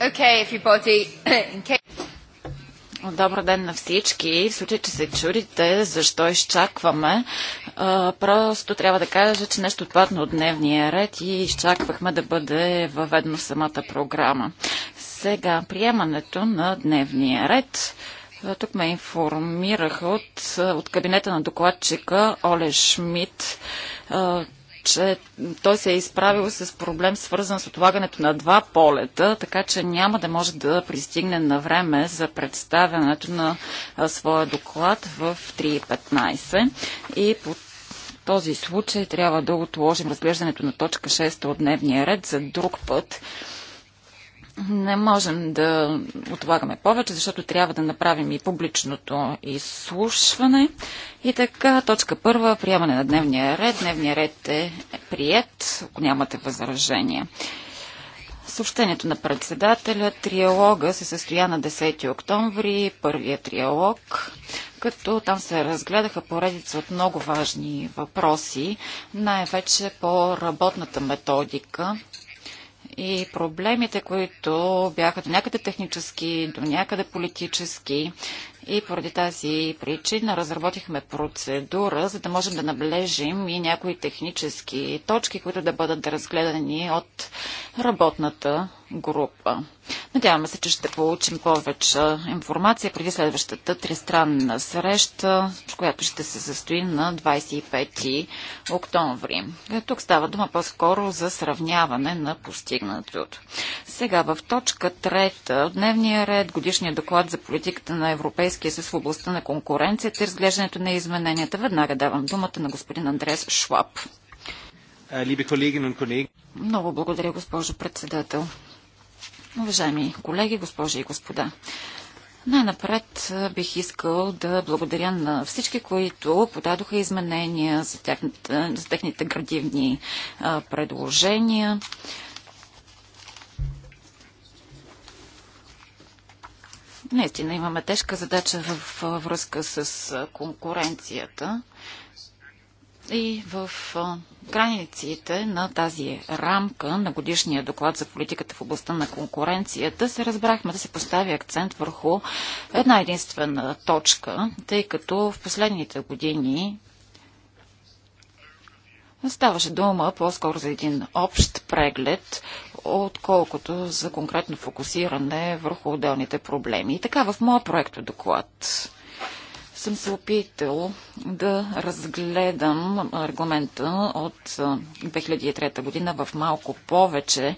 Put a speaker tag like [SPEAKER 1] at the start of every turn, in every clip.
[SPEAKER 1] Okay, everybody. Добър ден на всички. В случай, че се чурите, защо изчакваме, просто трябва да кажа, че нещо отпадна от дневния ред и изчаквахме да бъде въведено в самата програма. Сега, приемането на дневния ред. Тук ме информираха от, от кабинета на докладчика Оле Шмидт, че той се е изправил с проблем, свързан с отлагането на два полета, така че няма да може да пристигне на време за представянето на своя доклад в 3.15. И по този случай трябва да отложим разглеждането на точка 6 от дневния ред за друг път. Не можем да отлагаме повече, защото трябва да направим и публичното изслушване. И така, точка първа, приемане на дневния ред. Дневния ред е прият, ако нямате възражения. Съобщението на председателя, триалога се състоя на 10 октомври, първия триалог, като там се разгледаха поредица от много важни въпроси, най-вече по работната методика и проблемите, които бяха до някъде технически, до някъде политически. И поради тази причина разработихме процедура, за да можем да наблежим и някои технически точки, които да бъдат разгледани от работната група. Надяваме се, че ще получим повече информация преди следващата тристранна среща, която ще се състои на 25 октомври. Е, тук става дума по-скоро за сравняване на постигнатото. Сега в точка трета дневния ред годишния доклад за политиката на Европейския съюз в областта на конкуренцията и разглеждането на измененията. Веднага давам думата на господин Андрес
[SPEAKER 2] Шваб. Е,
[SPEAKER 1] Много благодаря, госпожо председател. Уважаеми колеги, госпожи и господа, най-напред бих искал да благодаря на всички, които подадоха изменения за, техните, за техните градивни а, предложения. Наистина имаме тежка задача в връзка с конкуренцията. И в границите на тази рамка на годишния доклад за политиката в областта на конкуренцията се разбрахме да се постави акцент върху една единствена точка, тъй като в последните години Ставаше дума по-скоро за един общ преглед, отколкото за конкретно фокусиране върху отделните проблеми. И така в моя проект доклад съм се опитал да разгледам аргумента от 2003 година в малко повече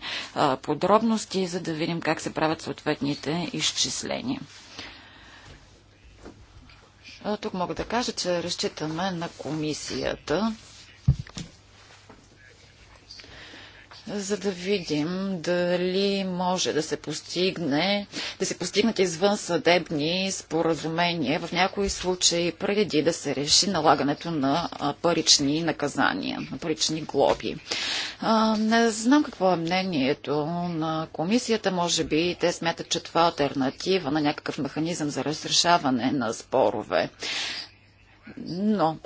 [SPEAKER 1] подробности, за да видим как се правят съответните изчисления. Тук мога да кажа, че разчитаме на комисията за да видим дали може да се постигне, да се постигнат извън съдебни споразумения, в някои случаи преди да се реши налагането на парични наказания, на парични глоби. Не знам какво е мнението на комисията. Може би те смятат, че това е альтернатива на някакъв механизъм за разрешаване на спорове. Но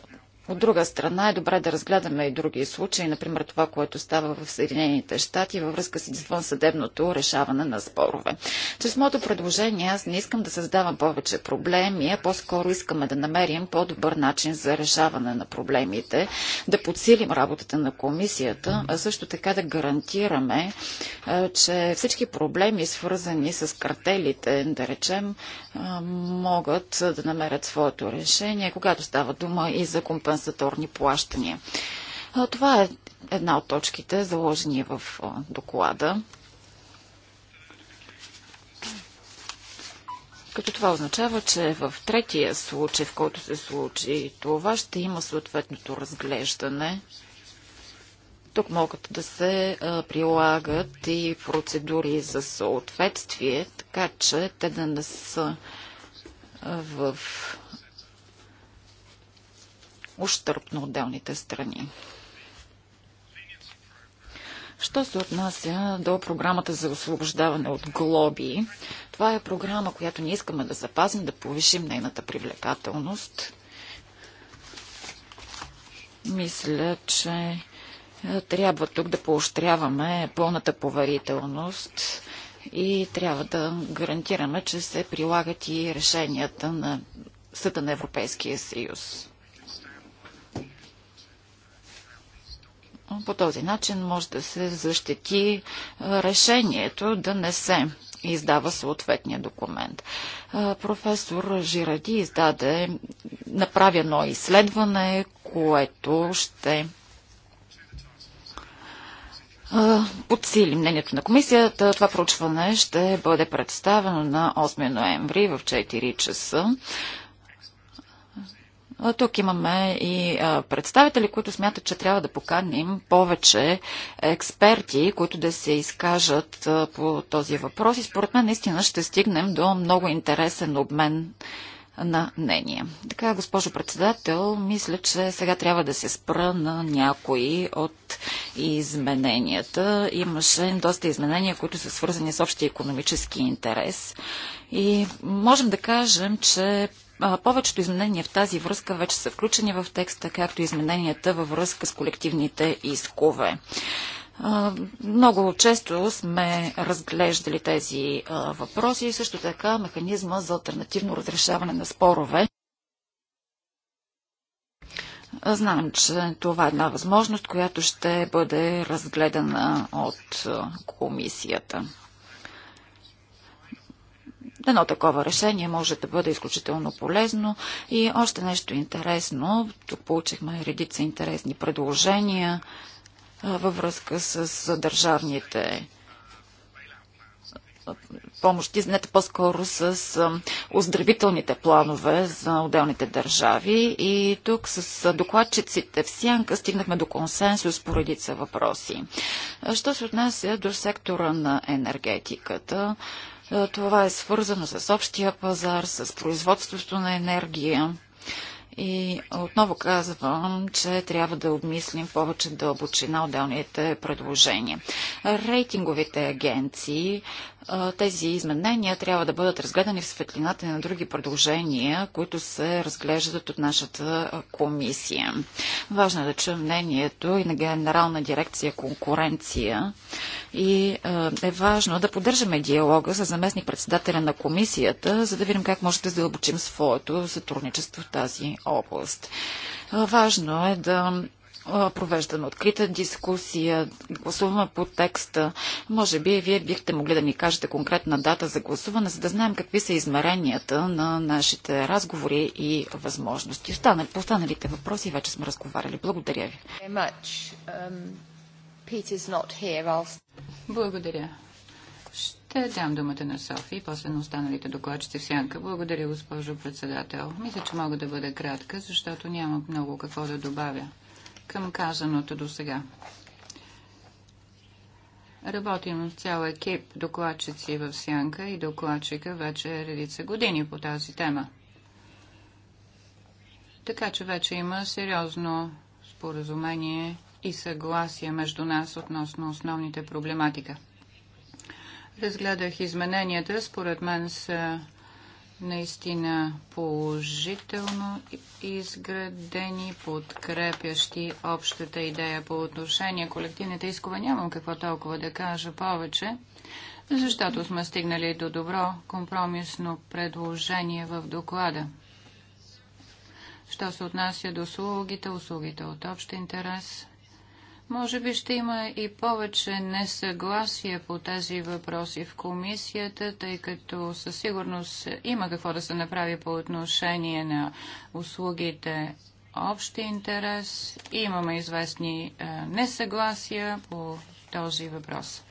[SPEAKER 1] от друга страна е добре да разгледаме и други случаи, например това, което става в Съединените щати във връзка с извънсъдебното решаване на спорове. Чрез моето предложение аз не искам да създавам повече проблеми, а по-скоро искаме да намерим по-добър начин за решаване на проблемите, да подсилим работата на комисията, а също така да гарантираме, че всички проблеми, свързани с картелите, да речем, могат да намерят своето решение, когато става дума и за компенсация компенсаторни плащания. Това е една от точките, заложени в доклада. Като това означава, че в третия случай, в който се случи това, ще има съответното разглеждане. Тук могат да се прилагат и процедури за съответствие, така че те да не са в ущърп на отделните страни. Що се отнася до програмата за освобождаване от глоби, това е програма, която ние искаме да запазим, да повишим нейната привлекателност. Мисля, че е, трябва тук да поощряваме пълната поверителност и трябва да гарантираме, че се прилагат и решенията на Съда на Европейския съюз. По този начин може да се защити решението да не се издава съответния документ. Професор Жиради издаде, направи едно изследване, което ще подсили мнението на комисията. Това проучване ще бъде представено на 8 ноември в 4 часа. Тук имаме и представители, които смятат, че трябва да поканим повече експерти, които да се изкажат по този въпрос. И според мен наистина ще стигнем до много интересен обмен на мнение. Така, госпожо председател, мисля, че сега трябва да се спра на някои от измененията. Имаше доста изменения, които са свързани с общия економически интерес. И можем да кажем, че повечето изменения в тази връзка вече са включени в текста, както измененията във връзка с колективните искове. Много често сме разглеждали тези въпроси и също така механизма за альтернативно разрешаване на спорове. Знаем, че това е една възможност, която ще бъде разгледана от комисията. Едно такова решение може да бъде изключително полезно и още нещо интересно. Тук получихме редица интересни предложения във връзка с държавните помощи, Не по-скоро с оздравителните планове за отделните държави. И тук с докладчиците в Сянка стигнахме до консенсус по редица въпроси. Що се отнася до сектора на енергетиката, е, това е свързано с общия пазар, с производството на енергия. И отново казвам, че трябва да обмислим повече дълбочина отделните предложения. Рейтинговите агенции тези изменения трябва да бъдат разгледани в светлината на други предложения, които се разглеждат от нашата комисия. Важно е да чуем мнението и на Генерална дирекция конкуренция и е важно да поддържаме диалога с заместник председателя на комисията, за да видим как може да задълбочим своето сътрудничество в тази област. Важно е да провеждаме открита дискусия, гласуваме по текста. Може би вие бихте могли да ни кажете конкретна дата за гласуване, за да знаем какви са измеренията на нашите разговори и възможности. Останали, по останалите въпроси вече сме разговаряли. Благодаря ви. Um,
[SPEAKER 3] Благодаря. Ще дам думата на Софи и после на останалите докладчици в сянка. Благодаря, госпожо председател. Мисля, че мога да бъда кратка, защото няма много какво да добавя към казаното до сега. Работим в цял екип докладчици в Сянка и докладчика вече редица години по тази тема. Така че вече има сериозно споразумение и съгласие между нас относно основните проблематика. Разгледах измененията, според мен са наистина положително изградени, подкрепящи общата идея по отношение колективните искове. Нямам какво толкова да кажа повече, защото сме стигнали до добро компромисно предложение в доклада. Що се отнася до услугите, услугите от общ интерес – може би ще има и повече несъгласия по тези въпроси в комисията, тъй като със сигурност има какво да се направи по отношение на услугите общи интерес. Имаме известни е, несъгласия по този въпрос.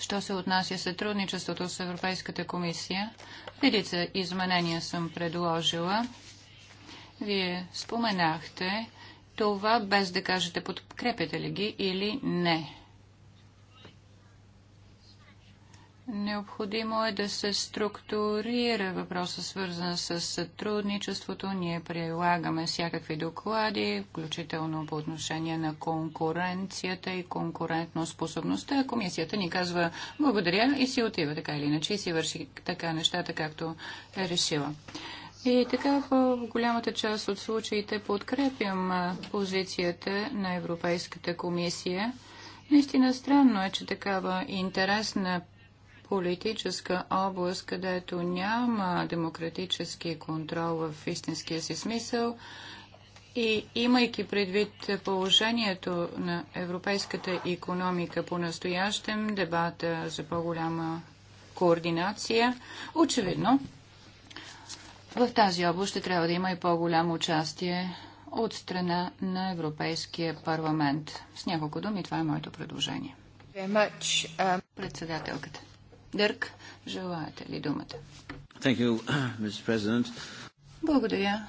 [SPEAKER 3] Що се отнася сътрудничеството с Европейската комисия, видите изменения съм предложила. Вие споменахте това без да кажете подкрепяте ли ги или не. Необходимо е да се структурира въпроса, свързан с сътрудничеството. Ние прилагаме всякакви доклади, включително по отношение на конкуренцията и конкурентно способността. Комисията ни казва благодаря и си отива така или иначе и си върши така нещата, както е решила. И така в голямата част от случаите подкрепям позицията на Европейската комисия. Наистина странно е, че такава интересна политическа област, където няма демократически контрол в истинския си смисъл, и имайки предвид положението на европейската економика по настоящем, дебата за по-голяма координация, очевидно в тази област ще трябва да има и по-голямо участие от страна на Европейския парламент. С няколко думи това е моето предложение. Um, Председателката. Дърк, желаете ли думата?
[SPEAKER 2] You,
[SPEAKER 3] благодаря.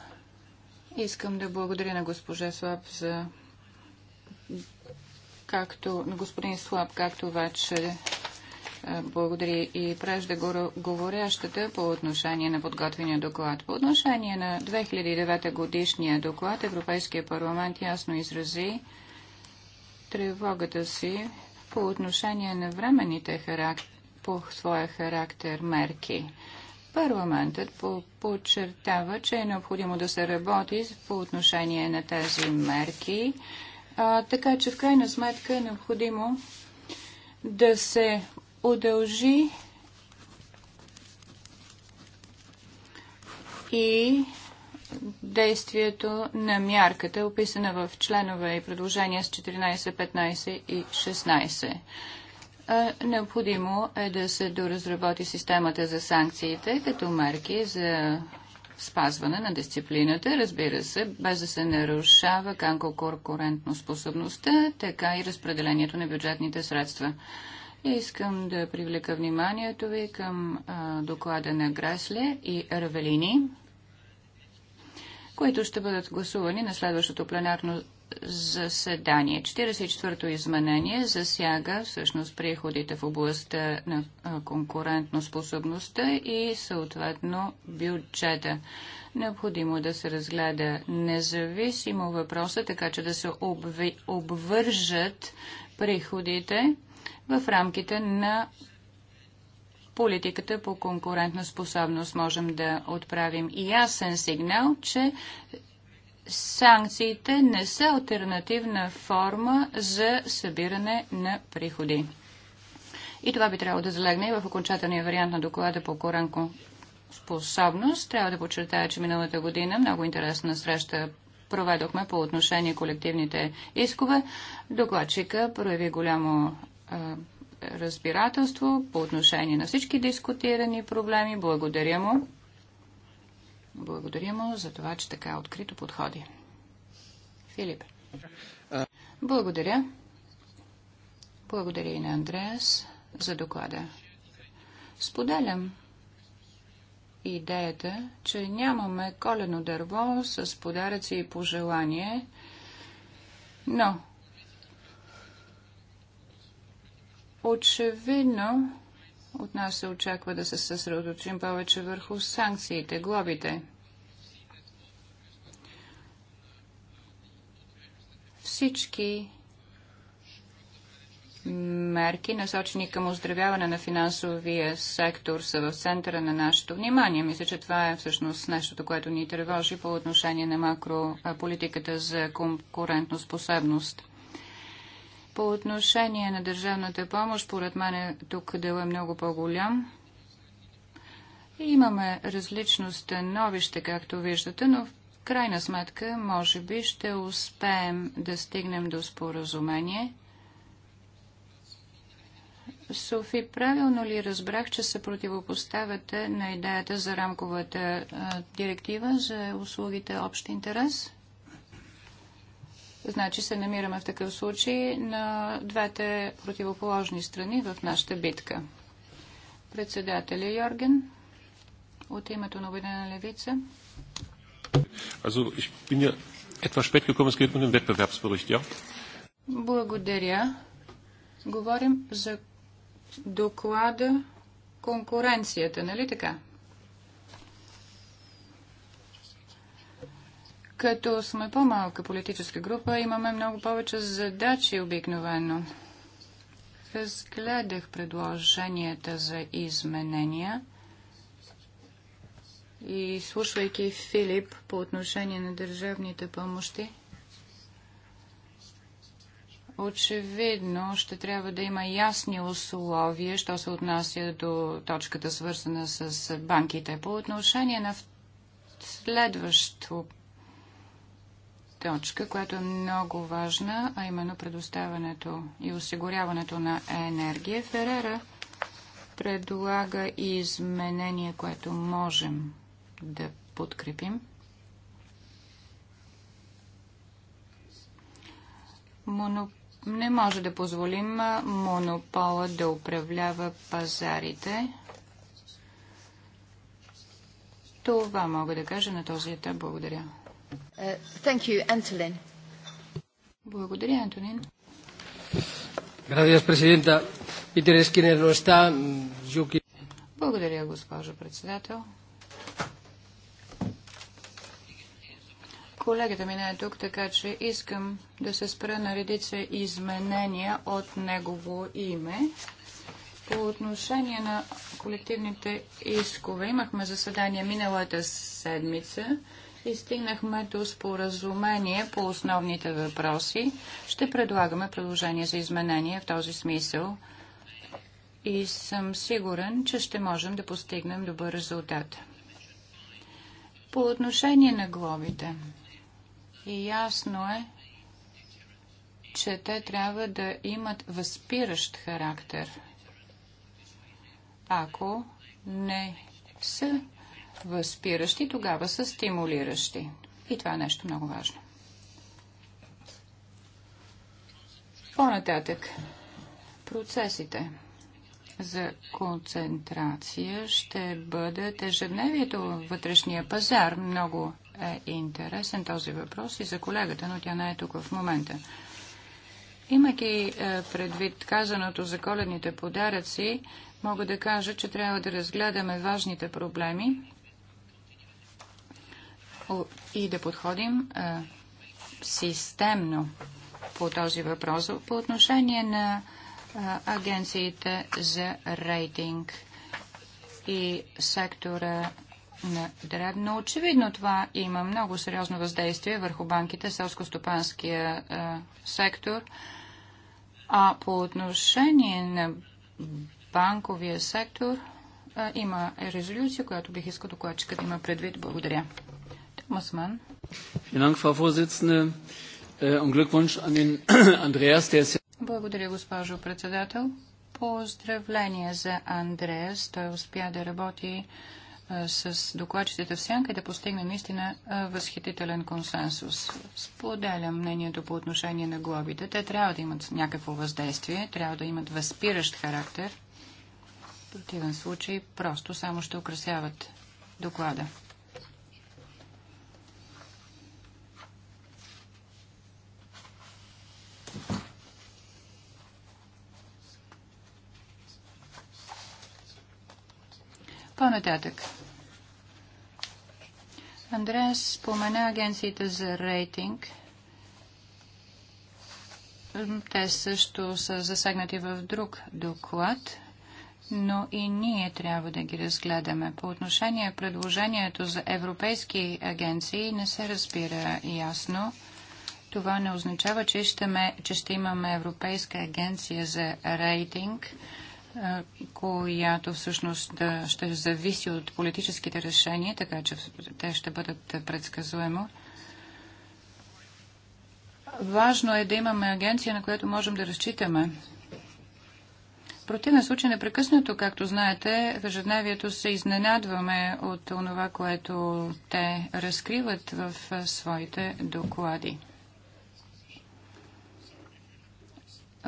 [SPEAKER 3] Искам да благодаря на госпожа Слаб за както на господин Слаб, както вече е, благодаря и преждеговорящата по отношение на подготвения доклад. По отношение на 2009 годишния доклад Европейския парламент ясно изрази тревогата си по отношение на времените по своя характер мерки. Парламентът подчертава, че е необходимо да се работи по отношение на тези мерки, а, така че в крайна сметка е необходимо да се удължи и действието на мярката, описана в членове и предложения с 14, 15 и 16. Необходимо е да се доразработи системата за санкциите като мерки за спазване на дисциплината, разбира се, без да се нарушава както конкурентно способността, така и разпределението на бюджетните средства. Искам да привлека вниманието ви към а, доклада на Грасле и Равелини, които ще бъдат гласувани на следващото пленарно заседание. 44-то изменение засяга всъщност приходите в областта на конкурентно способността и съответно бюджета. Необходимо е да се разгледа независимо въпроса, така че да се обви, обвържат приходите в рамките на политиката по конкурентна способност. Можем да отправим и ясен сигнал, че санкциите не са альтернативна форма за събиране на приходи. И това би трябвало да залегне и в окончателния вариант на доклада по коренко способност. Трябва да подчертая, че миналата година много интересна среща проведохме по отношение колективните искове. Докладчика прояви голямо разбирателство по отношение на всички дискутирани проблеми. Благодаря му. Благодаря му за това, че така открито подходи. Филип. Благодаря. Благодаря и на Андреас за доклада. Споделям идеята, че нямаме колено дърво с подаръци и пожелание, но Очевидно, от нас се очаква да се съсредоточим повече върху санкциите, глобите. Всички мерки, насочени към оздравяване на финансовия сектор, са в центъра на нашето внимание. Мисля, че това е всъщност нещото, което ни тревожи по отношение на макрополитиката за конкурентно способност. По отношение на държавната помощ, поред мен е, тук дел е много по-голям. Имаме различно становище, както виждате, но в крайна сметка, може би, ще успеем да стигнем до споразумение. Софи, правилно ли разбрах, че се противопоставяте на идеята за рамковата директива за услугите общ интерес? Значи се намираме в такъв случай на двете противоположни страни в нашата битка. Председателя Йорген от името на Обединена левица.
[SPEAKER 2] Also, ich bin ja
[SPEAKER 3] etwas spät gekommen, es geht um den Wettbewerbsbericht, ja? Благодаря. Говорим за доклада конкуренцията, нали така? Като сме по-малка политическа група, имаме много повече задачи обикновено. Разгледах предложенията за изменения и слушвайки Филип по отношение на държавните помощи, очевидно ще трябва да има ясни условия, що се отнася до точката свързана с банките. По отношение на следващото точка, която е много важна, а именно предоставянето и осигуряването на енергия. Ферера предлага и изменение, което можем да подкрепим. Моноп... Не може да позволим монопола да управлява пазарите. Това мога да кажа на този етап. Благодаря. Uh, Благодаря, Антонин. Благодаря, госпожо председател. Колегата ми не е тук, така че искам да се спра на редица изменения от негово име. По отношение на колективните искове имахме заседание миналата седмица и стигнахме до споразумение по основните въпроси. Ще предлагаме предложение за изменение в този смисъл и съм сигурен, че ще можем да постигнем добър резултат. По отношение на глобите, и ясно е, че те трябва да имат възпиращ характер, ако не са възпиращи, тогава са стимулиращи. И това е нещо много важно. По-нататък, процесите за концентрация ще бъдат ежедневието във вътрешния пазар. Много е интересен този въпрос и за колегата, но тя не е тук в момента. Имайки е, предвид казаното за коледните подаръци, мога да кажа, че трябва да разгледаме важните проблеми и да подходим а, системно по този въпрос. По отношение на а, агенциите за рейтинг и сектора на дребно. Очевидно това има много сериозно въздействие върху банките, селско-стопанския сектор. А по отношение на банковия сектор а, има резолюция, която бих искал докладчика да има предвид. Благодаря. Mussmann.
[SPEAKER 1] Vielen Dank, Frau Vorsitzende.
[SPEAKER 2] Äh, und Glückwunsch an den Andreas, der ist...
[SPEAKER 3] Благодаря, госпожо председател. Поздравление за Андреас. Той успя да работи е, с докладчетите в сянка и да постигне наистина е, възхитителен консенсус. Споделям мнението по отношение на глобите. Те трябва да имат някакво въздействие, трябва да имат възпиращ характер. В противен случай просто само ще украсяват доклада. По-нататък. Андреас спомена агенциите за рейтинг. Те също са засегнати в друг доклад, но и ние трябва да ги разгледаме. По отношение предложението за европейски агенции не се разбира ясно. Това не означава, че ще, ме, че ще имаме Европейска агенция за рейтинг която всъщност да, ще зависи от политическите решения, така че те ще бъдат предсказуемо. Важно е да имаме агенция, на която можем да разчитаме. В противен случай непрекъснато, както знаете, в ежедневието се изненадваме от това, което те разкриват в своите доклади.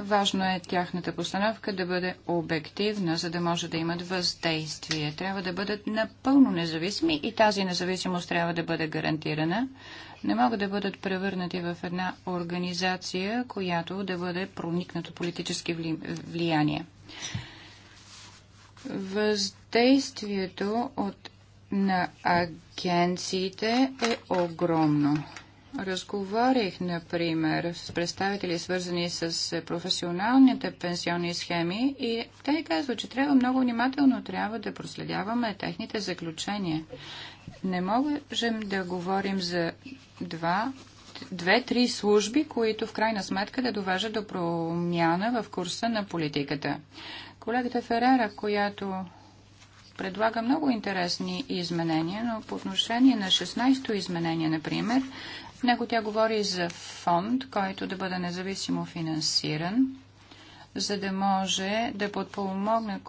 [SPEAKER 3] Важно е тяхната постановка да бъде обективна, за да може да имат въздействие. Трябва да бъдат напълно независими и тази независимост трябва да бъде гарантирана. Не могат да бъдат превърнати в една организация, която да бъде проникнато политически влияние. Въздействието от... на агенциите е огромно. Разговарих, например, с представители, свързани с професионалните пенсионни схеми и те казват, че трябва много внимателно трябва да проследяваме техните заключения. Не можем да говорим за два две-три служби, които в крайна сметка да довежат до промяна в курса на политиката. Колегата Ферера, която предлага много интересни изменения, но по отношение на 16-то изменение, например, в него тя говори за фонд, който да бъде независимо финансиран, за да може да подпомогне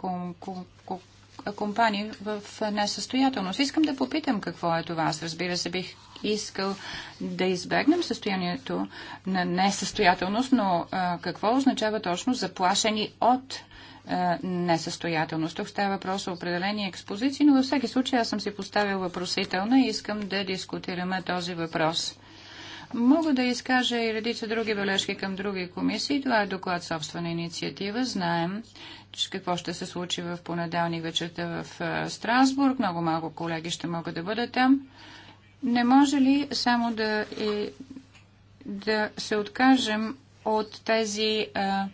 [SPEAKER 3] компании в несъстоятелност. Искам да попитам какво е това. Аз разбира се бих искал да избегнем състоянието на несъстоятелност, но а, какво означава точно заплашени от а, несъстоятелност? Тук става въпрос за определени експозиции, но във всеки случай аз съм си поставил въпросителна и искам да дискутираме този въпрос. Мога да изкажа и редица други бележки към други комисии. Това е доклад собствена инициатива. Знаем какво ще се случи в понеделник вечерта в Страсбург. Много малко колеги ще могат да бъдат там. Не може ли само да, е, да се откажем от тези а,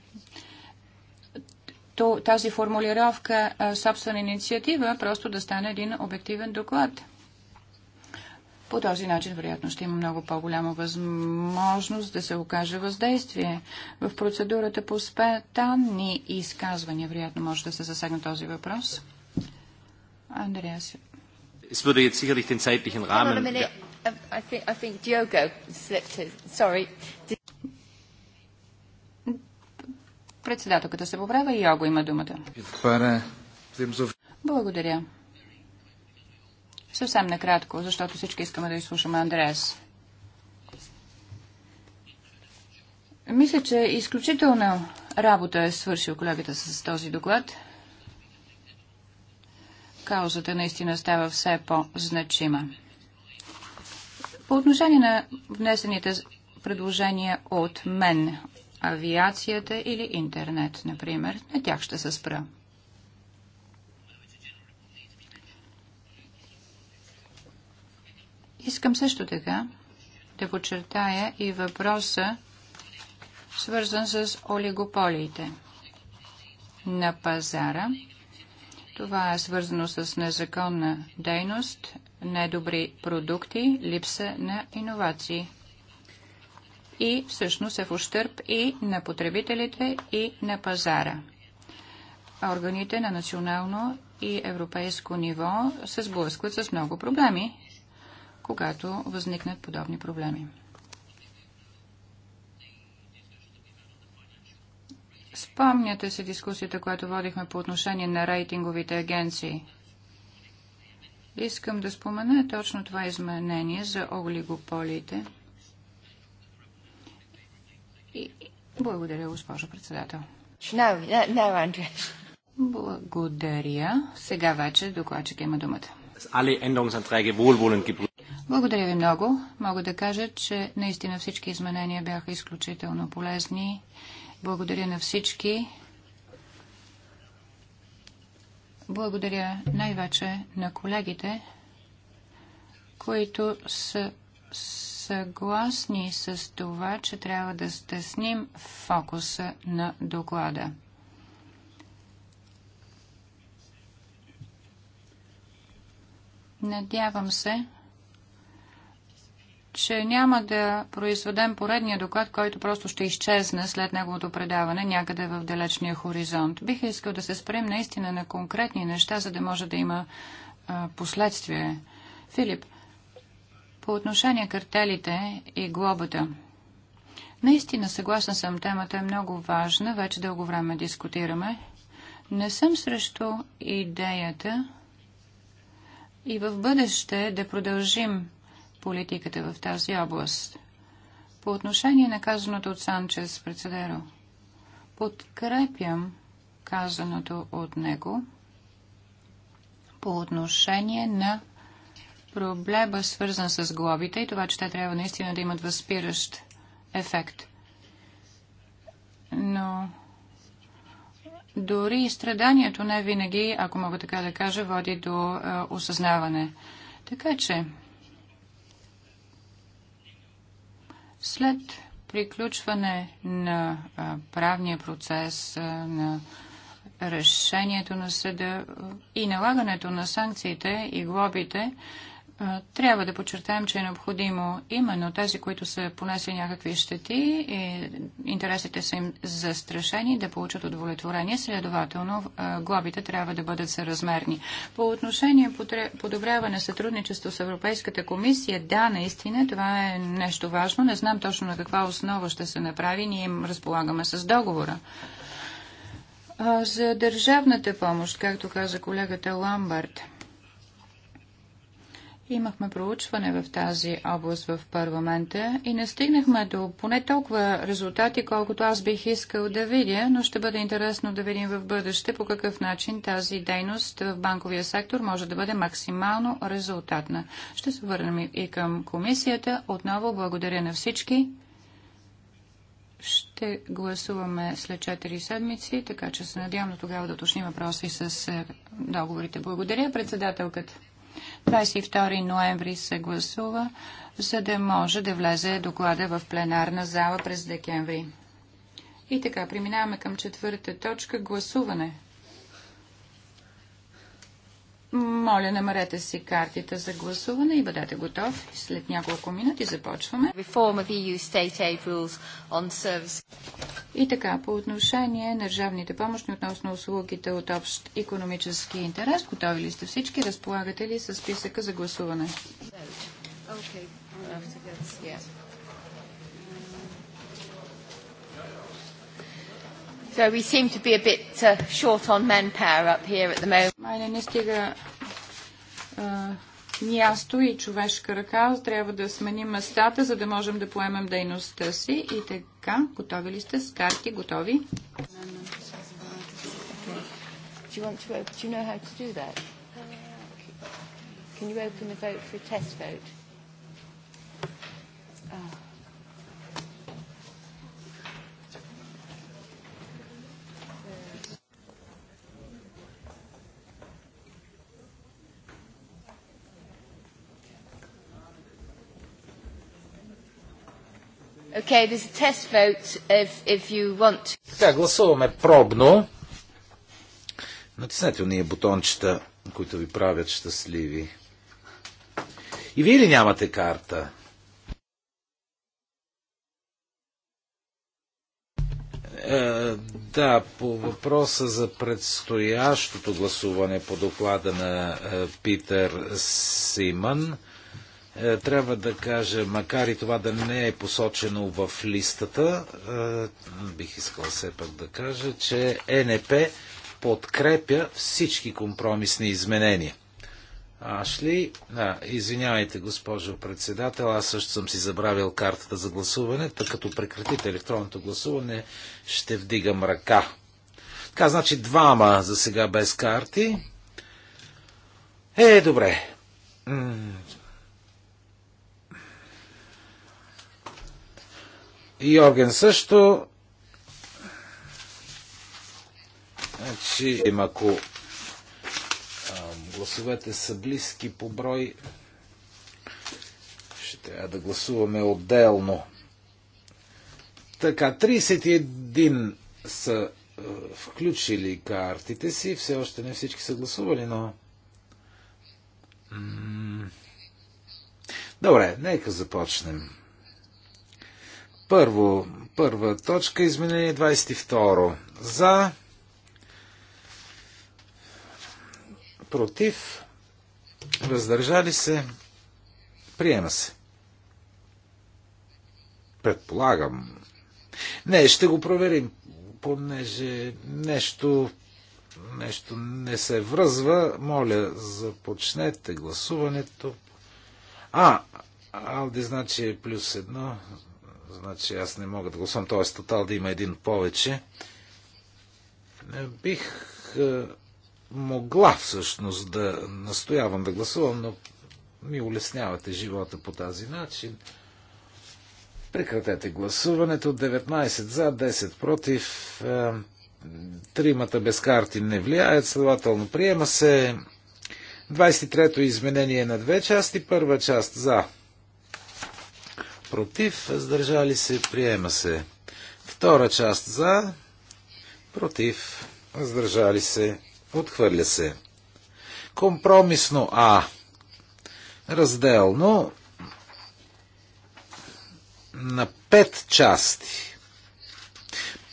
[SPEAKER 3] тази формулировка собствена инициатива, просто да стане един обективен доклад? По този начин, вероятно, ще има много по-голяма възможност да се окаже въздействие. В процедурата по спетанни изказвания, вероятно, може да се засегне този въпрос. Андреас.
[SPEAKER 2] Es würde jetzt sicherlich den zeitlichen Rahmen.
[SPEAKER 3] Um, I think, I think Diogo slipped his. Sorry. Председателката се поправя и Його има думата. Благодаря. Съвсем накратко, защото всички искаме да изслушаме Андреас. Мисля, че изключителна работа е свършил колегата с този доклад. Каузата наистина става все по-значима. По отношение на внесените предложения от мен, авиацията или интернет, например, на тях ще се спра. Искам също така да подчертая и въпроса, свързан с олигополиите на пазара. Това е свързано с незаконна дейност, недобри продукти, липса на иновации. И всъщност е в ущърп и на потребителите, и на пазара. Органите на национално и европейско ниво се сблъскват с много проблеми когато възникнат подобни проблеми. Спомняте се дискусията, която водихме по отношение на рейтинговите агенции. Искам да спомена точно това изменение за олигополите. И... Благодаря, госпожо председател. No, no, Благодаря. Сега вече докладчик има думата. Благодаря ви много. Мога да кажа, че наистина всички изменения бяха изключително полезни. Благодаря на всички. Благодаря най-вече на колегите, които са съгласни с това, че трябва да стесним фокуса на доклада. Надявам се, че няма да произведем поредния доклад, който просто ще изчезне след неговото предаване някъде в далечния хоризонт. Бих искал да се спрем наистина на конкретни неща, за да може да има а, последствие. Филип, по отношение картелите и глобата. Наистина съгласна съм, темата е много важна, вече дълго време дискутираме. Не съм срещу идеята и в бъдеще да продължим политиката в тази област. По отношение на казаното от Санчес Прецедеро, подкрепям казаното от него по отношение на проблема, свързан с глобите и това, че те трябва наистина да имат възпиращ ефект. Но дори и страданието не винаги, ако мога така да кажа, води до е, осъзнаване. Така че След приключване на правния процес, на решението на съда и налагането на санкциите и глобите, трябва да подчертаем, че е необходимо именно тези, които са понесли някакви щети и интересите са им застрашени, да получат удовлетворение. Следователно, глобите трябва да бъдат съразмерни. По отношение подобряване сътрудничество с Европейската комисия, да, наистина, това е нещо важно. Не знам точно на каква основа ще се направи. Ние им разполагаме с договора. За държавната помощ, както каза колегата Ламбард – Имахме проучване в тази област в парламента и не стигнахме до поне толкова резултати, колкото аз бих искал да видя, но ще бъде интересно да видим в бъдеще по какъв начин тази дейност в банковия сектор може да бъде максимално резултатна. Ще се върнем и към комисията. Отново благодаря на всички. Ще гласуваме след 4 седмици, така че се надявам до тогава да уточним въпроси с е, договорите. Благодаря, председателката. 22 ноември се гласува, за да може да влезе доклада в пленарна зала през декември. И така, преминаваме към четвърта точка – гласуване. Моля, намерете си картите за гласуване и бъдете готов. След няколко минути започваме. И така, по отношение на държавните помощи относно услугите от общ економически интерес, готови ли сте всички? Разполагате ли с списъка за гласуване?
[SPEAKER 1] Okay. Uh,
[SPEAKER 3] не стига място и човешка ръка. Трябва да сменим местата, за да можем да поемем дейността си. И така, готови ли сте с карти? Готови? Can you open the vote for a test vote? Oh. Okay, there's a test vote if, if you want
[SPEAKER 2] Така, гласуваме пробно. Натиснете уния бутончета, които ви правят щастливи. И вие ли нямате карта? Е, да, по въпроса за предстоящото гласуване по доклада на е, Питер Симън, е, трябва да кажа, макар и това да не е посочено в листата, е, бих искал все пак да кажа, че е НП подкрепя всички компромисни изменения. Ашли, да, извинявайте, госпожо председател, аз също съм си забравил картата за гласуване, тъй като прекратите електронното гласуване, ще вдигам ръка. Така, значи двама за сега без карти. Е, добре. Йорген също. Значи, ако гласовете са близки по брой, ще трябва да гласуваме отделно. Така, 31 са включили картите си, все още не всички са гласували, но... Добре, нека започнем. Първо, първа точка, изменение 22. За, против, въздържали се, приема се. Предполагам. Не, ще го проверим, понеже нещо, нещо не се връзва. Моля, започнете гласуването. А, Алди значи е плюс едно, Значи аз не мога да гласувам, т.е. тотал да има един повече. Бих е, могла всъщност да настоявам да гласувам, но ми улеснявате живота по тази начин. Прекратете гласуването. 19 за, 10 против. Е, тримата без карти не влияят, следователно приема се. 23-то изменение на две части. Първа част за против, въздържали се, приема се. Втора част за, против, въздържали се, отхвърля се. Компромисно А. Разделно на пет части.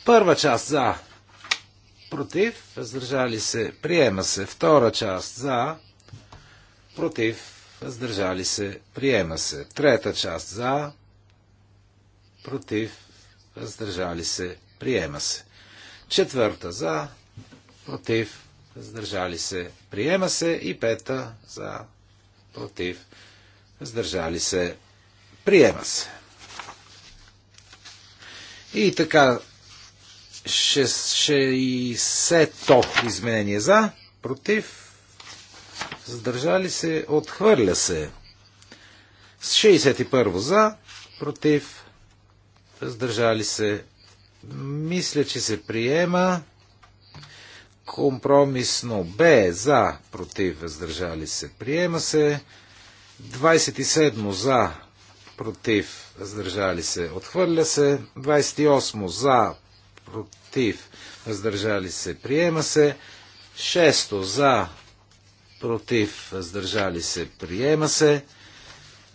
[SPEAKER 2] Първа част за, против, въздържали се, приема се. Втора част за, против, въздържали се, приема се. Трета част за, против, въздържали се, приема се. Четвърта за, против, въздържали се, приема се. И пета за, против, въздържали се, приема се. И така, 60-то изменение за, против, задържали се, отхвърля се. 61 за, против, въздържали се. Мисля, че се приема. Компромисно Б за, против, въздържали се, приема се. 27 за, против, въздържали се, отхвърля се. 28 за, против, въздържали се, приема се. 6 за, против, въздържали се, приема се.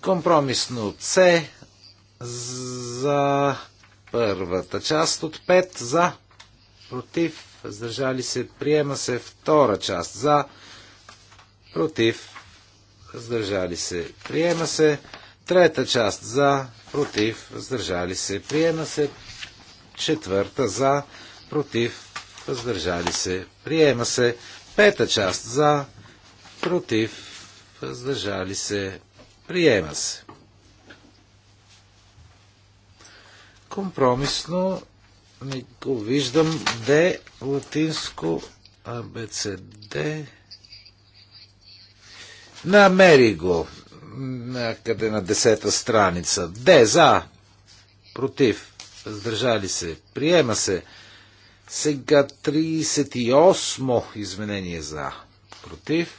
[SPEAKER 2] Компромисно С за първата част от 5 за, против, въздържали се, приема се втора част за, против, въздържали се, приема се трета част за, против, въздържали се, приема се четвърта за, против, въздържали се, приема се пета част за, против, въздържали се, приема се. Компромисно не го виждам. Д, латинско, АБЦД. Намери го. Някъде на десета страница. Д, за, против, въздържали се, приема се. Сега 38 изменение за, против,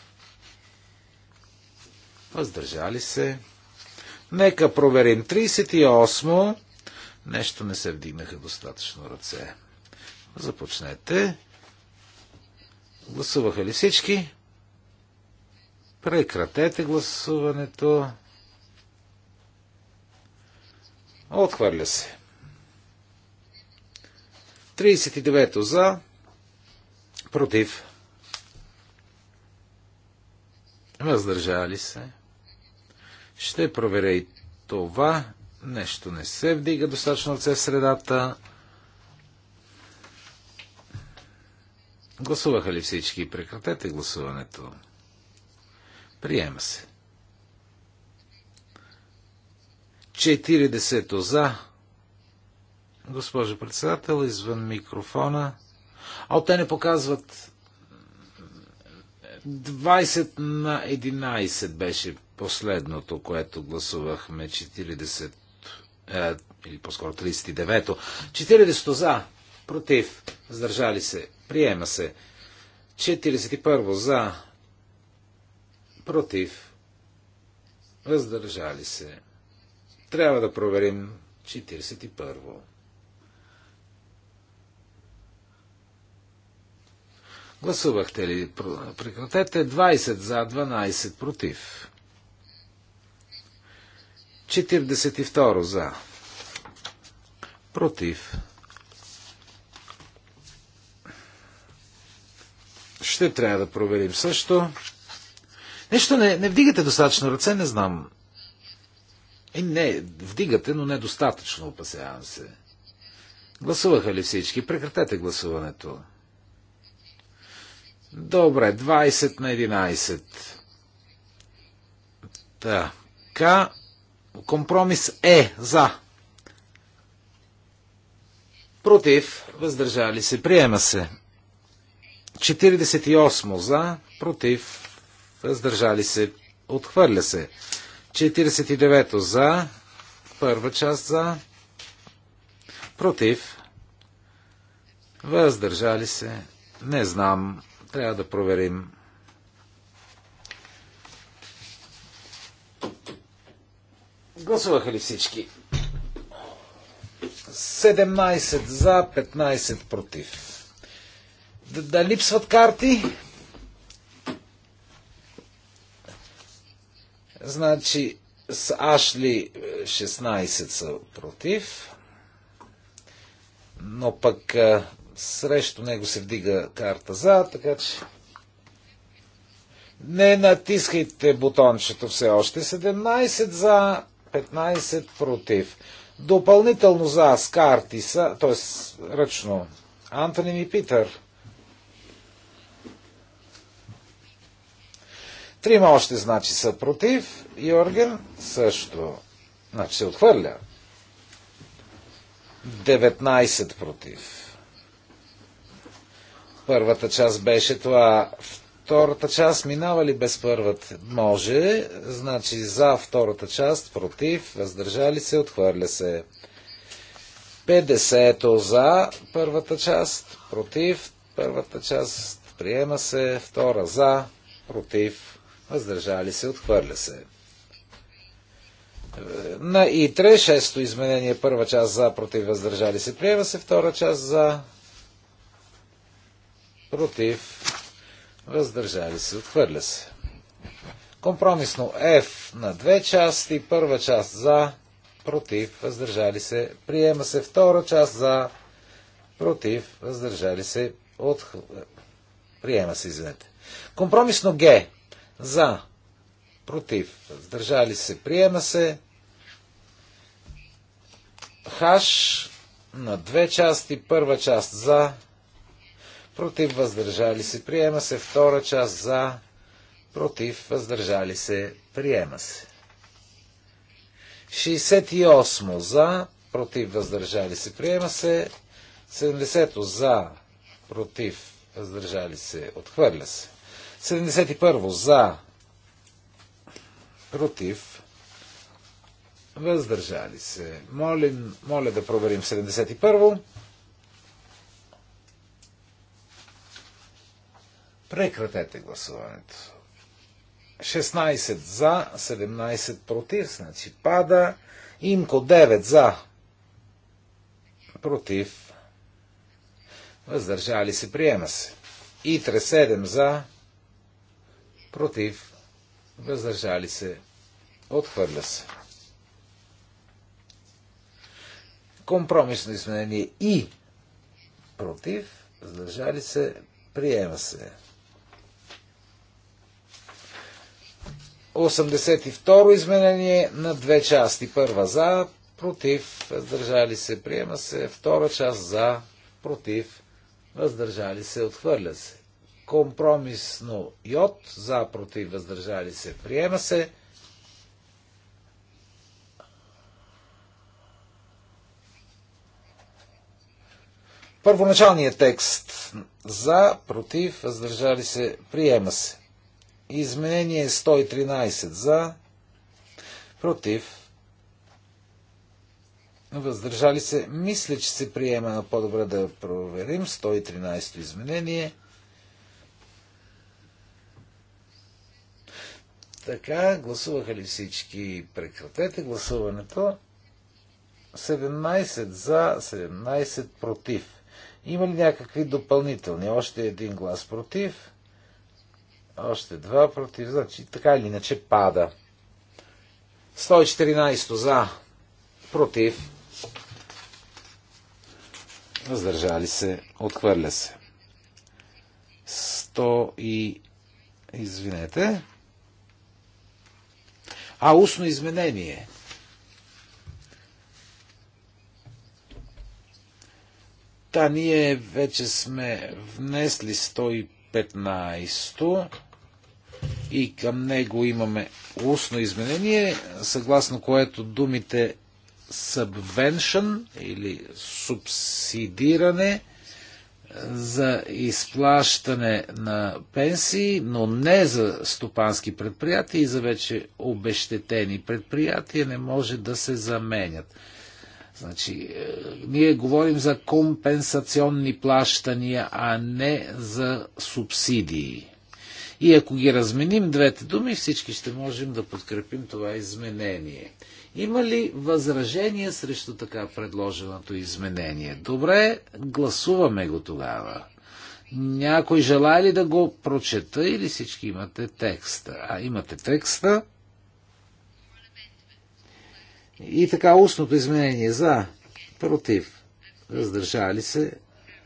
[SPEAKER 2] въздържали се. Нека проверим. 38 Нещо не се вдигнаха достатъчно ръце. Започнете. Гласуваха ли всички? Прекратете гласуването. Отхвърля се. 39 за, против. Въздържали се. Ще проверя и това. Нещо не се вдига достатъчно ръце в средата. Гласуваха ли всички? Прекратете гласуването. Приема се. 40 за. Госпожо председател, извън микрофона. А те не показват. 20 на 11 беше последното, което гласувахме. 40 е, или по-скоро 39-то. 40-то за, против, въздържали се, приема се. 41 за, против, въздържали се. Трябва да проверим 41 Гласувахте ли? Прекратете 20 за, 12 против. 42 за. Против. Ще трябва да проверим също. Нещо не, не вдигате достатъчно ръце, не знам. И е, не, вдигате, но недостатъчно, опасявам се. Гласуваха ли всички? Прекратете гласуването. Добре, 20 на 11. Така. Компромис Е за. Против. Въздържали се. Приема се. 48 за. Против. Въздържали се. Отхвърля се. 49 за. Първа част за. Против. Въздържали се. Не знам. Трябва да проверим. Гласуваха ли всички? 17 за, 15 против. Да, да липсват карти? Значи с Ашли 16 е, са против, но пък а, е, срещу него се вдига карта за, така че не натискайте бутончето все още. 17 за, 15 против. Допълнително за аз карти са, т.е. ръчно, Антонин и Питър. Трима още, значи, са против. Йорген също. Значи се отхвърля. 19 против. Първата част беше това. в. Втората част минава ли без първата? Може. Значи за втората част, против, въздържали се, отхвърля се. 50 за първата част, против, първата част, приема се, втора за, против, въздържали се, отхвърля се. На ИТРЕ, шесто изменение, първа част за, против, въздържали се, приема се, втора част за, против, въздържали се, отхвърля се. Компромисно F на две части, първа част за, против, въздържали се, приема се втора част за, против, въздържали се, от... приема се, извинете. Компромисно Г за, против, въздържали се, приема се. Хаш на две части, първа част за, против, въздържали се, приема се. Втора част за, против, въздържали се, приема се. 68 за, против, въздържали се, приема се. 70 за, против, въздържали се, отхвърля се. 71 за, против, въздържали се. Молим, моля да проверим 71 Прекратете гласуването. 16 за, 17 против, значи пада. Имко 9 за, против, въздържали се, приема се. Итре 7 за, против, въздържали се, отхвърля се. Компромисно изменение и против, въздържали се, приема се. 82 изменение на две части. Първа за, против, въздържали се, приема се. Втора част за, против, въздържали се, отхвърля се. Компромисно йод, за, против, въздържали се, приема се. Първоначалният текст за, против, въздържали се, приема се. Изменение 113 за, против, въздържали се. Мисля, че се приема на по-добре да проверим. 113 изменение. Така, гласуваха ли всички? Прекратете гласуването. 17 за, 17 против. Има ли някакви допълнителни? Още един глас против. Още два против. Значи така или иначе пада. 114 за. Против. Въздържали се. Отхвърля се. 100 и... Извинете. А, устно изменение. Та, ние вече сме внесли 115 и към него имаме устно изменение, съгласно което думите subvention или субсидиране за изплащане на пенсии, но не за стопански предприятия и за вече обещетени предприятия не може да се заменят. Значи, е, ние говорим за компенсационни плащания, а не за субсидии. И ако ги разменим двете думи, всички ще можем да подкрепим това изменение. Има ли възражение срещу така предложеното изменение? Добре, гласуваме го тогава. Някой желая ли да го прочета или всички имате текста? А имате текста. И така устното изменение за, против, въздържали се,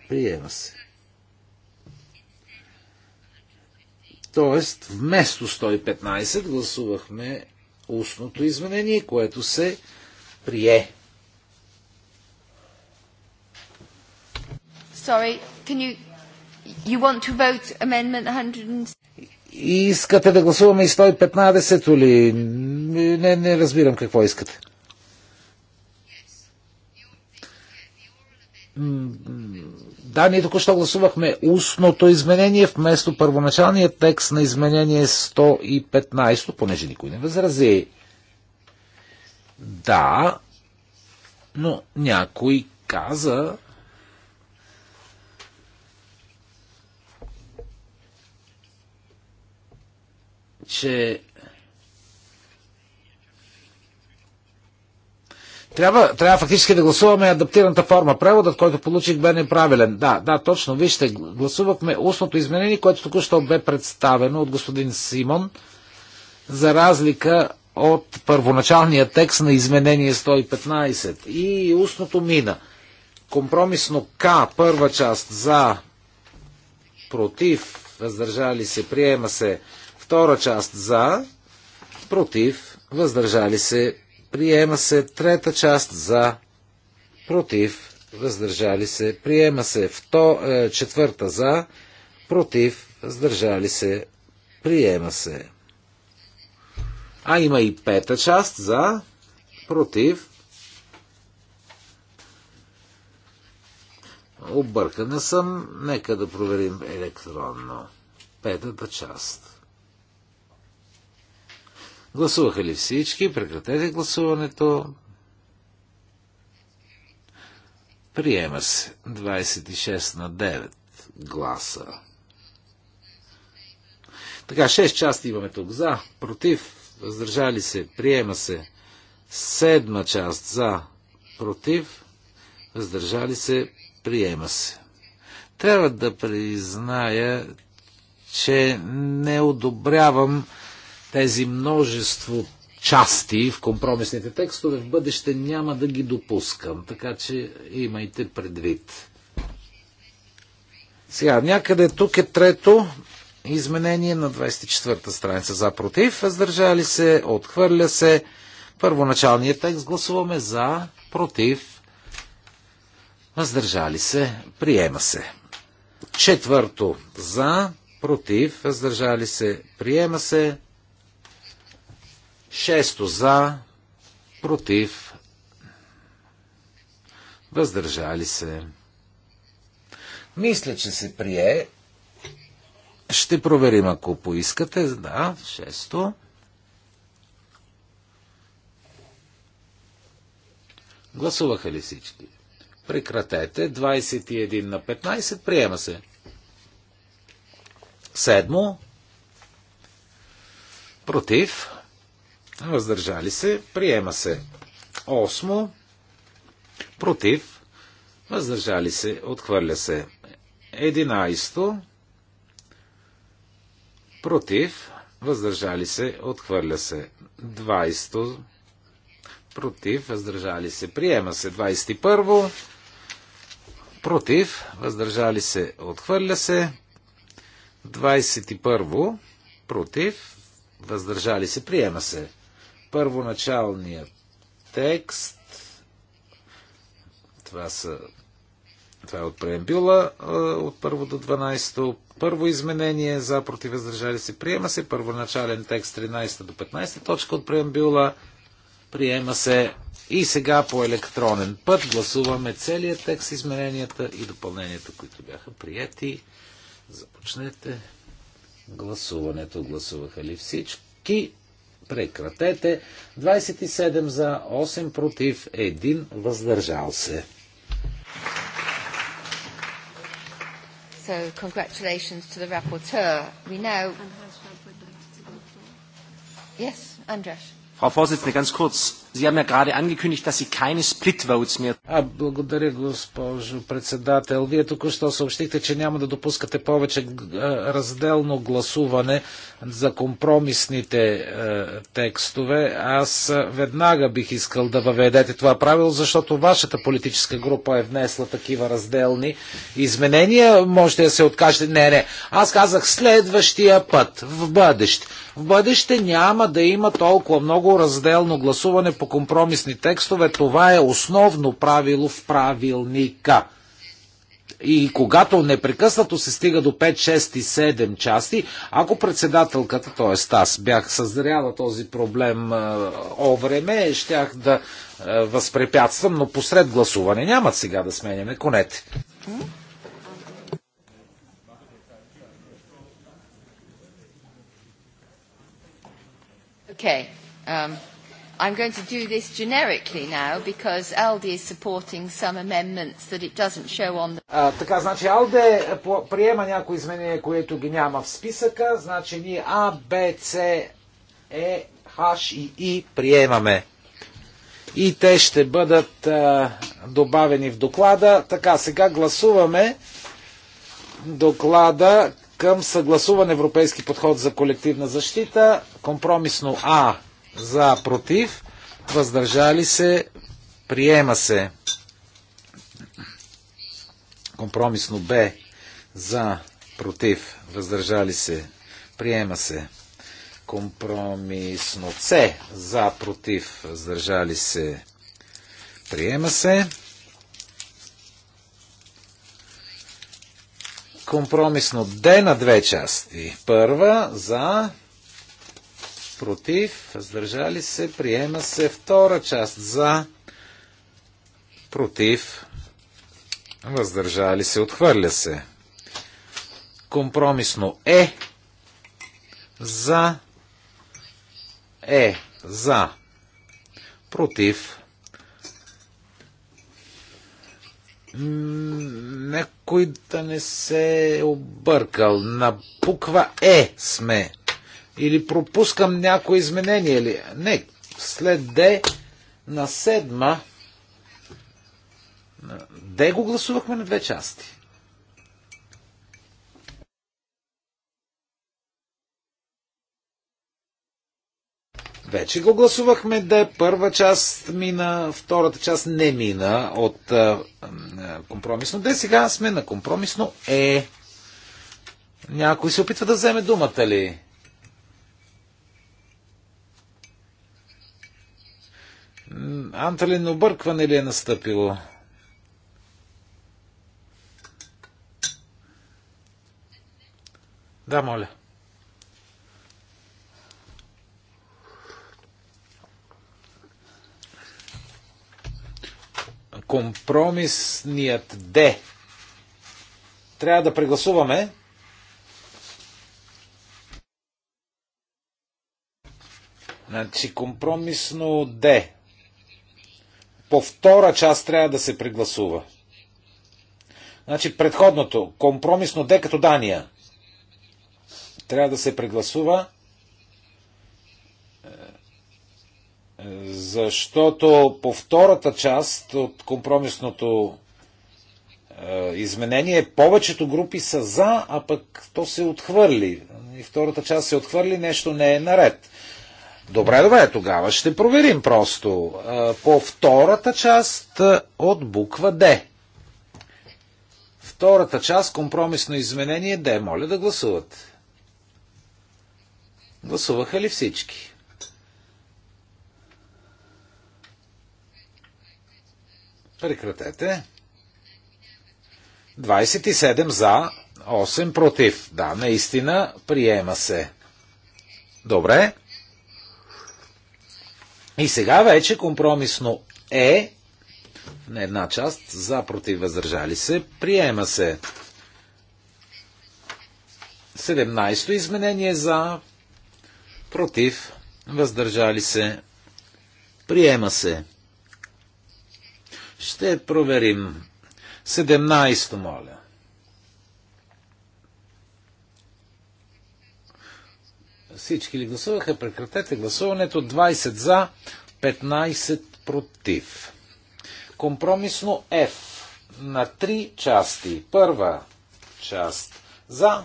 [SPEAKER 2] приема се. Тоест, вместо 115 гласувахме устното изменение, което се прие.
[SPEAKER 1] Sorry, can you... You want to vote amendment 100...
[SPEAKER 2] Искате да гласуваме и 115-то ли? Не, не разбирам какво искате. Да, ние току-що гласувахме устното изменение вместо първоначалния текст на изменение 115, понеже никой не възрази. Да, но някой каза, че Трябва, трябва фактически да гласуваме адаптираната форма. Преводът, който получих, бе неправилен. Да, да, точно. Вижте, гласувахме устното изменение, което току-що бе представено от господин Симон, за разлика от първоначалния текст на изменение 115. И устното мина. Компромисно К, първа част, за, против, въздържали се, приема се. Втора част, за, против, въздържали се, Приема се трета част за против. Въздържали се. Приема се вто, е, четвърта за против. Въздържали се. Приема се. А има и пета част за против. Объркана съм. Нека да проверим електронно. Петата част. Гласуваха ли всички? Прекратете гласуването. Приема се 26 на 9 гласа. Така, 6 части имаме тук. За, против, въздържали се, приема се. Седма част за, против, въздържали се, приема се. Трябва да призная, че не одобрявам тези множество части в компромисните текстове в бъдеще няма да ги допускам, така че имайте предвид. Сега, някъде тук е трето изменение на 24-та страница за против, въздържали се, отхвърля се. Първоначалният текст гласуваме за, против, въздържали се, приема се. Четвърто за, против, въздържали се, приема се. Шесто за, против, въздържали се. Мисля, че се прие. Ще проверим, ако поискате. Да, шесто. Гласуваха ли всички? Прекратете. 21 на 15. Приема се. Седмо. Против въздържали се, приема се. Осмо, против, въздържали се, отхвърля се. Единайсто, против, въздържали се, отхвърля се. Двайсто, против, въздържали се, приема се. Двайсти първо, против, въздържали се, отхвърля се. 21. Против, въздържали се, приема се първоначалния текст. Това, са, това е от преембюла, от първо до 12. то Първо изменение за против въздържали се приема се. Първоначален текст 13 до 15 точка от преембюла приема се. И сега по електронен път гласуваме целият текст, измененията и допълненията, които бяха прияти. Започнете гласуването. Гласуваха ли всички? Прекратете. 27 за, 8 против, 1 въздържал се.
[SPEAKER 3] So, congratulations to the rapporteur. We now... Yes, Andreas.
[SPEAKER 2] Frau Vorsitzende, ganz kurz. Sie haben ja gerade angekündigt, dass Sie keine split votes mehr. А, благодаря, госпожо председател. Вие току-що съобщихте, че няма да допускате повече разделно гласуване за компромисните е, текстове. Аз е, веднага бих искал да въведете това правило, защото вашата политическа група е внесла такива разделни изменения. Можете да се откажете. Не, не. Аз казах следващия път, в бъдеще в бъдеще няма да има толкова много разделно гласуване по компромисни текстове. Това е основно правило в правилника. И когато непрекъснато се стига до 5, 6 и 7 части, ако председателката, т.е. аз бях съзряла този проблем о време, щях да възпрепятствам, но посред гласуване няма сега да сменяме конете. Okay. Um,
[SPEAKER 3] I'm going to do this generically now because ALDE is supporting some amendments that it doesn't show on the...
[SPEAKER 2] така, значи ALDE е, приема някои изменения, които ги няма в списъка. Значи ние A, B, C, E, H и И приемаме. И те ще бъдат а, добавени в доклада. Така, сега гласуваме доклада към съгласуван европейски подход за колективна защита. Компромисно А за против. Въздържали се. Приема се. Компромисно Б за против. Въздържали се. Приема се. Компромисно С за против. Въздържали се. Приема се. Компромисно Д на две части. Първа за против, въздържали се, приема се втора част за против, въздържали се, отхвърля се. Компромисно Е за е за против, някой да не се е объркал. На буква Е сме. Или пропускам някои изменение. ли? Не, след Д на седма. Д го гласувахме на две части. Вече го гласувахме да първа част мина, втората част не мина от а, компромисно Де. Сега сме на компромисно Е. Някой се опитва да вземе думата ли? Анталин объркване ли е настъпило? Да, моля. компромисният Д. Трябва да прегласуваме. Значи компромисно Д. По втора част трябва да се прегласува. Значи предходното, компромисно Д като Дания. Трябва да се прегласува. защото по втората част от компромисното е, изменение повечето групи са за, а пък то се отхвърли. И втората част се отхвърли, нещо не е наред. Добре, добре, тогава ще проверим просто. Е, по втората част е, от буква Д. Втората част, компромисно изменение Д. Моля да гласуват. Гласуваха ли всички? Прекратете. 27 за, 8 против. Да, наистина приема се. Добре. И сега вече компромисно е на една част за против въздържали се. Приема се. 17-то изменение за против въздържали се. Приема се. Ще проверим. 17 моля. Всички ли гласуваха? Прекратете гласуването. 20 за, 15 против. Компромисно F на три части. Първа част за,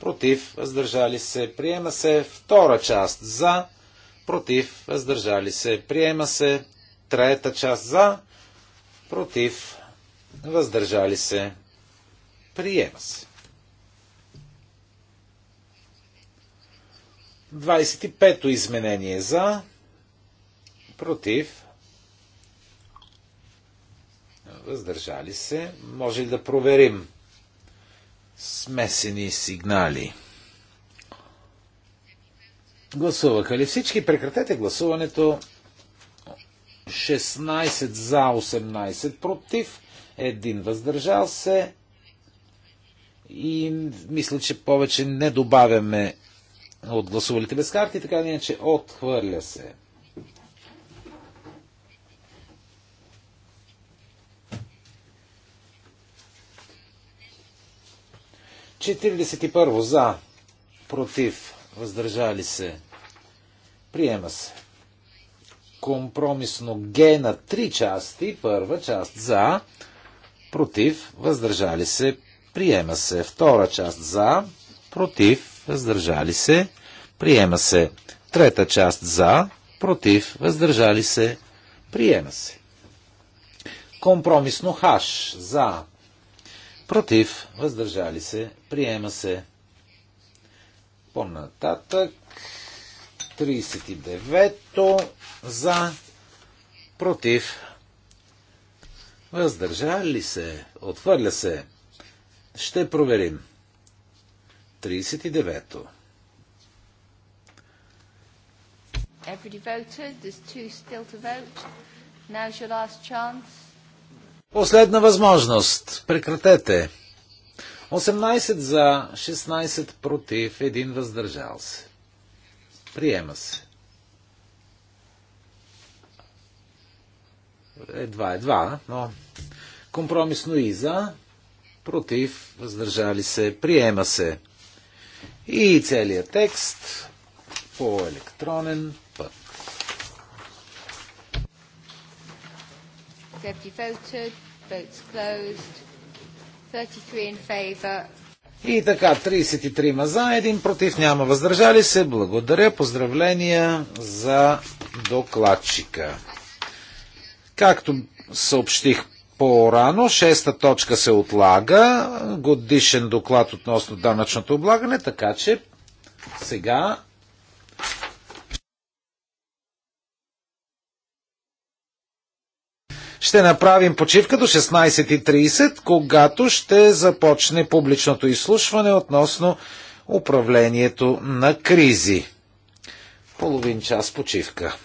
[SPEAKER 2] против, въздържали се, приема се. Втора част за, против, въздържали се, приема се. Трета част за, против, въздържали се, приема се. 25-то изменение за, против, въздържали се. Може ли да проверим смесени сигнали? Гласуваха ли всички? Прекратете гласуването. 16 за 18 против, един въздържал се и мисля, че повече не добавяме от гласувалите без карти, така или че отхвърля се. Четиридесет и първо за, против, въздържали се, приема се компромисно Г на три части. Първа част за, против, въздържали се, приема се. Втора част за, против, въздържали се, приема се. Трета част за, против, въздържали се, приема се. Компромисно хаш за, против, въздържали се, приема се. По-нататък 39-то за, против, въздържали се, отвърля се. Ще проверим. 39-то.
[SPEAKER 3] Everybody voted. There's two still to vote. Now's your last chance.
[SPEAKER 2] Последна възможност. Прекратете. 18 за, 16 против, 1 въздържал се. Приема се. едва, едва, но компромисно и за, против, въздържали се, приема се. И целият текст по електронен път. И така, 33 маза, за, един против, няма въздържали се. Благодаря, поздравления за докладчика. Както съобщих по-рано, шеста точка се отлага, годишен доклад относно данъчното облагане, така че сега ще направим почивка до 16.30, когато ще започне публичното изслушване относно управлението на кризи. Половин час почивка.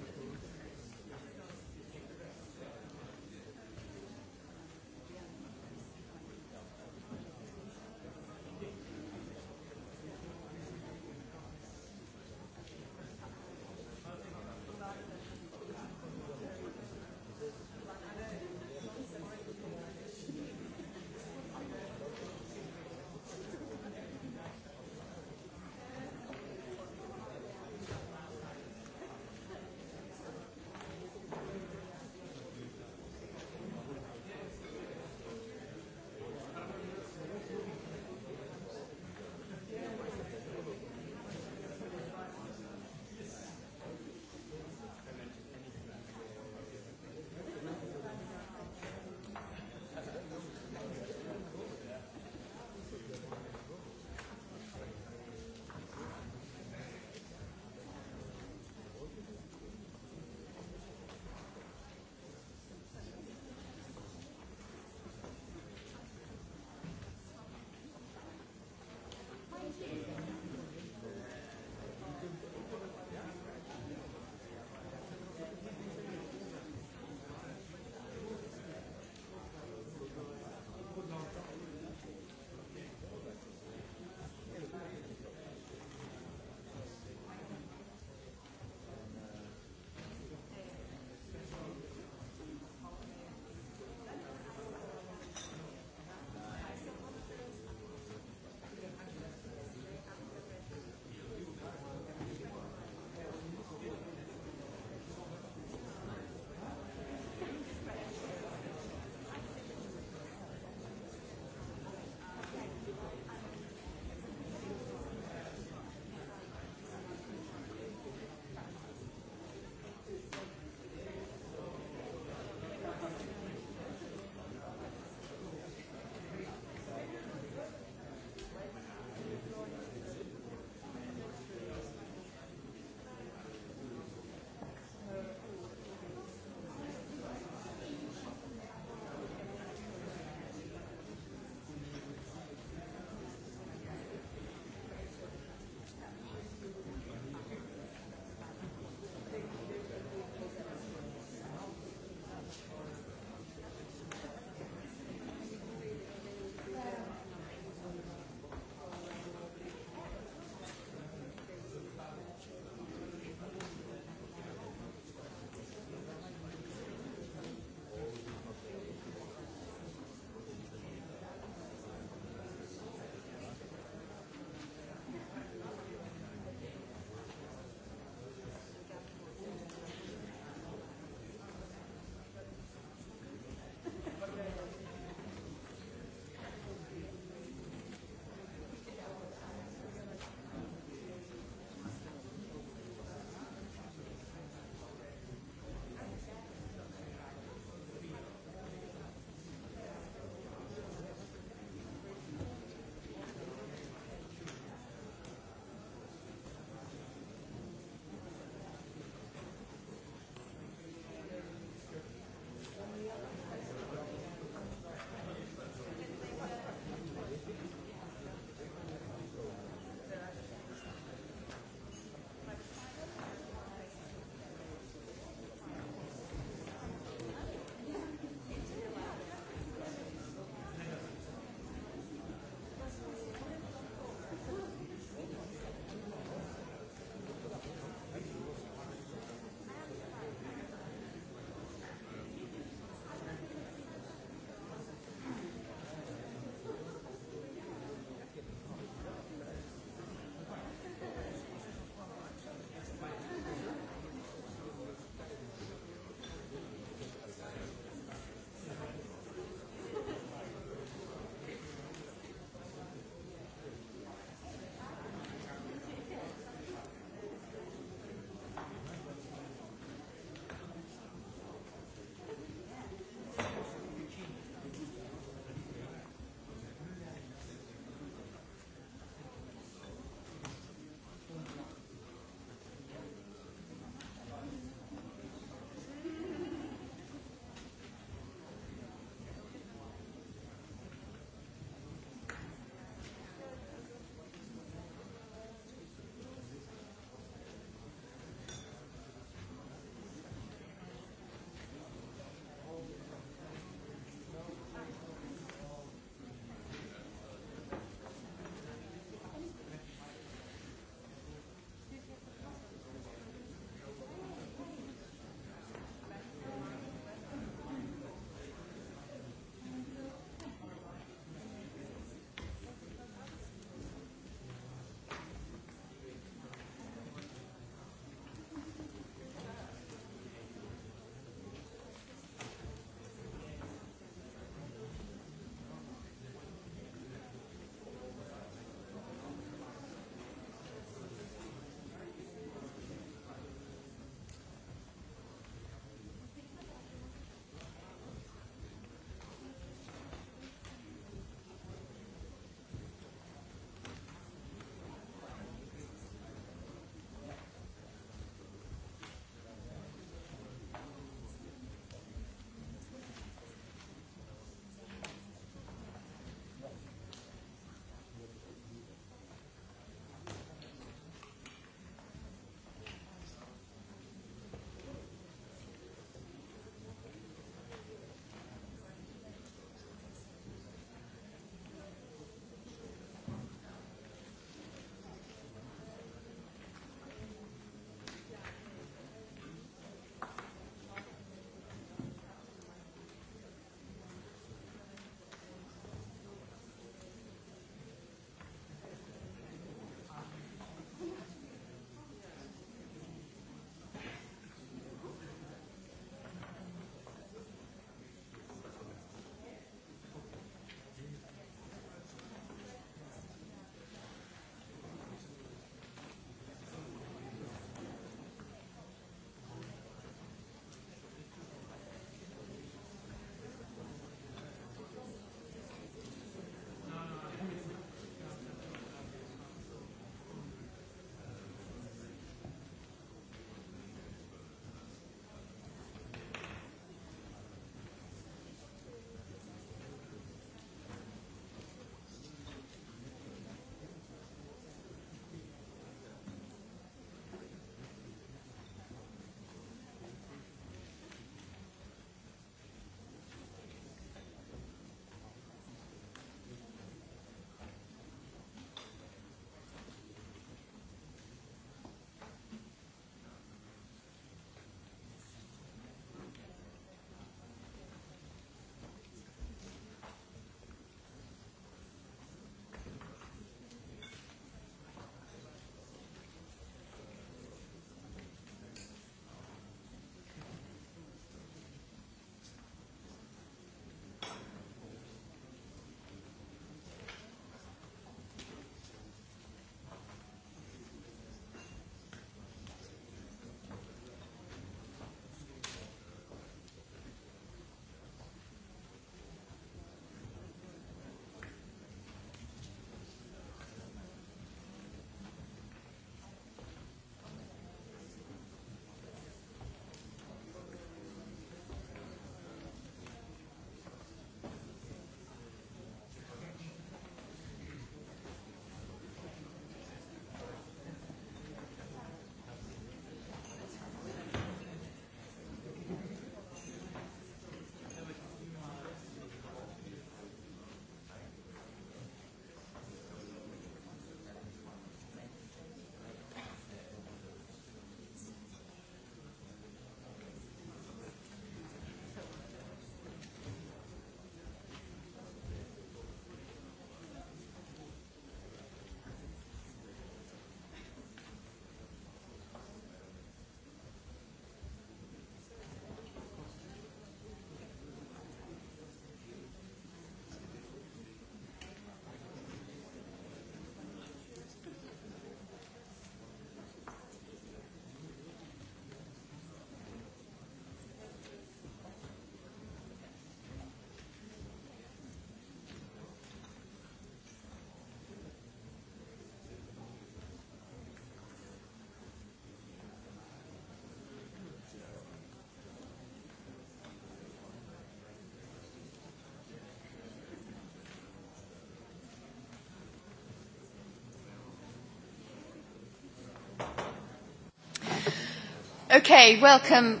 [SPEAKER 1] Okay, welcome.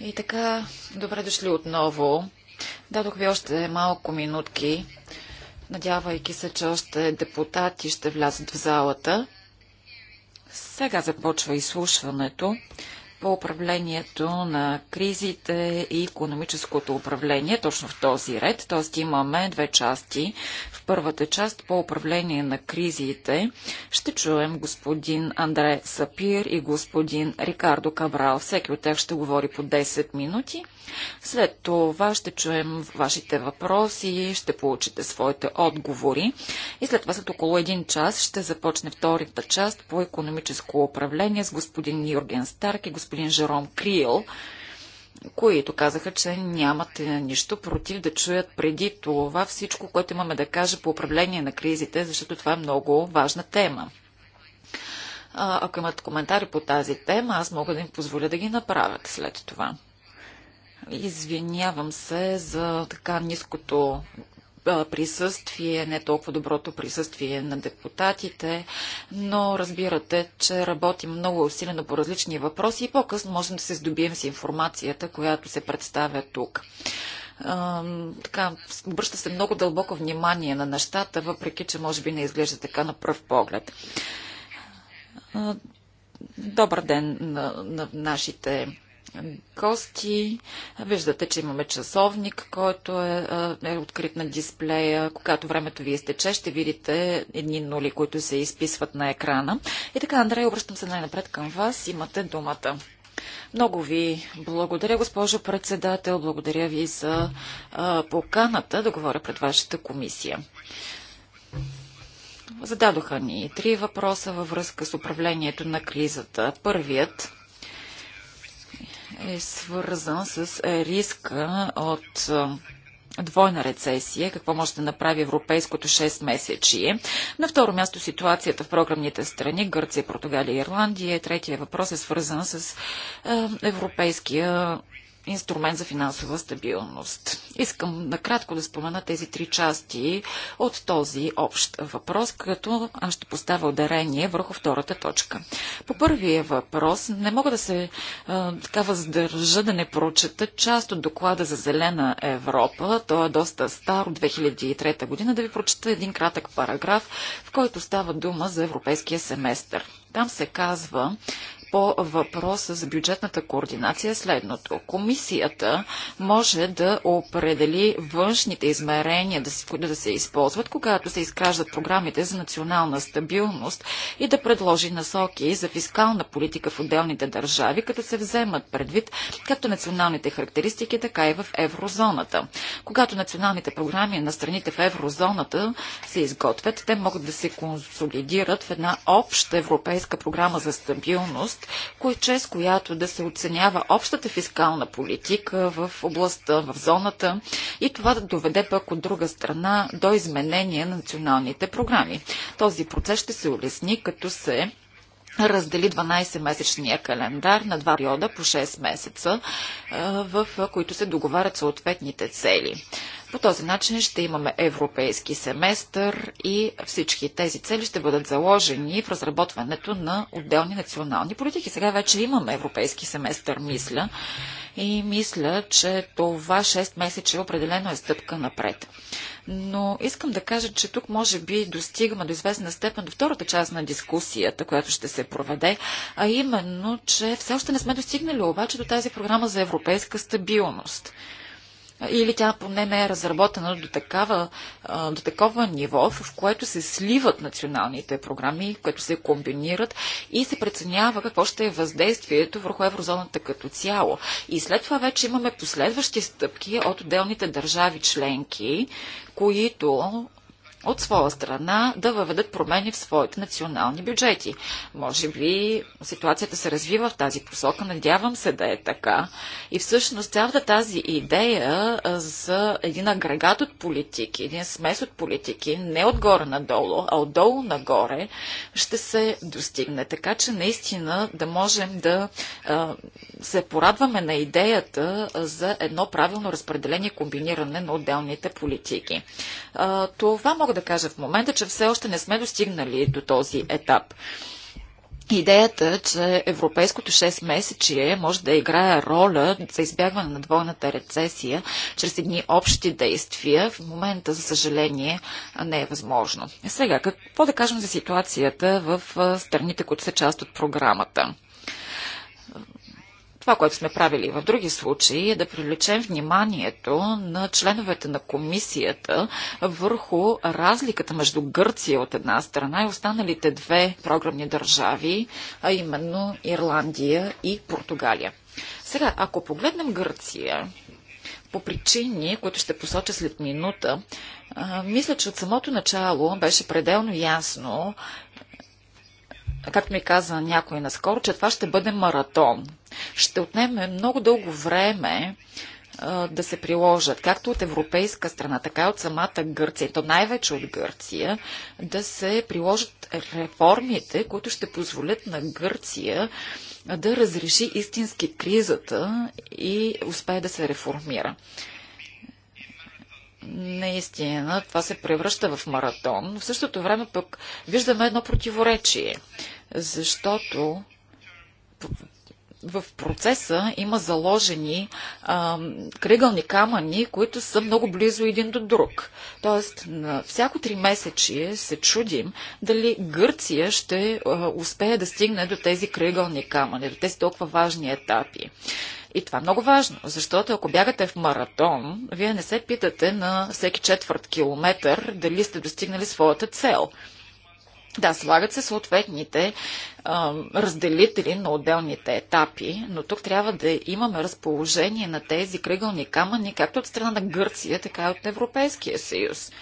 [SPEAKER 1] И така, добре дошли отново. Дадох ви още малко минутки, надявайки се, че още депутати ще влязат в залата. Сега започва изслушването по управлението на кризите и економическото управление, точно в този ред. Т.е. имаме две части първата част по управление на кризите ще чуем господин Андре Сапир и господин Рикардо Кабрал. Всеки от тях ще говори по 10 минути. След това ще чуем вашите въпроси, ще получите своите отговори и след това след около един час ще започне втората част по економическо управление с господин Юрген Старк и господин Жером Криел които казаха, че нямат е, нищо против да чуят преди това всичко, което имаме да кажа по управление на кризите, защото това е много важна тема. А, ако имат коментари по тази тема, аз мога да им позволя да ги направят след това. Извинявам се за така ниското присъствие, не толкова доброто присъствие на депутатите, но разбирате, че работим много усилено по различни въпроси и по-късно можем да се здобием с информацията, която се представя тук така, обръща се много дълбоко внимание на нещата, въпреки че може би не изглежда така на пръв поглед. Добър ден на, на нашите Кости. Виждате, че имаме часовник, който е, е, е открит на дисплея. Когато времето ви изтече, ще видите едни нули, които се изписват на екрана. И така, Андрей, обръщам се най-напред към вас. Имате думата. Много ви благодаря, госпожо председател. Благодаря ви за а, поканата да говоря пред вашата комисия. Зададоха ни три въпроса във връзка с управлението на кризата. Първият е свързан с риска от двойна рецесия, какво може да направи европейското 6 месечие. На второ място ситуацията в програмните страни Гърция, Португалия и Ирландия. Третия въпрос е свързан с европейския инструмент за финансова стабилност. Искам накратко да спомена тези три части от този общ въпрос, като аз ще поставя ударение върху втората точка. По първия въпрос не мога да се а, така въздържа да не прочета част от доклада за Зелена Европа. Той е доста стар от 2003 година. Да ви прочета един кратък параграф, в който става дума за европейския семестър. Там се казва, по въпроса за бюджетната координация е следното. Комисията може да определи външните измерения, да се, които да се използват, когато се изграждат програмите за национална стабилност и да предложи насоки за фискална политика в отделните държави, като се вземат предвид както националните характеристики, така и в еврозоната. Когато националните програми на страните в еврозоната се изготвят, те могат да се консолидират в една обща европейска програма за стабилност, област, кой, чрез която да се оценява общата фискална политика в областта, в зоната и това да доведе пък от друга страна до изменение на националните програми. Този процес ще се улесни, като се раздели 12-месечния календар на два периода по 6 месеца, в които се договарят съответните цели. По този начин ще имаме европейски семестър и всички тези цели ще бъдат заложени в разработването на отделни национални политики. Сега вече имаме европейски семестър, мисля. И мисля, че това 6 месече определено е стъпка напред. Но искам да кажа, че тук може би достигаме до известна степен до втората част на дискусията, която ще се проведе, а именно, че все още не сме достигнали обаче до тази програма за европейска стабилност или тя поне не е разработена до, такава, до такова ниво, в което се сливат националните програми, което се комбинират и се преценява какво ще е въздействието върху еврозоната като цяло. И след това вече имаме последващи стъпки от отделните държави членки, които от своя страна да въведат промени в своите национални бюджети. Може би ситуацията се развива в тази посока, надявам се да е така. И всъщност цялата тази идея за един агрегат от политики, един смес от политики, не отгоре надолу, а отдолу нагоре, ще се достигне. Така че наистина да можем да се порадваме на идеята за едно правилно разпределение и комбиниране на отделните политики. Това мога мога да кажа в момента, че все още не сме достигнали до този етап. Идеята, че европейското 6 месечие може да играе роля за избягване на двойната рецесия чрез едни общи действия, в момента, за съжаление, не е възможно. Сега, какво да кажем за ситуацията в страните, които са част от програмата? Това, което сме правили в други случаи, е да привлечем вниманието на членовете на комисията върху разликата между Гърция от една страна и останалите две програмни държави, а именно Ирландия и Португалия. Сега, ако погледнем Гърция, по причини, които ще посоча след минута, мисля, че от самото начало беше пределно ясно, както ми каза някой наскоро, че това ще бъде маратон. Ще отнеме много дълго време а, да се приложат, както от европейска страна, така и от самата Гърция, то най-вече от Гърция, да се приложат реформите, които ще позволят на Гърция да разреши истински кризата и успее да се реформира наистина това се превръща в маратон. но В същото време пък виждаме едно противоречие защото в процеса има заложени а, кръгълни камъни, които са много близо един до друг. Тоест, на всяко три месечие се чудим дали Гърция ще а, успее да стигне до тези кръгълни камъни, до тези толкова важни етапи. И това е много важно, защото ако бягате в маратон, вие не се питате на всеки четвърт километър дали сте достигнали своята цел – да, слагат се съответните а, разделители на отделните етапи, но тук трябва да имаме разположение на тези кръгълни камъни, както от страна на Гърция, така и от Европейския съюз.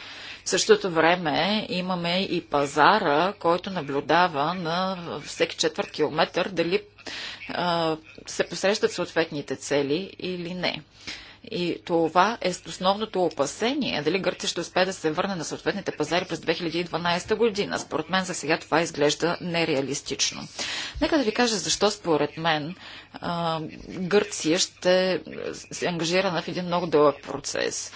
[SPEAKER 1] В същото време имаме и пазара, който наблюдава на всеки четвърт километър дали а, се посрещат съответните цели или не. И това е основното опасение. Дали Гърция ще успее да се върне на съответните пазари през 2012 година? Според мен за сега това изглежда нереалистично. Нека да ви кажа защо според мен Гърция ще се ангажира в един много дълъг процес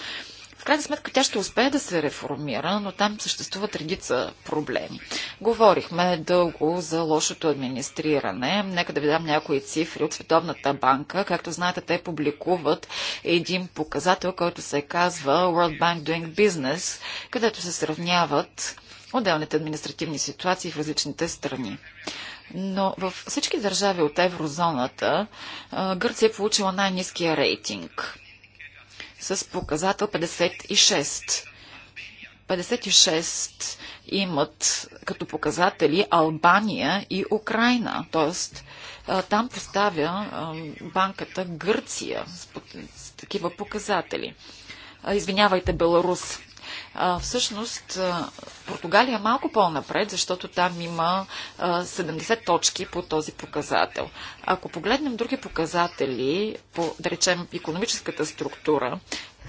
[SPEAKER 1] крайна сметка тя ще успее да се реформира, но там съществуват редица проблеми. Говорихме дълго за лошото администриране. Нека да ви дам някои цифри от Световната банка. Както знаете, те публикуват един показател, който се казва World Bank Doing Business, където се сравняват отделните административни ситуации в различните страни. Но във всички държави от еврозоната Гърция е получила най-низкия рейтинг с показател 56. 56 имат като показатели Албания и Украина. Тоест, там поставя банката Гърция с такива показатели. Извинявайте, Беларус. А, всъщност, Португалия е малко по-напред, защото там има а, 70 точки по този показател. Ако погледнем други показатели, по, да речем, економическата структура,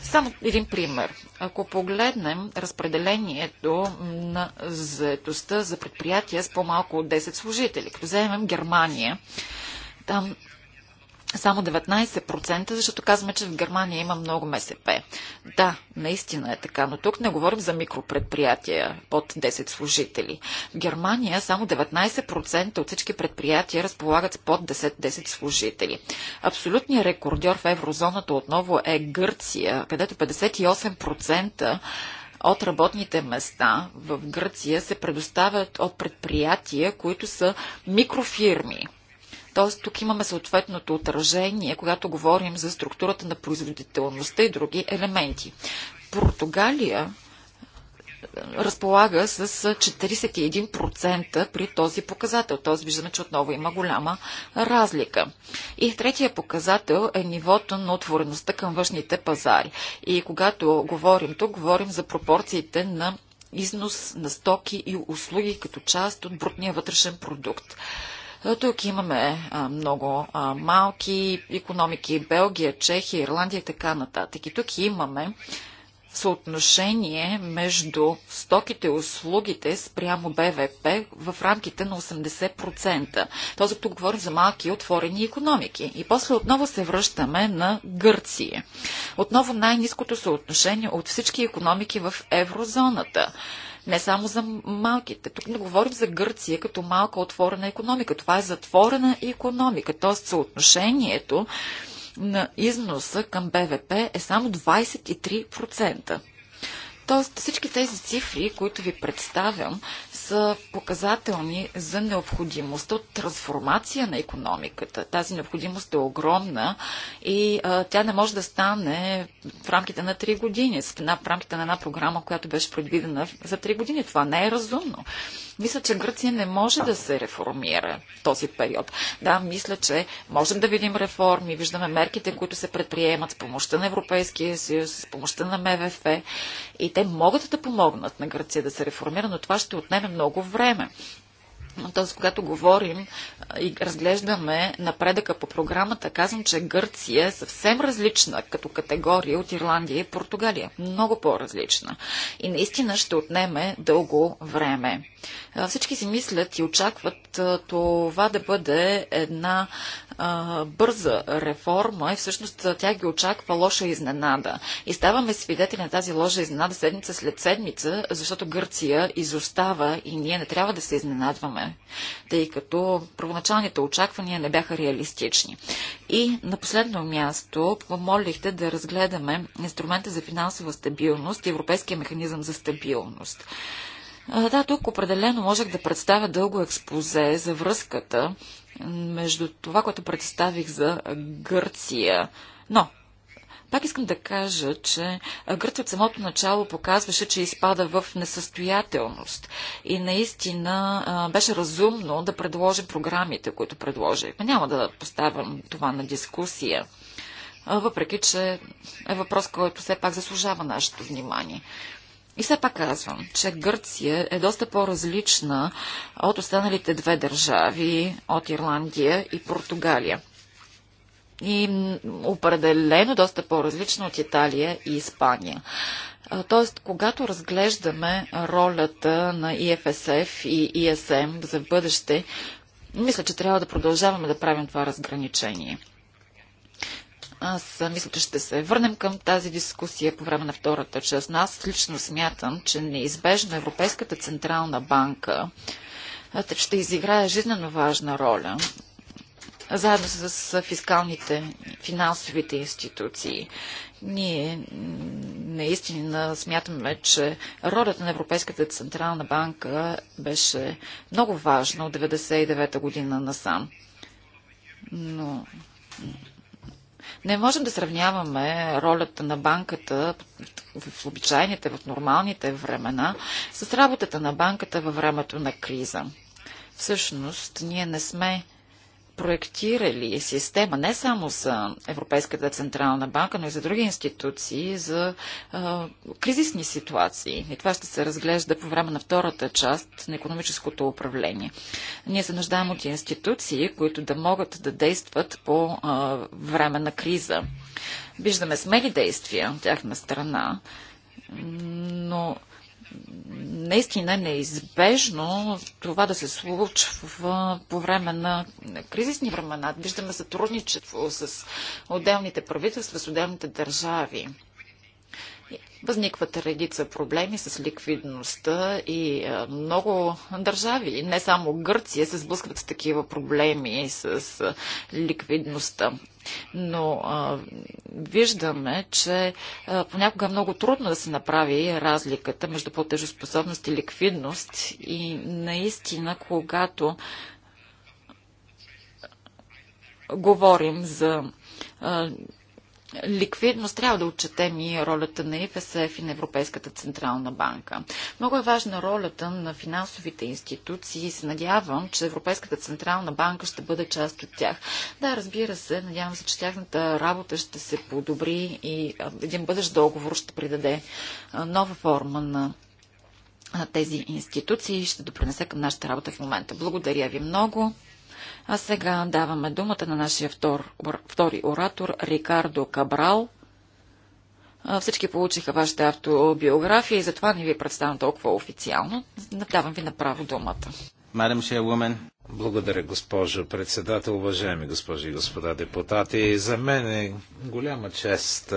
[SPEAKER 1] само един пример. Ако погледнем разпределението на заетостта за предприятия с по-малко от 10 служители, като вземем Германия, там само 19%, защото казваме, че в Германия има много МСП. Да, наистина е така, но тук не говорим за микропредприятия под 10 служители. В Германия само 19% от всички предприятия разполагат с под 10, 10 служители. Абсолютният рекордьор в еврозоната отново е Гърция, където 58% от работните места в Гърция се предоставят от предприятия, които са микрофирми Тоест тук имаме съответното отражение, когато говорим за структурата на производителността и други елементи. Португалия е, разполага с 41% при този показател. Т.е. виждаме, че отново има голяма разлика. И третия показател е нивото на отвореността към външните пазари. И когато говорим тук, говорим за пропорциите на износ на стоки и услуги като част от брутния вътрешен продукт. Е, тук имаме много малки економики Белгия, Чехия, Ирландия и така нататък. И тук имаме съотношение между стоките и услугите спрямо БВП в рамките на 80%. Този тук говорим за малки отворени економики. И после отново се връщаме на Гърция. Отново най-низкото съотношение от всички економики в еврозоната. Не само за малките. Тук не говорим за Гърция като малка отворена економика. Това е затворена економика. Тоест съотношението на износа към БВП е само 23%. Тоест всички тези цифри, които ви представям, са показателни за необходимост от трансформация на економиката. Тази необходимост е огромна и а, тя не може да стане в рамките на 3 години, в рамките на една програма, която беше предвидена за 3 години. Това не е разумно. Мисля, че Гърция не може да се реформира в този период. Да, мисля, че можем да видим реформи, виждаме мерките, които се предприемат с помощта на Европейския съюз, с помощта на МВФ и те могат да помогнат на Гърция да се реформира, но това ще отнеме много време. Тоест, когато говорим и разглеждаме напредъка по програмата, казвам, че Гърция е съвсем различна като категория от Ирландия и Португалия. Много по-различна. И наистина ще отнеме дълго време. Всички си мислят и очакват това да бъде една бърза реформа и всъщност тя ги очаква лоша изненада. И ставаме свидетели на тази лоша изненада седмица след седмица, защото Гърция изостава и ние не трябва да се изненадваме, тъй като първоначалните очаквания не бяха реалистични. И на последно място помолихте да разгледаме инструмента за финансова стабилност и Европейския механизъм за стабилност. Да, тук определено можех да представя дълго експозе за връзката между това, което представих за Гърция. Но, пак искам да кажа, че Гърция от самото начало показваше, че изпада в несъстоятелност. И наистина беше разумно да предложи програмите, които предложи. Няма да поставям това на дискусия, въпреки че е въпрос, който все пак заслужава нашето внимание. И все пак казвам, че Гърция е доста по-различна от останалите две държави, от Ирландия и Португалия. И определено доста по-различна от Италия и Испания. Тоест, когато разглеждаме ролята на ИФСФ и ИСМ за бъдеще, мисля, че трябва да продължаваме да правим това разграничение. Аз мисля, че ще се върнем към тази дискусия по време на втората част. Аз лично смятам, че неизбежно Европейската Централна банка ще изиграе жизненно важна роля заедно с фискалните, финансовите институции. Ние наистина смятаме, че ролята на Европейската Централна банка беше много важна от 1999 година насам. Но не можем да сравняваме ролята на банката в обичайните, в нормалните времена с работата на банката във времето на криза. Всъщност, ние не сме проектирали система не само за Европейската централна банка, но и за други институции за а, кризисни ситуации. И това ще се разглежда по време на втората част на економическото управление. Ние се нуждаем от институции, които да могат да действат по а, време на криза. Виждаме смели действия от тяхна страна, но наистина е неизбежно това да се случва по време на кризисни времена. Виждаме сътрудничество с отделните правителства, с отделните държави. Възникват редица проблеми с ликвидността и много държави, не само Гърция, се сблъскват с такива проблеми с ликвидността. Но а, виждаме, че а, понякога е много трудно да се направи разликата между платежоспособност и ликвидност и наистина, когато говорим за ликвидност трябва да отчетем и ролята на ИФСФ и на Европейската централна банка. Много е важна ролята на финансовите институции и се надявам, че Европейската централна банка ще бъде част от тях. Да, разбира се, надявам се, че тяхната работа ще се подобри и един бъдещ договор ще придаде нова форма на тези институции и ще допринесе към нашата работа в момента. Благодаря ви много. А сега даваме думата на нашия втор, втори оратор Рикардо Кабрал. Всички получиха вашите автобиографии и затова не ви представям толкова официално. Давам ви направо думата.
[SPEAKER 2] Благодаря, госпожо председател, уважаеми госпожи и господа депутати. За мен е голяма чест,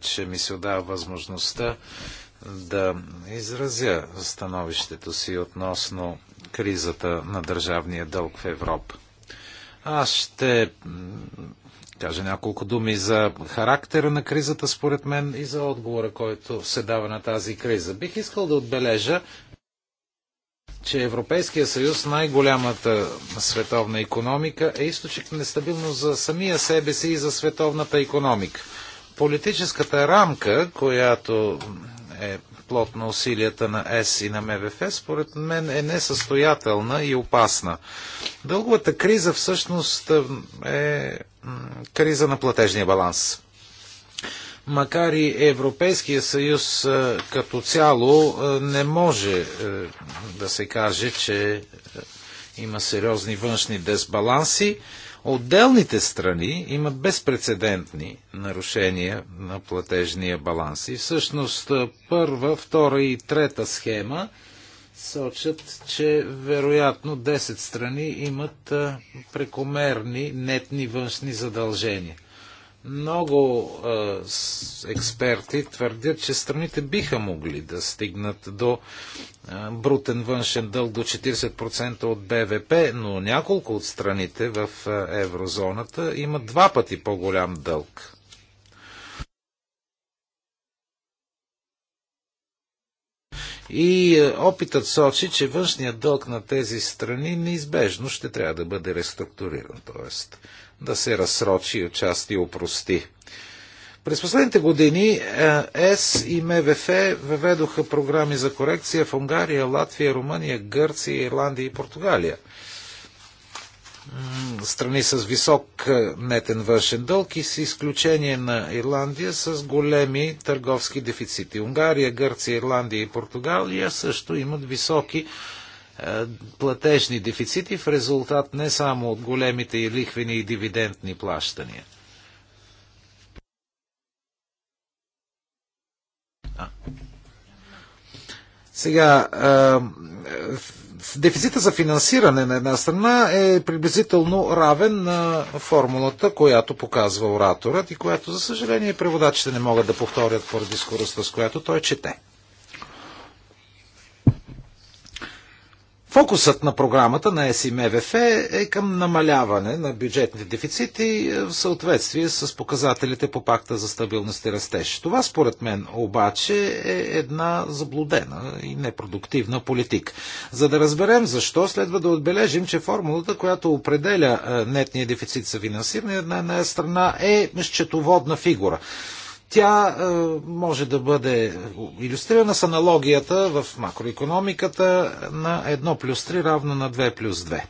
[SPEAKER 2] че ми се отдава възможността да изразя становището си относно кризата на държавния дълг в Европа. Аз ще кажа няколко думи за характера на кризата, според мен, и за отговора, който се дава на тази криза. Бих искал да отбележа, че Европейския съюз, най-голямата световна економика, е източник на нестабилност за самия себе си и за световната економика. Политическата рамка, която е плод на усилията на ЕС и на МВФ, според мен е несъстоятелна и опасна. Дълговата криза всъщност е, е криза на платежния баланс. Макар и Европейския съюз е, като цяло е, не може да се каже, че има сериозни външни дисбаланси, Отделните страни имат безпредседентни нарушения на платежния баланс. И всъщност първа, втора и трета схема сочат, че вероятно 10 страни имат прекомерни нетни външни задължения. Много експерти твърдят, че страните биха могли да стигнат до брутен външен дълг до 40% от БВП, но няколко от страните в еврозоната имат два пъти по-голям дълг. И опитът сочи, че външният дълг на тези страни неизбежно ще трябва да бъде реструктуриран. Тоест, да се разсрочи и отчасти опрости. През последните години ЕС и МВФ въведоха програми за корекция в Унгария, Латвия, Румъния, Гърция, Ирландия и Португалия. Страни с висок е, нетен външен дълг и с изключение на Ирландия с големи търговски дефицити. Унгария, Гърция, Ирландия и Португалия също имат високи е, платежни дефицити в резултат не само от големите и лихвени и дивидендни плащания. Сега, е, дефицита за финансиране на една страна е приблизително равен на формулата, която показва ораторът и която, за съжаление, преводачите не могат да повторят поради скоростта, с която той чете. Фокусът на програмата на СИМВФ е към намаляване на бюджетните дефицити е, в съответствие с показателите по пакта за стабилност и растеж. Това според мен обаче е една заблудена и непродуктивна политика. За да разберем защо, следва да отбележим, че формулата, която определя е, нетния дефицит за финансиране на една страна е счетоводна фигура. Тя е, може да бъде иллюстрирана с аналогията в макроекономиката на 1 плюс 3 равно на 2 плюс 2.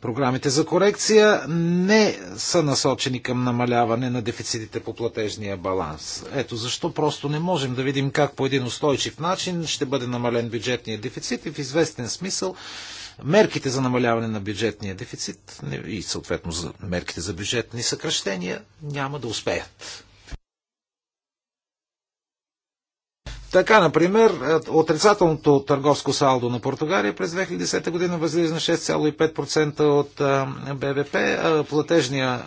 [SPEAKER 2] Програмите за корекция не са насочени към намаляване на дефицитите по платежния баланс. Ето защо просто не можем да видим как по един устойчив начин ще бъде намален бюджетния дефицит и в известен смисъл мерките за намаляване на бюджетния дефицит и съответно за мерките за бюджетни съкръщения няма да успеят. Така, например, е, отрицателното търговско салдо на Португалия през 2010 година възлиза на 6,5% от е, БВП, е, платежния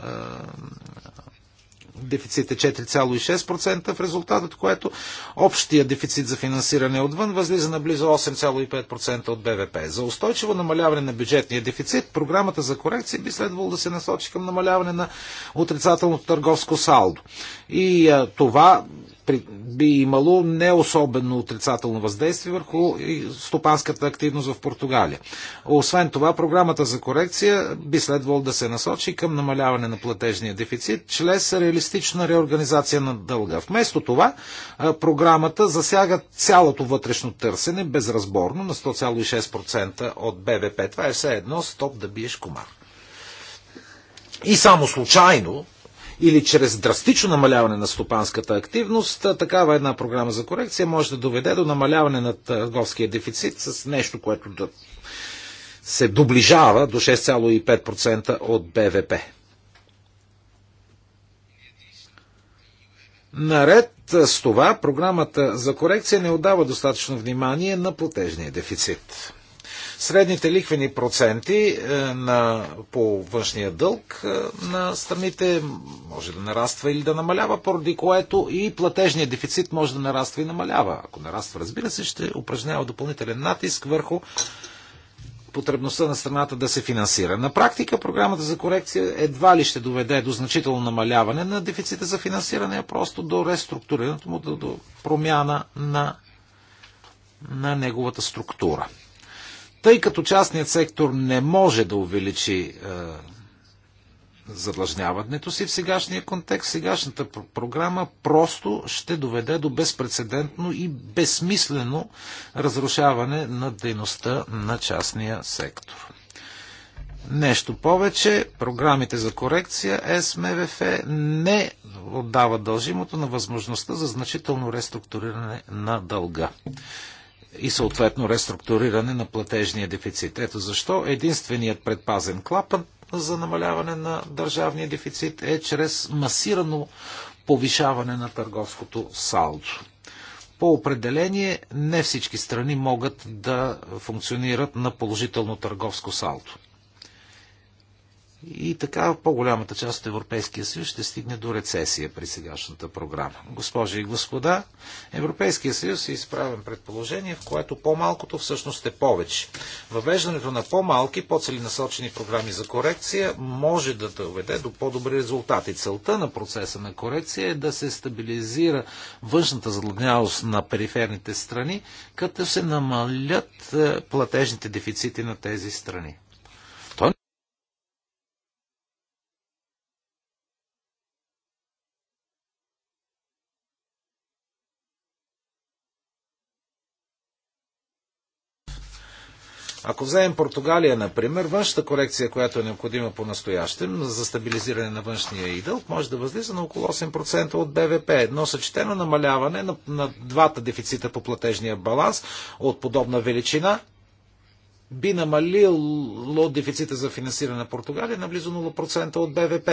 [SPEAKER 2] дефицит е 4,6%, в резултат от което общия дефицит за финансиране отвън възлиза на близо 8,5% от БВП. За устойчиво намаляване на бюджетния дефицит, програмата за корекция би следвало да се насочи към намаляване на отрицателното търговско салдо. И а, това би имало не особено отрицателно въздействие върху стопанската активност в Португалия. Освен това, програмата за корекция би следвало да се насочи към намаляване на платежния дефицит чрез реалистична реорганизация на дълга. Вместо това, програмата засяга цялото вътрешно търсене безразборно на 100,6% от БВП. Това е все едно стоп да биеш комар. И само случайно, или чрез драстично намаляване на стопанската активност, такава една програма за корекция може да доведе до намаляване на търговския дефицит с нещо, което да се доближава до 6,5% от БВП. Наред с това, програмата за корекция не отдава достатъчно внимание на платежния дефицит средните ликвени проценти е, на, по външния дълг е, на страните може да нараства или да намалява, поради което и платежният дефицит може да нараства и намалява. Ако нараства, разбира се, ще упражнява допълнителен натиск върху потребността на страната да се финансира. На практика програмата за корекция едва ли ще доведе до значително намаляване на дефицита за финансиране, а просто до реструктурирането му, до, до промяна на, на неговата структура. Тъй като частният сектор не може да увеличи е, задлъжняването си в сегашния контекст, сегашната програма просто ще доведе до безпредседентно и безсмислено разрушаване на дейността на частния сектор. Нещо повече, програмите за корекция СМВФ не отдават дължимото на възможността за значително реструктуриране на дълга и съответно реструктуриране на платежния дефицит. Ето защо единственият предпазен клапан за намаляване на държавния дефицит е чрез масирано повишаване на търговското салдо. По определение не всички страни могат да функционират на положително търговско салдо. И така по-голямата част от Европейския съюз ще стигне до рецесия при сегашната програма. Госпожи и господа, Европейския съюз е изправен предположение, в което по-малкото всъщност е повече. Въвеждането на по-малки, по-целенасочени програми за корекция може да доведе до по-добри резултати. Целта на процеса на корекция е да се стабилизира външната задлъгнявост на периферните страни, като се намалят е, платежните дефицити на тези страни. Ако вземем Португалия, например, външната корекция, която е необходима по настоящем за стабилизиране на външния и дълг, може да възлиза на около 8% от БВП. Едно съчетено намаляване на, на двата дефицита по платежния баланс от подобна величина би намалило дефицита за финансиране на Португалия на близо 0% от БВП.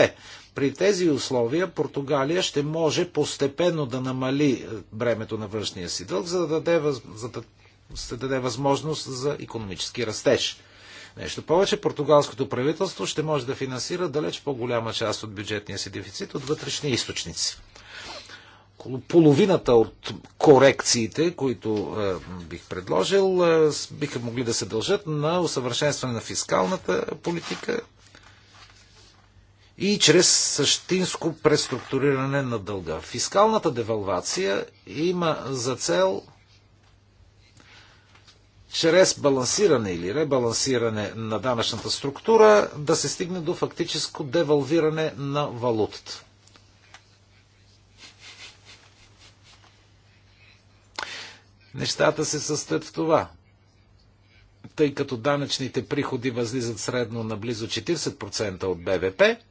[SPEAKER 2] При тези условия Португалия ще може постепенно да намали е, бремето на външния си дълг, за да даде, за да се даде възможност за економически растеж. Нещо повече, португалското правителство ще може да финансира далеч по-голяма част от бюджетния си дефицит от вътрешни източници. Около половината от корекциите, които е, бих предложил, е, биха могли да се дължат на усъвършенстване на фискалната политика и чрез същинско преструктуриране на дълга. Фискалната девалвация има за цел чрез балансиране или ребалансиране на данъчната структура да се стигне до фактическо девалвиране на валутата. Нещата се състоят в това. Тъй като данъчните приходи възлизат средно на близо 40% от БВП,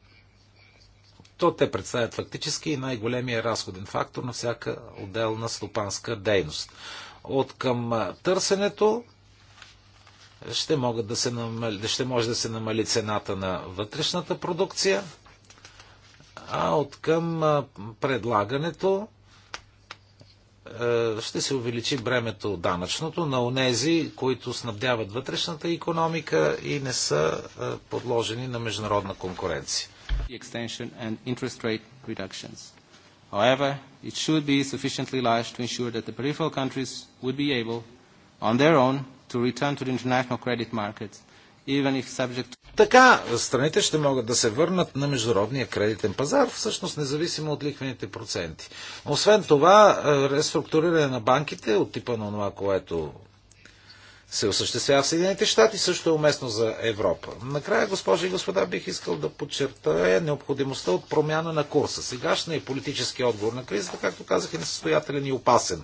[SPEAKER 2] то те представят фактически и най-големия разходен фактор на всяка отделна стопанска дейност. От към търсенето ще, могат да се намали, ще може да се намали цената на вътрешната продукция, а от към предлагането ще се увеличи бремето данъчното на онези, които снабдяват вътрешната економика и не са подложени на международна конкуренция to return to the international credit markets, even if subject Така страните ще могат да се върнат на международния кредитен пазар, всъщност независимо от лихвените проценти. Освен това, е, реструктуриране на банките от типа на това, което се осъществява в Съединените щати, също е уместно за Европа. Накрая, госпожи и господа, бих искал да подчертая необходимостта от промяна на курса. Сегашният политически отговор на кризата, както казах, е несъстоятелен и опасен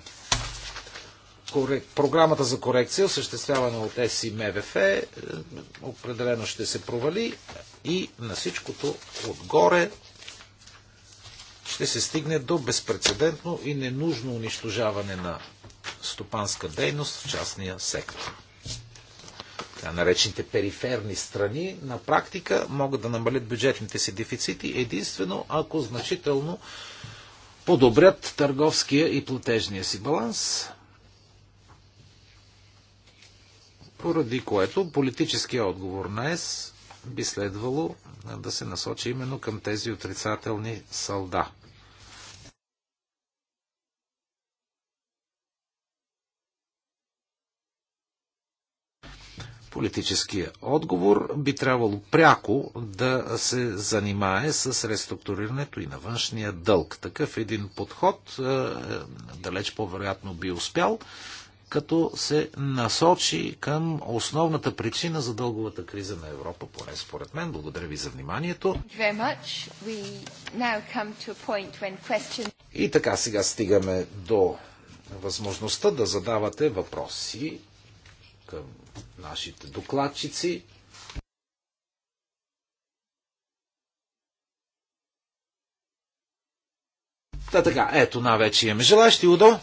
[SPEAKER 2] корек... програмата за корекция, осъществявана от ЕС МВФ, е, определено ще се провали и на всичкото отгоре ще се стигне до безпредседентно и ненужно унищожаване на стопанска дейност в частния сектор. Така наречените периферни страни на практика могат да намалят бюджетните си дефицити единствено ако значително подобрят търговския и платежния си баланс, поради което политическия отговор на ЕС би следвало да се насочи именно към тези отрицателни салда. Политическия отговор би трябвало пряко да се занимае с реструктурирането и на външния дълг. Такъв един подход е, е, далеч по-вероятно би успял, като се насочи към основната причина за дълговата криза на Европа, поне според мен. Благодаря ви за вниманието. Question... И така сега стигаме до възможността да задавате въпроси към нашите докладчици. Та така, ето на вече имаме желащи, Удо.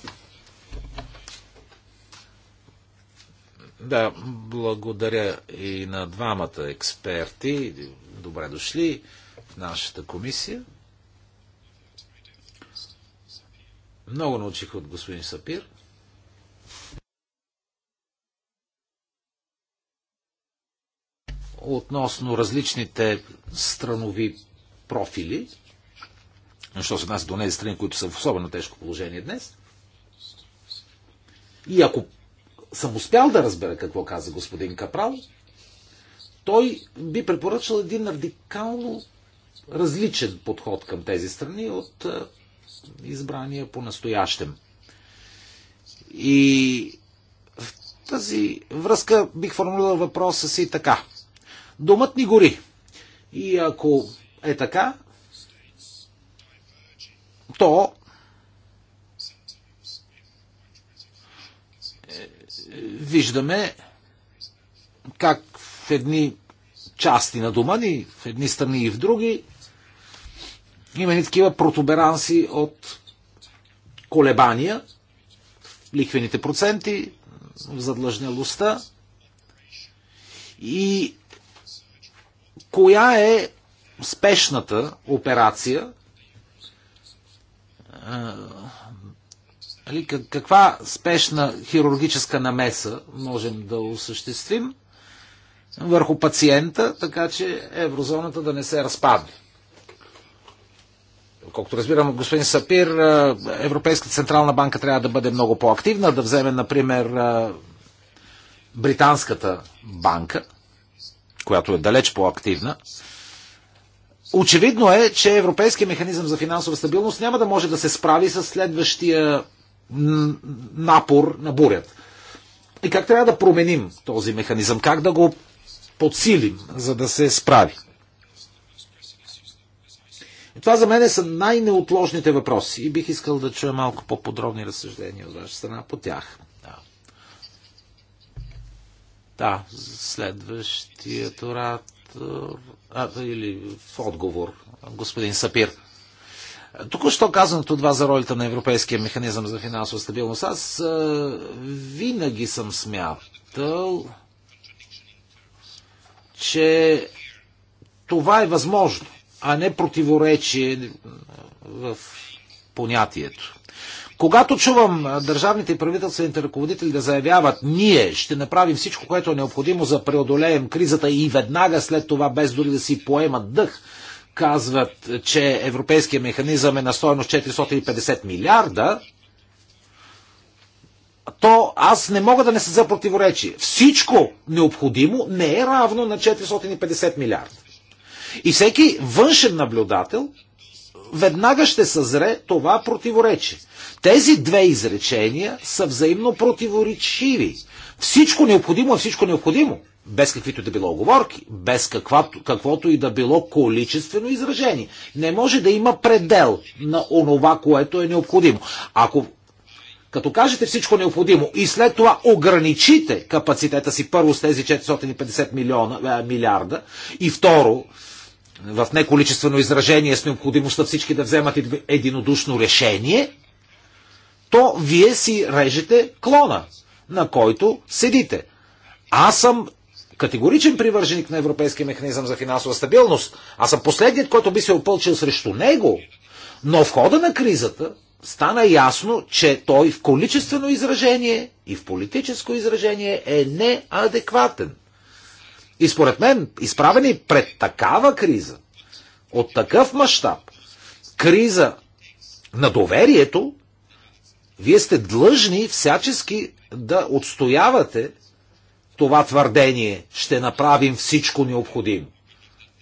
[SPEAKER 2] Да, благодаря и на двамата експерти. Добре дошли в нашата комисия. Много научих от господин Сапир. Относно различните странови профили, що се нас до тези страни, които са в особено тежко положение днес. И ако съм успял да разбера какво каза господин Капрал, той би препоръчал един радикално различен подход към тези страни от е, избрания по-настоящем. И в тази връзка бих формулирал въпроса си така. Домът ни гори. И ако е така, то виждаме как в едни части на дома ни, в едни страни и в други, има ни такива протуберанси от колебания, ликвените проценти, в задлъжнялостта и коя е спешната операция, Нали, каква спешна хирургическа намеса можем да осъществим върху пациента, така че еврозоната да не се разпадне. Колкото разбирам, господин Сапир, Европейска централна банка трябва да бъде много по-активна, да вземе, например, Британската банка, която е далеч по-активна. Очевидно е, че Европейския механизъм за финансова стабилност няма да може да се справи с следващия напор на бурят. И как трябва да променим този механизъм? Как да го подсилим, за да се справи? И това за мен са най-неотложните въпроси и бих искал да чуя малко по-подробни разсъждения от ваша страна по тях. Да, да следващият оратор а, или в отговор, господин Сапир. Току-що казаното от вас за ролята на Европейския механизъм за финансова стабилност, аз а, винаги съм смятал, че това е възможно, а не противоречие в понятието. Когато чувам държавните и правителствените ръководители да заявяват, ние ще направим всичко, което е необходимо за преодолеем кризата и веднага след това, без дори да си поемат дъх, казват, че европейския механизъм е на стоеност 450 милиарда, то аз не мога да не се запротиворечи. Всичко необходимо не е равно на 450 милиарда. И всеки външен наблюдател веднага ще съзре това противоречие. Тези две изречения са взаимно противоречиви. Всичко необходимо е всичко необходимо без каквито да било оговорки, без каквато, каквото и да било количествено изражение. Не може да има предел на онова, което е необходимо. Ако като кажете всичко необходимо и след това ограничите капацитета си първо с тези 450 милиона, е, милиарда и второ в неколичествено изражение с необходимостта всички да вземат единодушно решение, то вие си режете клона, на който седите. Аз съм категоричен привърженик на Европейския механизъм за финансова стабилност. Аз съм последният, който би се опълчил срещу него. Но в хода на кризата стана ясно, че той в количествено изражение и в политическо изражение е неадекватен. И според мен, изправени пред такава криза, от такъв мащаб, криза на доверието, вие сте длъжни всячески да отстоявате това твърдение ще направим всичко необходимо.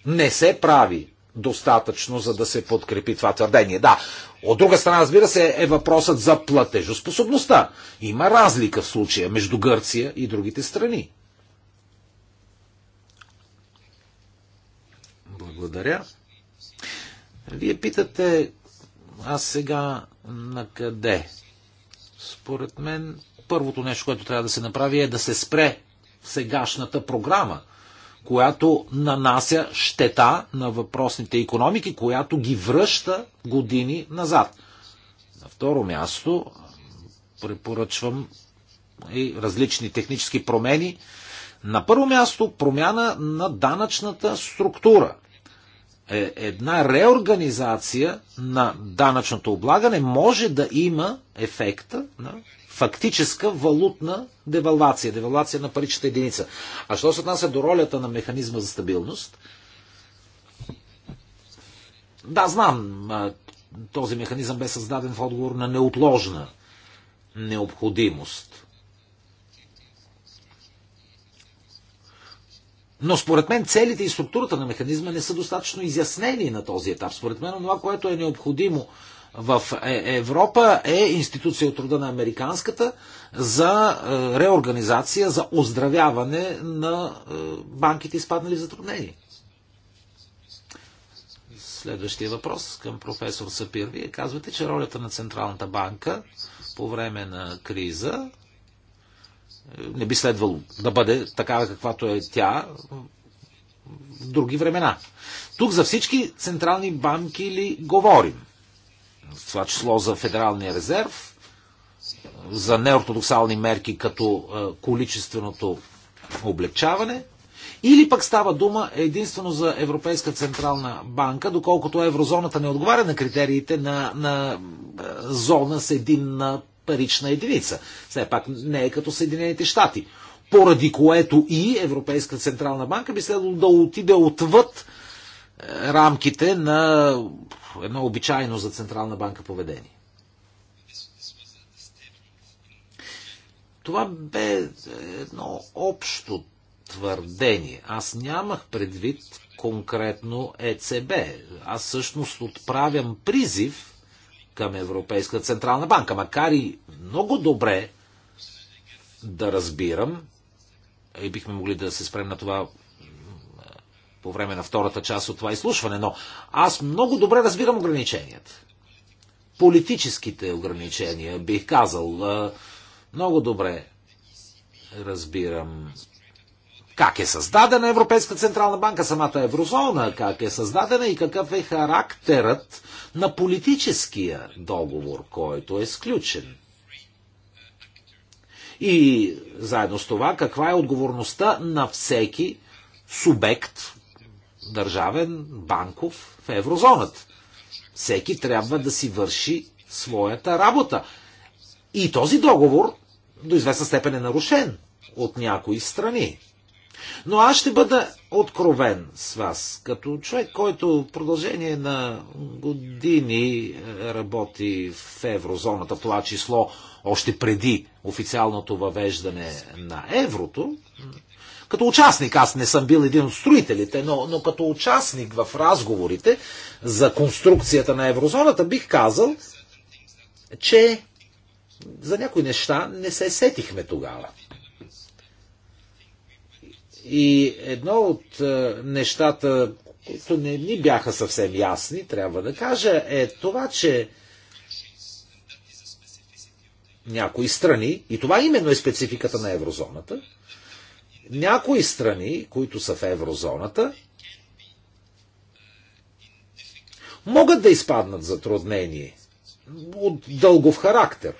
[SPEAKER 2] Не се прави достатъчно, за да се подкрепи това твърдение. Да, от друга страна, разбира се, е въпросът за платежоспособността. Има разлика в случая между Гърция и другите страни. Благодаря. Вие питате, аз сега на къде? Според мен, първото нещо, което трябва да се направи е да се спре сегашната програма, която нанася щета на въпросните економики, която ги връща години назад. На второ място препоръчвам и различни технически промени. На първо място промяна на данъчната структура. Е, една реорганизация на данъчното облагане може да има ефекта на фактическа валутна девалвация, девалвация на паричната единица. А що се отнася до ролята на механизма за стабилност? Да, знам, този механизъм бе създаден в отговор на неотложна необходимост. Но според мен целите и структурата на механизма не са достатъчно изяснени на този етап. Според мен това, което е необходимо в е, Европа е институция от рода на американската за е, реорганизация, за оздравяване на е, банките, изпаднали затруднени. Следващия въпрос към професор Сапир. Вие казвате, че ролята на Централната банка по време на криза не би следвало да бъде такава каквато е тя в други времена. Тук за всички централни банки ли говорим? в това число за Федералния резерв, за неортодоксални мерки като е, количественото облегчаване, или пък става дума единствено за Европейска централна банка, доколкото еврозоната не отговаря на критериите на, на е, зона с единна парична единица. Все пак не е като Съединените щати. Поради което и Европейска централна банка би следвало да отиде отвъд е, рамките на едно обичайно за Централна банка поведение. Това бе едно общо твърдение. Аз нямах предвид конкретно ЕЦБ. Аз всъщност отправям призив към Европейска Централна банка, макар и много добре да разбирам, и бихме могли да се спрем на това по време на втората част от това изслушване, но аз много добре разбирам ограниченията. Политическите ограничения, бих казал. Много добре разбирам как е създадена Европейска Централна банка, самата еврозона, как е създадена и какъв е характерът на политическия договор, който е сключен. И заедно с това, каква е отговорността на всеки субект, държавен, банков в еврозоната. Всеки трябва да си върши своята работа. И този договор до известна степен е нарушен от някои страни. Но аз ще бъда откровен с вас, като човек, който в продължение на години е, работи в еврозоната, това число още преди официалното въвеждане на еврото, като участник, аз не съм бил един от строителите, но, но като участник в разговорите за конструкцията на еврозоната бих казал, че за някои неща не се сетихме тогава. И едно от е, нещата, които не ни бяха съвсем ясни, трябва да кажа, е това, че някои страни, и това именно е спецификата на еврозоната, някои страни, които са в еврозоната, могат да изпаднат затруднение от дългов характер.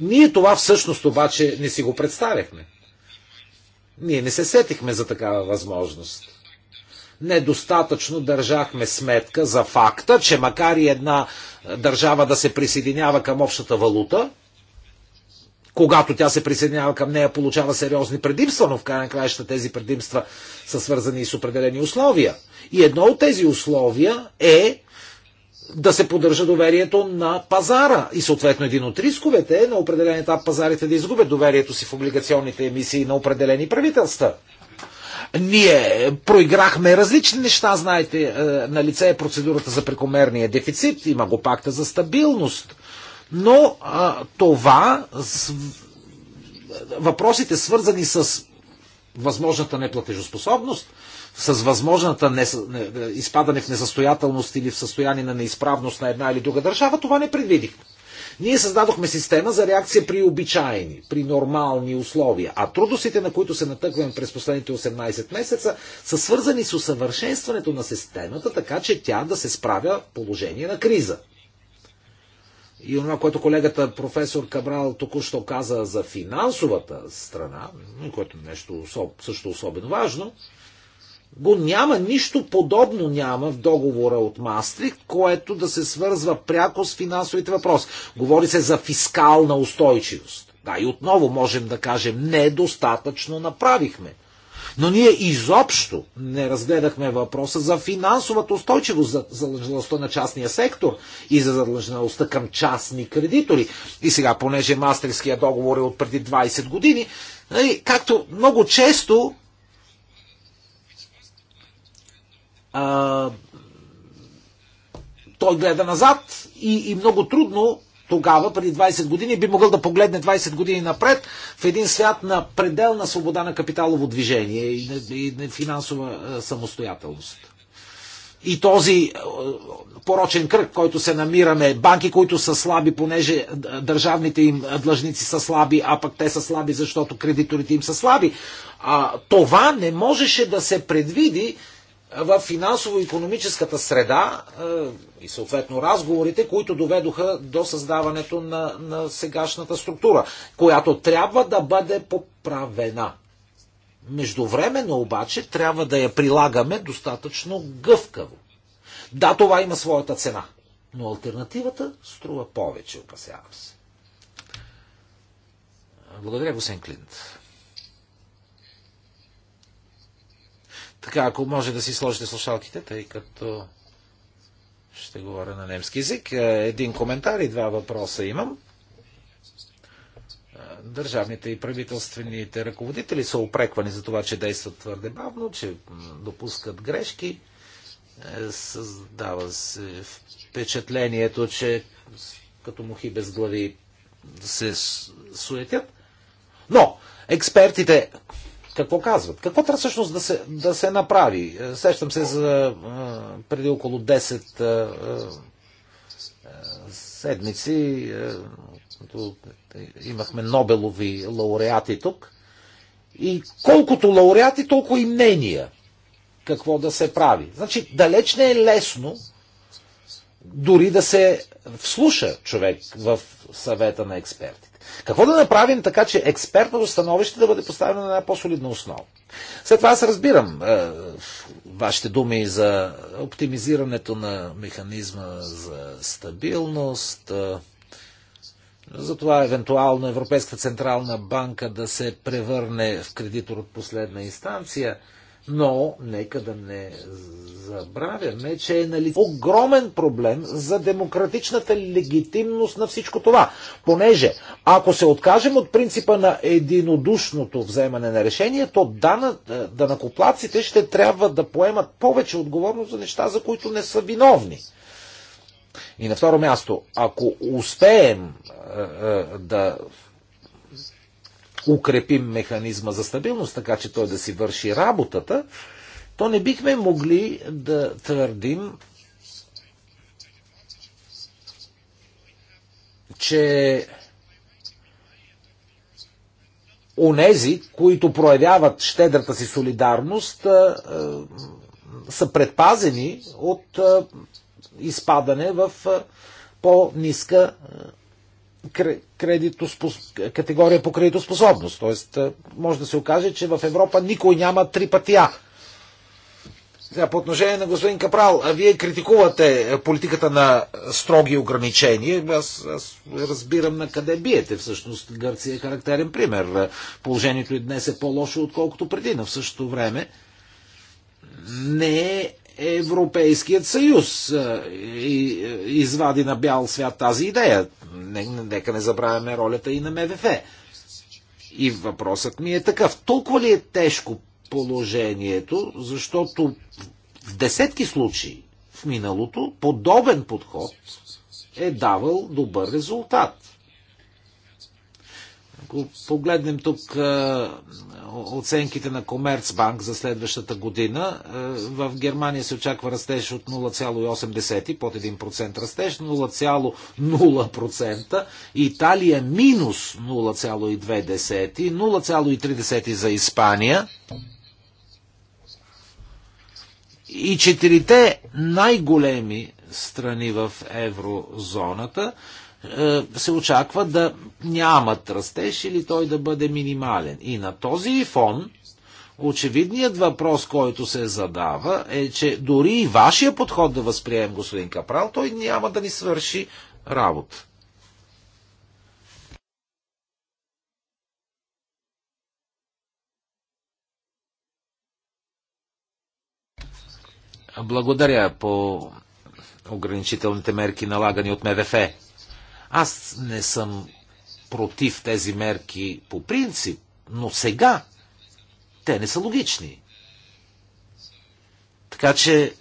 [SPEAKER 2] Ние това всъщност обаче не си го представяхме. Ние не се сетихме за такава възможност. Недостатъчно държахме сметка за факта, че макар и една държава да се присъединява към общата валута, когато тя се присъединява към нея, получава сериозни предимства, но в край на краища тези предимства са свързани с определени условия. И едно от тези условия е да се поддържа доверието на пазара. И съответно един от рисковете е на определен етап пазарите да изгубят доверието си в облигационните емисии на определени правителства. Ние проиграхме различни неща, знаете, е, на лице е процедурата за прекомерния дефицит, има го пакта за стабилност. Но а, това, с, въпросите свързани с възможната неплатежоспособност, с възможната не, не, изпадане в несъстоятелност или в състояние на неизправност на една или друга държава, това не предвидихме. Ние създадохме система за реакция при обичайни, при нормални условия, а трудностите, на които се натъкваме през последните 18 месеца, са свързани с усъвършенстването на системата, така че тя да се справя положение на криза. И това, което колегата професор Кабрал току-що каза за финансовата страна, което е нещо особ, също особено важно, го няма, нищо подобно няма в договора от Мастрихт, което да се свързва пряко с финансовите въпроси. Говори се за фискална устойчивост. Да, и отново можем да кажем, недостатъчно направихме но ние изобщо не разгледахме въпроса за финансовата устойчивост, за задлъжнялостта на частния сектор и за задлъжнялостта към частни кредитори. И сега, понеже мастерския договор е от преди 20 години, нали, както много често а, той гледа назад и, и много трудно тогава, преди 20 години, би могъл да погледне 20 години напред в един свят на пределна свобода на капиталово движение и на финансова е, самостоятелност. И този е, порочен кръг, който се намираме, банки, които са слаби, понеже държавните им е, длъжници са слаби, а пък те са слаби, защото кредиторите им са слаби. А, това не можеше да се предвиди в финансово-економическата среда е, и съответно разговорите, които доведоха до създаването на, на сегашната структура, която трябва да бъде поправена. Междувременно обаче трябва да я прилагаме достатъчно гъвкаво. Да, това има своята цена, но альтернативата струва повече, опасявам се. Благодаря, господин Клинт. Така, ако може да си сложите слушалките, тъй като ще говоря на немски язик. Е, един коментар и два въпроса имам. Е, държавните и правителствените ръководители са опреквани за това, че действат твърде бавно, че допускат грешки. Е, създава се впечатлението, че като мухи без глави се суетят. Но експертите какво казват? Какво трябва всъщност да се, да се направи? Е, сещам се за е, преди около 10 е, седмици, като имахме Нобелови лауреати тук. И колкото лауреати, толкова и мнения какво да се прави. Значи, далеч не е лесно дори да се вслуша човек в съвета на експерти. Какво да направим така, че експертното становище да бъде поставено на една по-солидна основа? След това аз разбирам е, вашите думи за оптимизирането на механизма за стабилност, е, за това евентуално Европейска централна банка да се превърне в кредитор от последна инстанция – но нека да не забравяме, че е нали огромен проблем за демократичната легитимност на всичко това. Понеже, ако се откажем от принципа на единодушното вземане на решение, то е, данакоплаците ще трябва да поемат повече отговорност за неща, за които не са виновни. И на второ място, ако успеем е, е, да укрепим механизма за стабилност, така че той да си върши работата, то не бихме могли да твърдим, че онези, които проявяват щедрата си солидарност, са предпазени от изпадане в по-ниска кредитоспос... категория по кредитоспособност. Тоест, може да се окаже, че в Европа никой няма три А. Сега, по отношение на господин Капрал, вие критикувате политиката на строги ограничения. Аз, аз разбирам на къде биете. Всъщност Гърция е характерен пример. Положението и днес е по-лошо, отколкото преди. Но в същото време не е Европейският съюз и, извади на бял свят тази идея. Нека не забравяме ролята и на МВФ. И въпросът ми е такъв. Толкова ли е тежко положението, защото в десетки случаи в миналото подобен подход е давал добър резултат. Ако погледнем тук оценките на Комерцбанк за следващата година, в Германия се очаква растеж от 0,8, под 1% растеж, 0,0%, Италия минус 0,2, 0,3% за Испания и четирите най-големи страни в еврозоната е, се очаква да нямат растеж или той да бъде минимален. И на този фон очевидният въпрос, който се задава е, че дори и вашия подход да възприем, господин Капрал, той няма да ни свърши работа. Благодаря по ограничителните мерки, налагани от МВФ. Аз не съм против тези мерки по принцип, но сега те не са логични. Така че,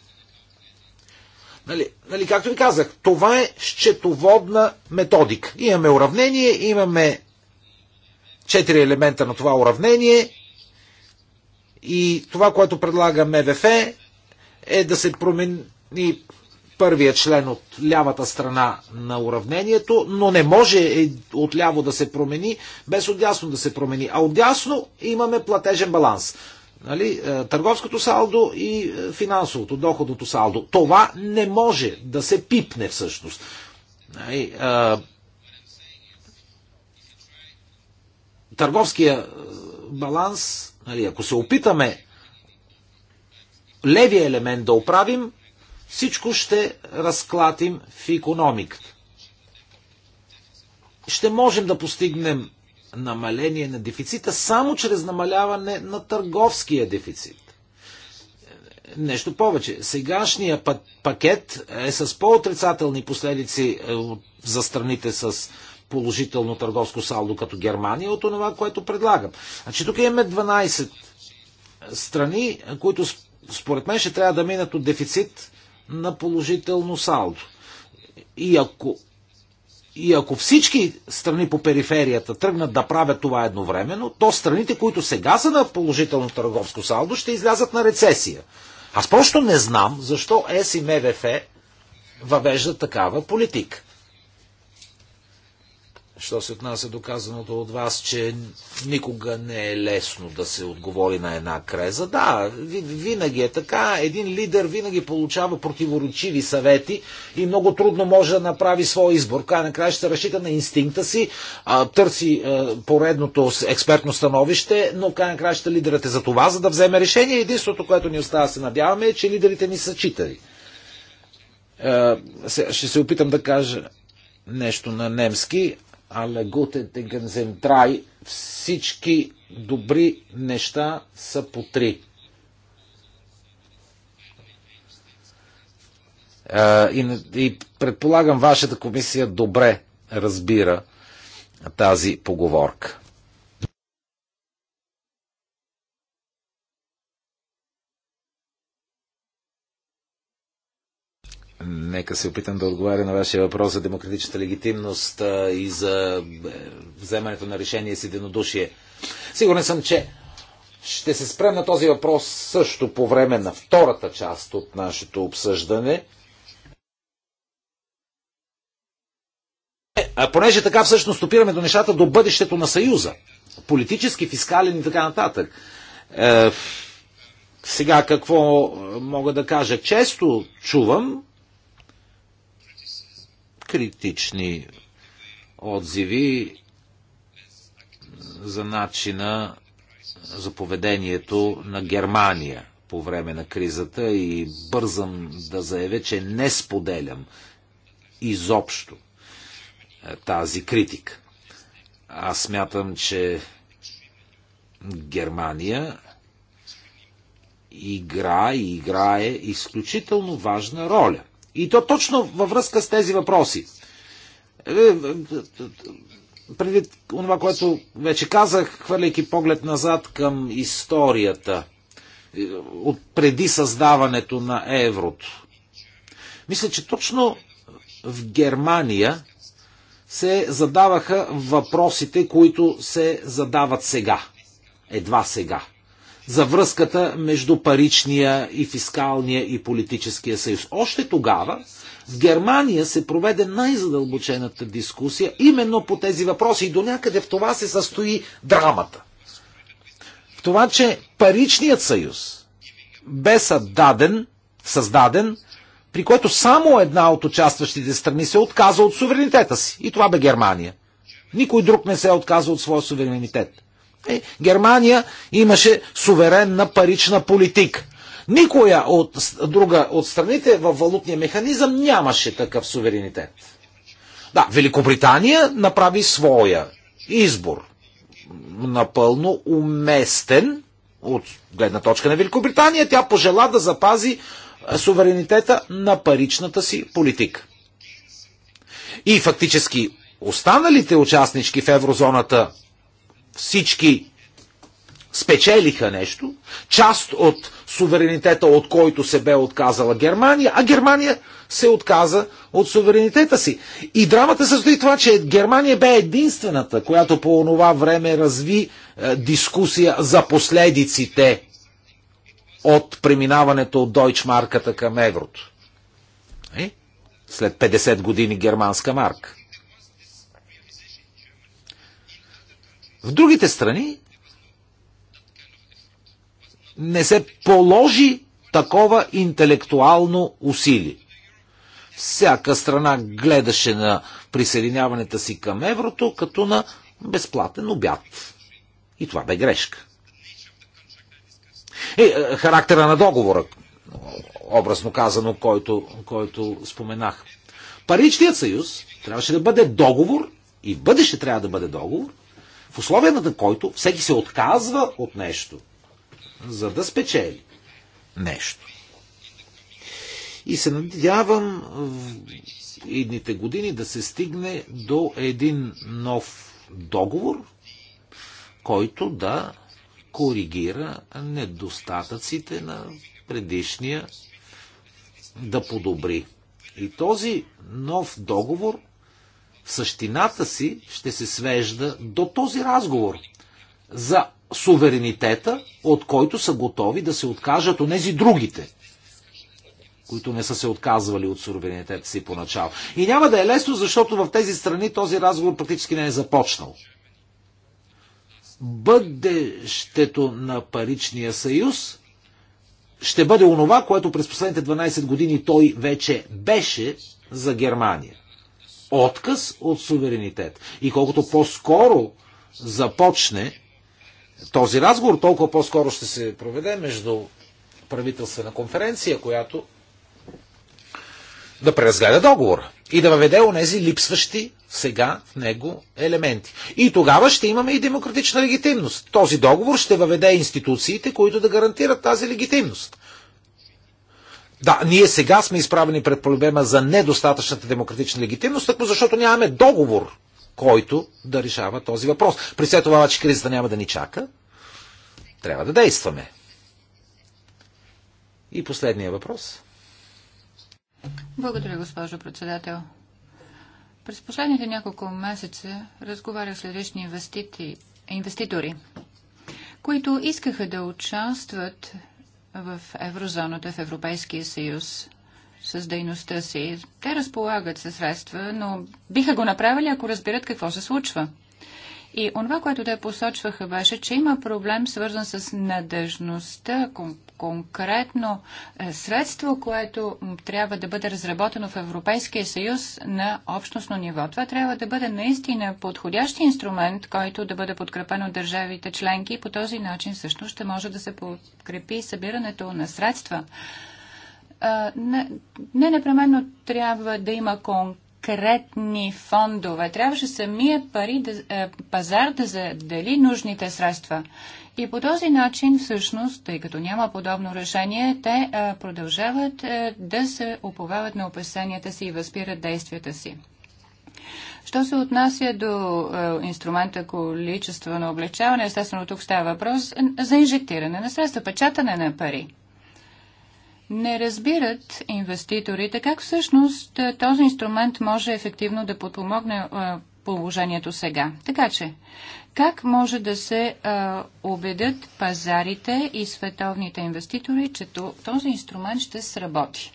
[SPEAKER 2] нали, нали, както ви казах, това е счетоводна методика. Имаме уравнение, имаме четири елемента на това уравнение и това, което предлага МВФ е да се промени първия член от лявата страна на уравнението, но не може е, от ляво да се промени, без от дясно да се промени. А от дясно имаме платежен баланс. Нали? Е, търговското салдо и е, финансовото, доходното салдо. Това не може да се пипне всъщност. Нали? Търговския баланс, нали, ако се опитаме левия елемент да оправим, всичко ще разклатим в економиката. Ще можем да постигнем намаление на дефицита само чрез намаляване на търговския дефицит. Нещо повече. Сегашният пакет е с по-отрицателни последици е, за страните с положително търговско салдо като Германия от това, което предлагам. Значи тук имаме 12 страни, които според мен ще трябва да минат от дефицит на положително салдо. И ако, и ако всички страни по периферията тръгнат да правят това едновременно, то страните, които сега са на положително търговско салдо, ще излязат на рецесия. Аз просто не знам защо ЕС и МВФ въвеждат такава политика що се отнася до казаното от вас, че никога не е лесно да се отговори на една креза. Да, винаги е така. Един лидер винаги получава противоречиви съвети и много трудно може да направи своя избор. Край накрая ще разчита на инстинкта си, търси поредното експертно становище, но край накрая ще лидерът е за това, за да вземе решение. Единството, което ни остава се надяваме е, че лидерите ни са читали. Ще се опитам да кажа нещо на немски. Але гутете трай всички добри неща са по три. И, и предполагам, вашата комисия добре разбира тази поговорка. Нека се опитам да отговаря на вашия въпрос за демократичната легитимност и за е, вземането на решение с единодушие. Сигурен съм, че ще се спрем на този въпрос също по време на втората част от нашето обсъждане. А понеже така всъщност опираме до нещата до бъдещето на Съюза. Политически, фискален и така нататък. Е, сега какво мога да кажа? Често чувам критични отзиви за начина за поведението на Германия по време на кризата и бързам да заявя, че не споделям изобщо е, тази критика. Аз смятам, че Германия игра и играе изключително важна роля и то точно във връзка с тези въпроси. Е, е, е, преди това, което вече казах, хвърляйки поглед назад към историята от преди създаването на еврото. Мисля, че точно в Германия се задаваха въпросите, които се задават сега. Едва сега за връзката между паричния и фискалния и политическия съюз. Още тогава в Германия се проведе най-задълбочената дискусия именно по тези въпроси и до някъде в това се състои драмата. В това, че паричният съюз бе създаден, създаден при който само една от участващите страни се отказа от суверенитета си. И това бе Германия. Никой друг не се е отказа от своя суверенитет. Е, Германия имаше суверенна парична политика. Никоя от, друга от страните във валутния механизъм нямаше такъв суверенитет. Да, Великобритания направи своя избор. Напълно уместен от гледна точка на Великобритания. Тя пожела да запази суверенитета на паричната си политика. И фактически останалите участнички в еврозоната всички спечелиха нещо, част от суверенитета, от който се бе отказала Германия, а Германия се отказа от суверенитета си. И драмата се състои това, че Германия бе единствената, която по онова време разви е, дискусия за последиците от преминаването от Дойчмарката към еврото. Е? След 50 години германска марка. В другите страни не се положи такова интелектуално усилие. Всяка страна гледаше на присъединяването си към еврото като на безплатен обяд. И това бе грешка. Е, е характера на договора, образно казано, който, който споменах. Паричният съюз трябваше да бъде договор и в бъдеще трябва да бъде договор, в условията на който всеки се отказва от нещо, за да спечели нещо. И се надявам в едните години да се стигне до един нов договор, който да коригира недостатъците на предишния, да подобри. И този нов договор същината си ще се свежда до този разговор за суверенитета, от който са готови да се откажат от тези другите, които не са се отказвали от суверенитета си поначало. И няма да е лесно, защото в тези страни този разговор практически не е започнал. Бъдещето на паричния съюз ще бъде онова, което през последните 12 години той вече беше за Германия отказ от суверенитет. И колкото по-скоро започне този разговор, толкова по-скоро ще се проведе между правителствена конференция, която да преразгледа договора и да въведе онези липсващи сега в него елементи. И тогава ще имаме и демократична легитимност. Този договор ще въведе институциите, които да гарантират тази легитимност. Да, ние сега сме изправени пред проблема за недостатъчната демократична легитимност, тъкмо защото нямаме договор, който да решава този въпрос. При все това, че кризата няма да ни чака, трябва да действаме. И последния въпрос.
[SPEAKER 3] Благодаря, госпожо председател. През последните няколко месеца разговарях с различни инвестити, инвеститори, които искаха да участват в еврозоната, в Европейския съюз с дейността си. Те разполагат със средства, но биха го направили, ако разбират какво се случва. И онова, което те посочваха беше, че има проблем свързан с надежността, кон- конкретно е, средство, което трябва да бъде разработено в Европейския съюз на общностно ниво. Това трябва да бъде наистина подходящ инструмент, който да бъде подкрепен от държавите членки и по този начин всъщност ще може да се подкрепи събирането на средства. Не, не непременно трябва да има конкретно конкретни фондове. Трябваше самия пари да, е, пазар да задели нужните средства. И по този начин, всъщност, тъй като няма подобно решение, те е, продължават е, да се оповават на опасенията си и възпират действията си. Що се отнася до е, инструмента количество на облегчаване, естествено тук става въпрос за инжектиране на средства, печатане на пари не разбират инвеститорите как всъщност този инструмент може ефективно да подпомогне положението сега. Така че, как може да се а, убедят пазарите и световните инвеститори, че този инструмент ще сработи?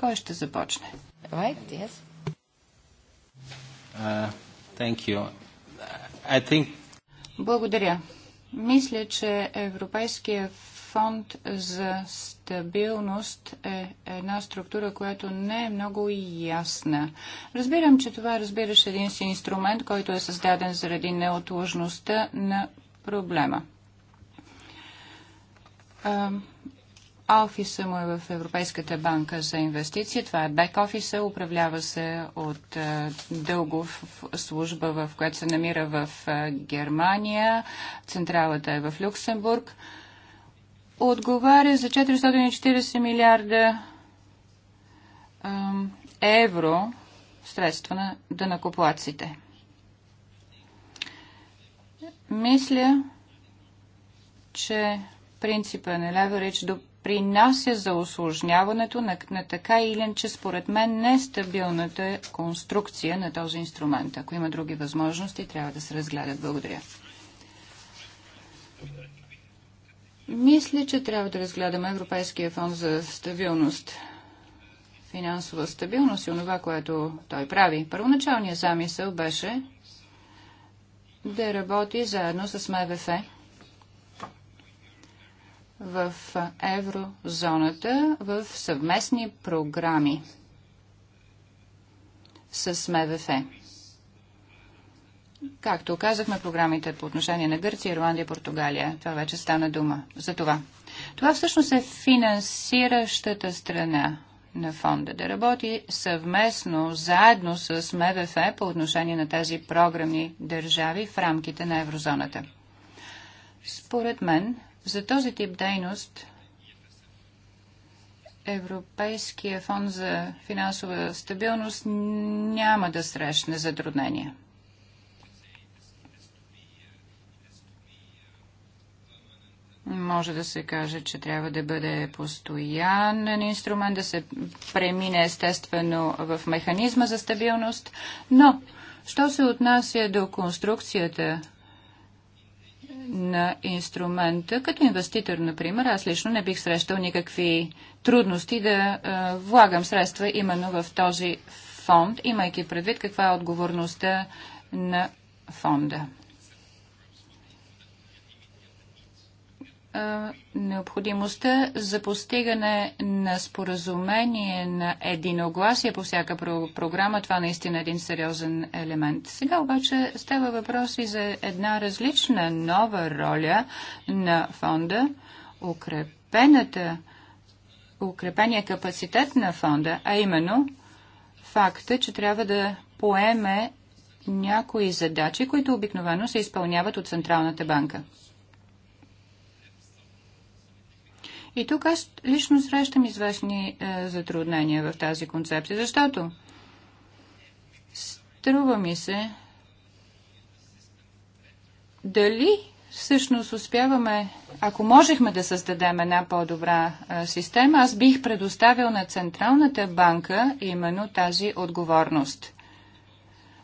[SPEAKER 3] Кой ще започне? Right, yes.
[SPEAKER 2] uh, thank you. I think...
[SPEAKER 3] Благодаря. Мисля, че Европейския фонд за стабилност е една структура, която не е много ясна. Разбирам, че това разбираш един си инструмент, който е създаден заради неотложността на проблема. Офиса му е в Европейската банка за инвестиции. Това е бек офиса. Управлява се от дългов служба, в която се намира в Германия. Централата е в Люксембург отговаря за 440 милиарда евро средства на дънакоплаците. Мисля, че принципът на леверидж допринася за осложняването на, на така или иначе, според мен, нестабилната конструкция на този инструмент. Ако има други възможности, трябва да се разгледат. Благодаря. Мисля, че трябва да разгледаме Европейския фонд за стабилност, финансова стабилност и онова, което той прави. Първоначалният замисъл беше да работи заедно с МВФ в еврозоната в съвместни програми с МВФ. Както казахме, програмите по отношение на Гърция, Ирландия и Португалия. Това вече стана дума за това. Това всъщност е финансиращата страна на фонда да работи съвместно, заедно с МВФ по отношение на тези програмни държави в рамките на еврозоната. Според мен, за този тип дейност Европейския фонд за финансова стабилност няма да срещне затруднения. може да се каже, че трябва да бъде постоянен инструмент, да се премине естествено в механизма за стабилност. Но, що се отнася до конструкцията на инструмента, като инвеститор, например, аз лично не бих срещал никакви трудности да а, влагам средства именно в този фонд, имайки предвид каква е отговорността на фонда. необходимостта за постигане на споразумение на единогласие по всяка про програма, това наистина е един сериозен елемент. Сега обаче става въпрос и за една различна нова роля на фонда, укрепената, укрепения капацитет на фонда, а именно факта, че трябва да поеме някои задачи, които обикновено се изпълняват от Централната банка. И тук аз лично срещам известни е, затруднения в тази концепция, защото струва ми се, дали всъщност успяваме, ако можехме да създадем една по-добра е, система, аз бих предоставил на Централната банка именно тази отговорност.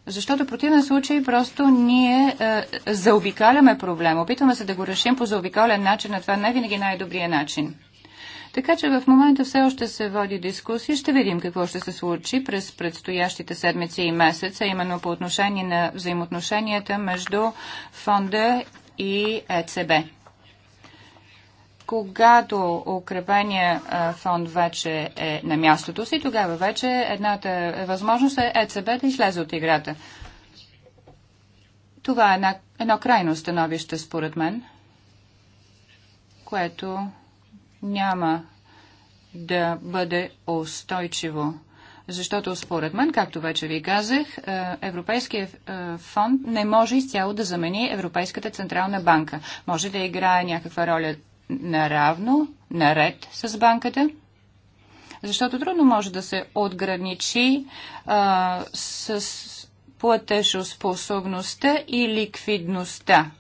[SPEAKER 3] Защото в противен случай просто ние е, заобикаляме проблема. Опитваме се да го решим по заобикален начин, а това не винаги най-добрия начин. Така че в момента все още се води дискусия. Ще видим какво ще се случи през предстоящите седмици и месеца, именно по отношение на взаимоотношенията между фонда и ЕЦБ когато укрепения фонд вече е на мястото си, тогава вече едната възможност е ЕЦБ да излезе от играта. Това е една, едно крайно становище, според мен, което няма да бъде устойчиво. Защото според мен, както вече ви казах, Европейския фонд не може изцяло да замени Европейската централна банка. Може да играе някаква роля наравно, наред с банката, защото трудно може да се отграничи а, с платежоспособността и ликвидността.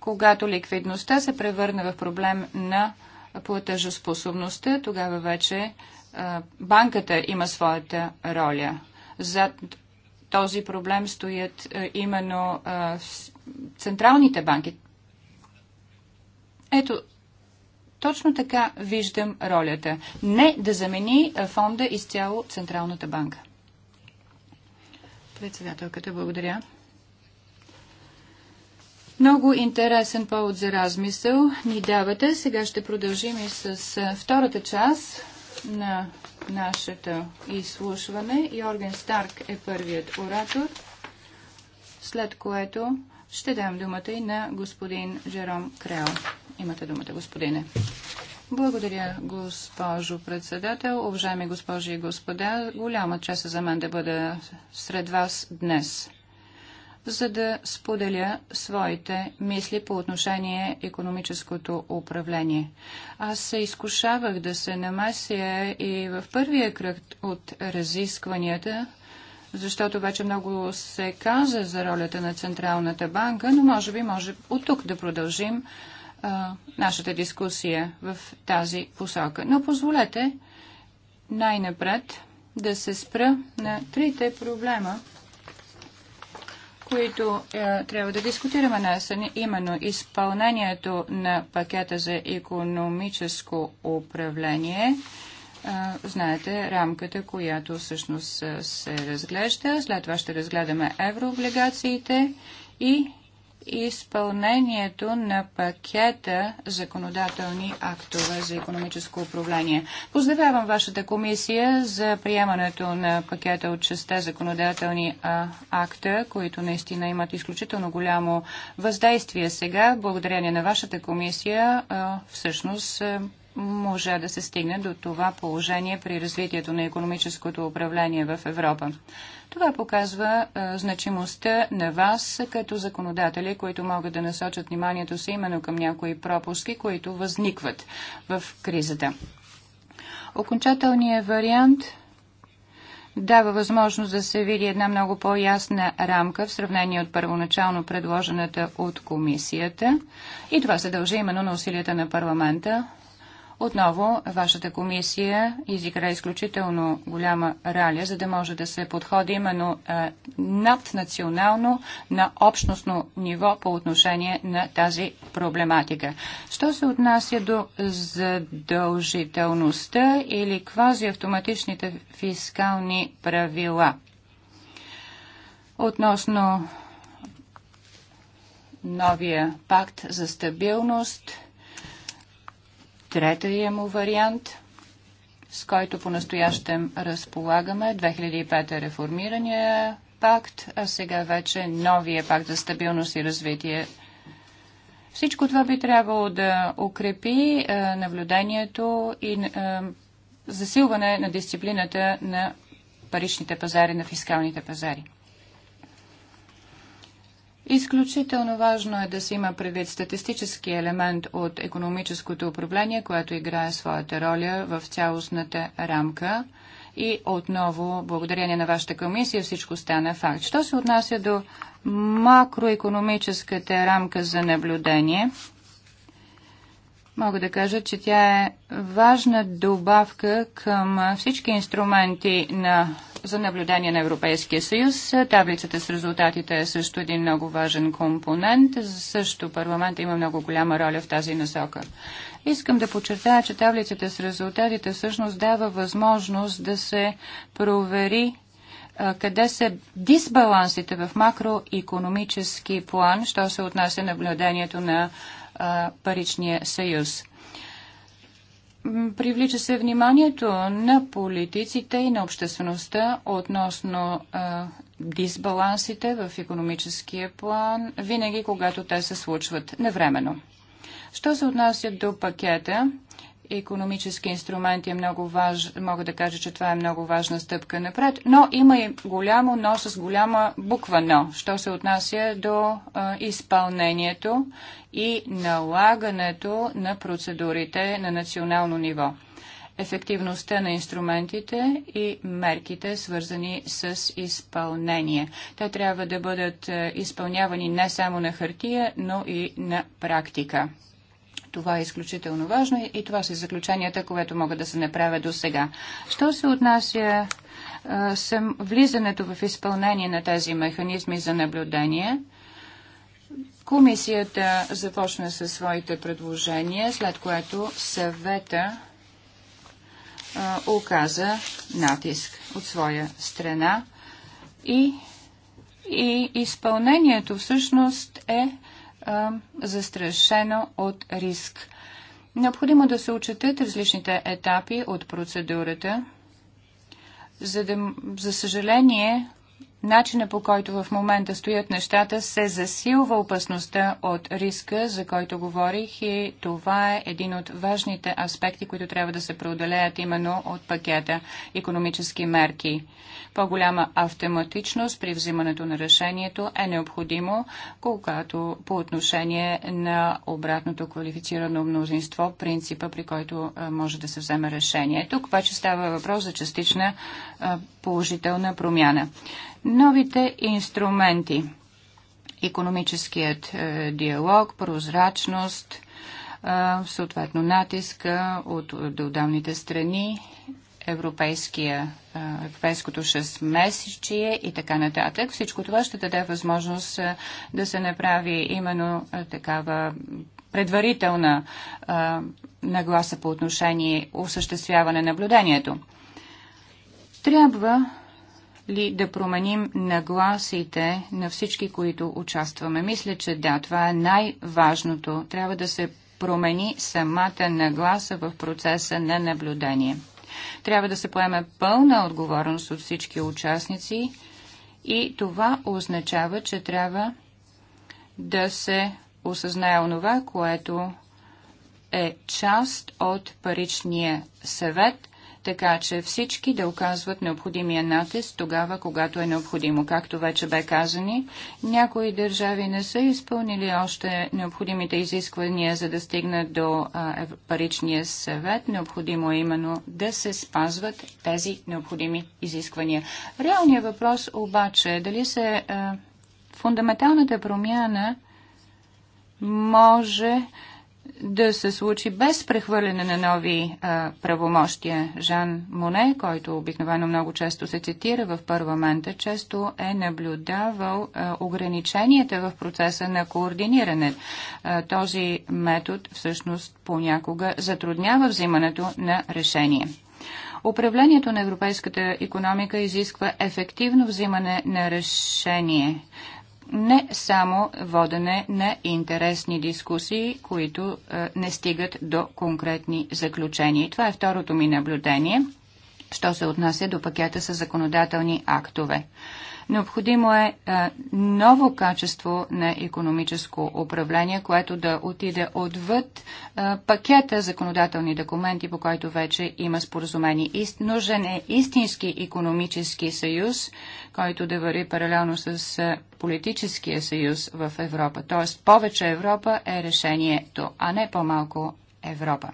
[SPEAKER 3] Когато ликвидността се превърне в проблем на платежоспособността, тогава вече а, банката има своята роля. Зад този проблем стоят а, именно а, централните банки, ето, точно така виждам ролята. Не да замени фонда изцяло Централната банка. Председателката, благодаря. Много интересен повод за размисъл ни давате. Сега ще продължим и с втората част на нашето изслушване. Йорген Старк е първият оратор, след което ще дам думата и на господин Жером Крел. Имате думата, господине. Благодаря, госпожо председател. Уважаеми госпожи и господа, голяма чест е за мен да бъда сред вас днес, за да споделя своите мисли по отношение економическото управление. Аз се изкушавах да се намася и в първия кръг от разискванията, защото вече много се каза за ролята на Централната банка, но може би може от тук да продължим а, нашата дискусия в тази посока. Но позволете най-напред да се спра на трите проблема, които е, трябва да дискутираме днес, именно изпълнението на пакета за економическо управление. Е, знаете рамката, която всъщност се разглежда. След това ще разгледаме еврооблигациите и изпълнението на пакета законодателни актове за економическо управление. Поздравявам вашата комисия за приемането на пакета от шесте законодателни а, акта, които наистина имат изключително голямо въздействие сега. Благодарение на вашата комисия а, всъщност може да се стигне до това положение при развитието на економическото управление в Европа. Това показва а, значимостта на вас като законодатели, които могат да насочат вниманието си именно към някои пропуски, които възникват в кризата. Окончателният вариант дава възможност да се види една много по-ясна рамка в сравнение от първоначално предложената от комисията. И това се дължи именно на усилията на парламента отново, вашата комисия изигра изключително голяма роля, за да може да се подходи именно е, наднационално, на общностно ниво по отношение на тази проблематика. Що се отнася до задължителността или квазиавтоматичните фискални правила? Относно новия пакт за стабилност – Третия е му вариант, с който по-настоящем разполагаме, 2005 е реформирания пакт, а сега вече новия пакт за стабилност и развитие. Всичко това би трябвало да укрепи е, наблюдението и е, засилване на дисциплината на паричните пазари, на фискалните пазари. Изключително важно е да се има предвид статистически елемент от економическото управление, което играе своята роля в цялостната рамка. И отново, благодарение на вашата комисия, всичко стана факт. Що се отнася до макроекономическата рамка за наблюдение, Мога да кажа, че тя е важна добавка към всички инструменти на, за наблюдение на Европейския съюз. Таблицата с резултатите е също един много важен компонент. Също парламент има много голяма роля в тази насока. Искам да подчертая, че таблицата с резултатите всъщност дава възможност да се провери къде са дисбалансите в макроекономически план, що се отнася наблюдението на паричния съюз. Привлича се вниманието на политиците и на обществеността относно а, дисбалансите в економическия план, винаги когато те се случват невременно. Що се отнася до пакета, економически инструменти е много важ... мога да кажа, че това е много важна стъпка напред, но има и голямо но с голяма буква но, що се отнася до а, изпълнението и налагането на процедурите на национално ниво ефективността на инструментите и мерките, свързани с изпълнение. Те трябва да бъдат изпълнявани не само на хартия, но и на практика. Това е изключително важно и това са заключенията, което могат да се направят до сега. Що се отнася съм влизането в изпълнение на тези механизми за наблюдение, комисията започна със своите предложения, след което съвета оказа натиск от своя страна и, и изпълнението всъщност е а, застрашено от риск. Необходимо да се отчетат различните етапи от процедурата, за да, за съжаление, начина по който в момента стоят нещата, се засилва опасността от риска, за който говорих и това е един от важните аспекти, които трябва да се преодолеят именно от пакета економически мерки. По-голяма автоматичност при взимането на решението е необходимо, когато по отношение на обратното квалифицирано мнозинство, принципа при който може да се вземе решение. Тук обаче става въпрос за частична положителна промяна. Новите инструменти економическият е, диалог, прозрачност, е, съответно натиска от отделните страни, европейския, е, европейското шестмесечие месечие и така нататък. Всичко това ще даде възможност да се направи именно такава предварителна нагласа по отношение осъществяване на наблюдението. Трябва ли да променим нагласите на всички, които участваме? Мисля, че да, това е най-важното. Трябва да се промени самата нагласа в процеса на наблюдение. Трябва да се поеме пълна отговорност от всички участници и това означава, че трябва да се осъзнае онова, което е част от паричния съвет – така че всички да оказват необходимия натиск тогава, когато е необходимо. Както вече бе казани, някои държави не са изпълнили още необходимите изисквания, за да стигнат до а, паричния съвет. Необходимо е именно да се спазват тези необходими изисквания. Реалният въпрос обаче е дали се а, фундаменталната промяна може да се случи без прехвърляне на нови а, правомощия. Жан Моне, който обикновено много често се цитира в парламента, често е наблюдавал а, ограниченията в процеса на координиране. А, този метод всъщност понякога затруднява взимането на решение. Управлението на европейската економика изисква ефективно взимане на решение не само водене на интересни дискусии, които е, не стигат до конкретни заключения. Това е второто ми наблюдение, що се отнася до пакета с законодателни актове. Необходимо е, е ново качество на економическо управление, което да отиде отвъд е, пакета законодателни документи, по който вече има споразумение. Нужен е истински економически съюз, който да вари паралелно с е, политическия съюз в Европа. Тоест повече Европа е решението, а не по-малко Европа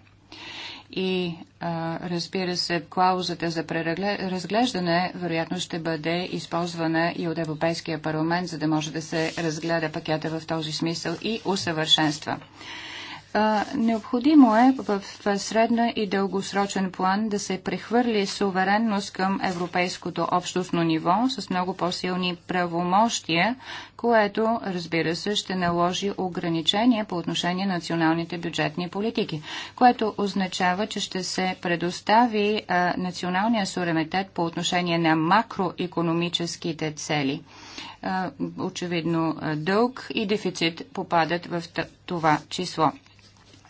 [SPEAKER 3] и а, разбира се, клаузата за преразглеждане вероятно ще бъде използвана и от Европейския парламент, за да може да се разгледа пакета в този смисъл и усъвършенства. Необходимо е в средна и дългосрочен план да се прехвърли суверенност към европейското общностно ниво с много по-силни правомощия, което, разбира се, ще наложи ограничения по отношение на националните бюджетни политики, което означава, че ще се предостави националния суверенитет по отношение на макроекономическите цели. очевидно дълг и дефицит попадат в това число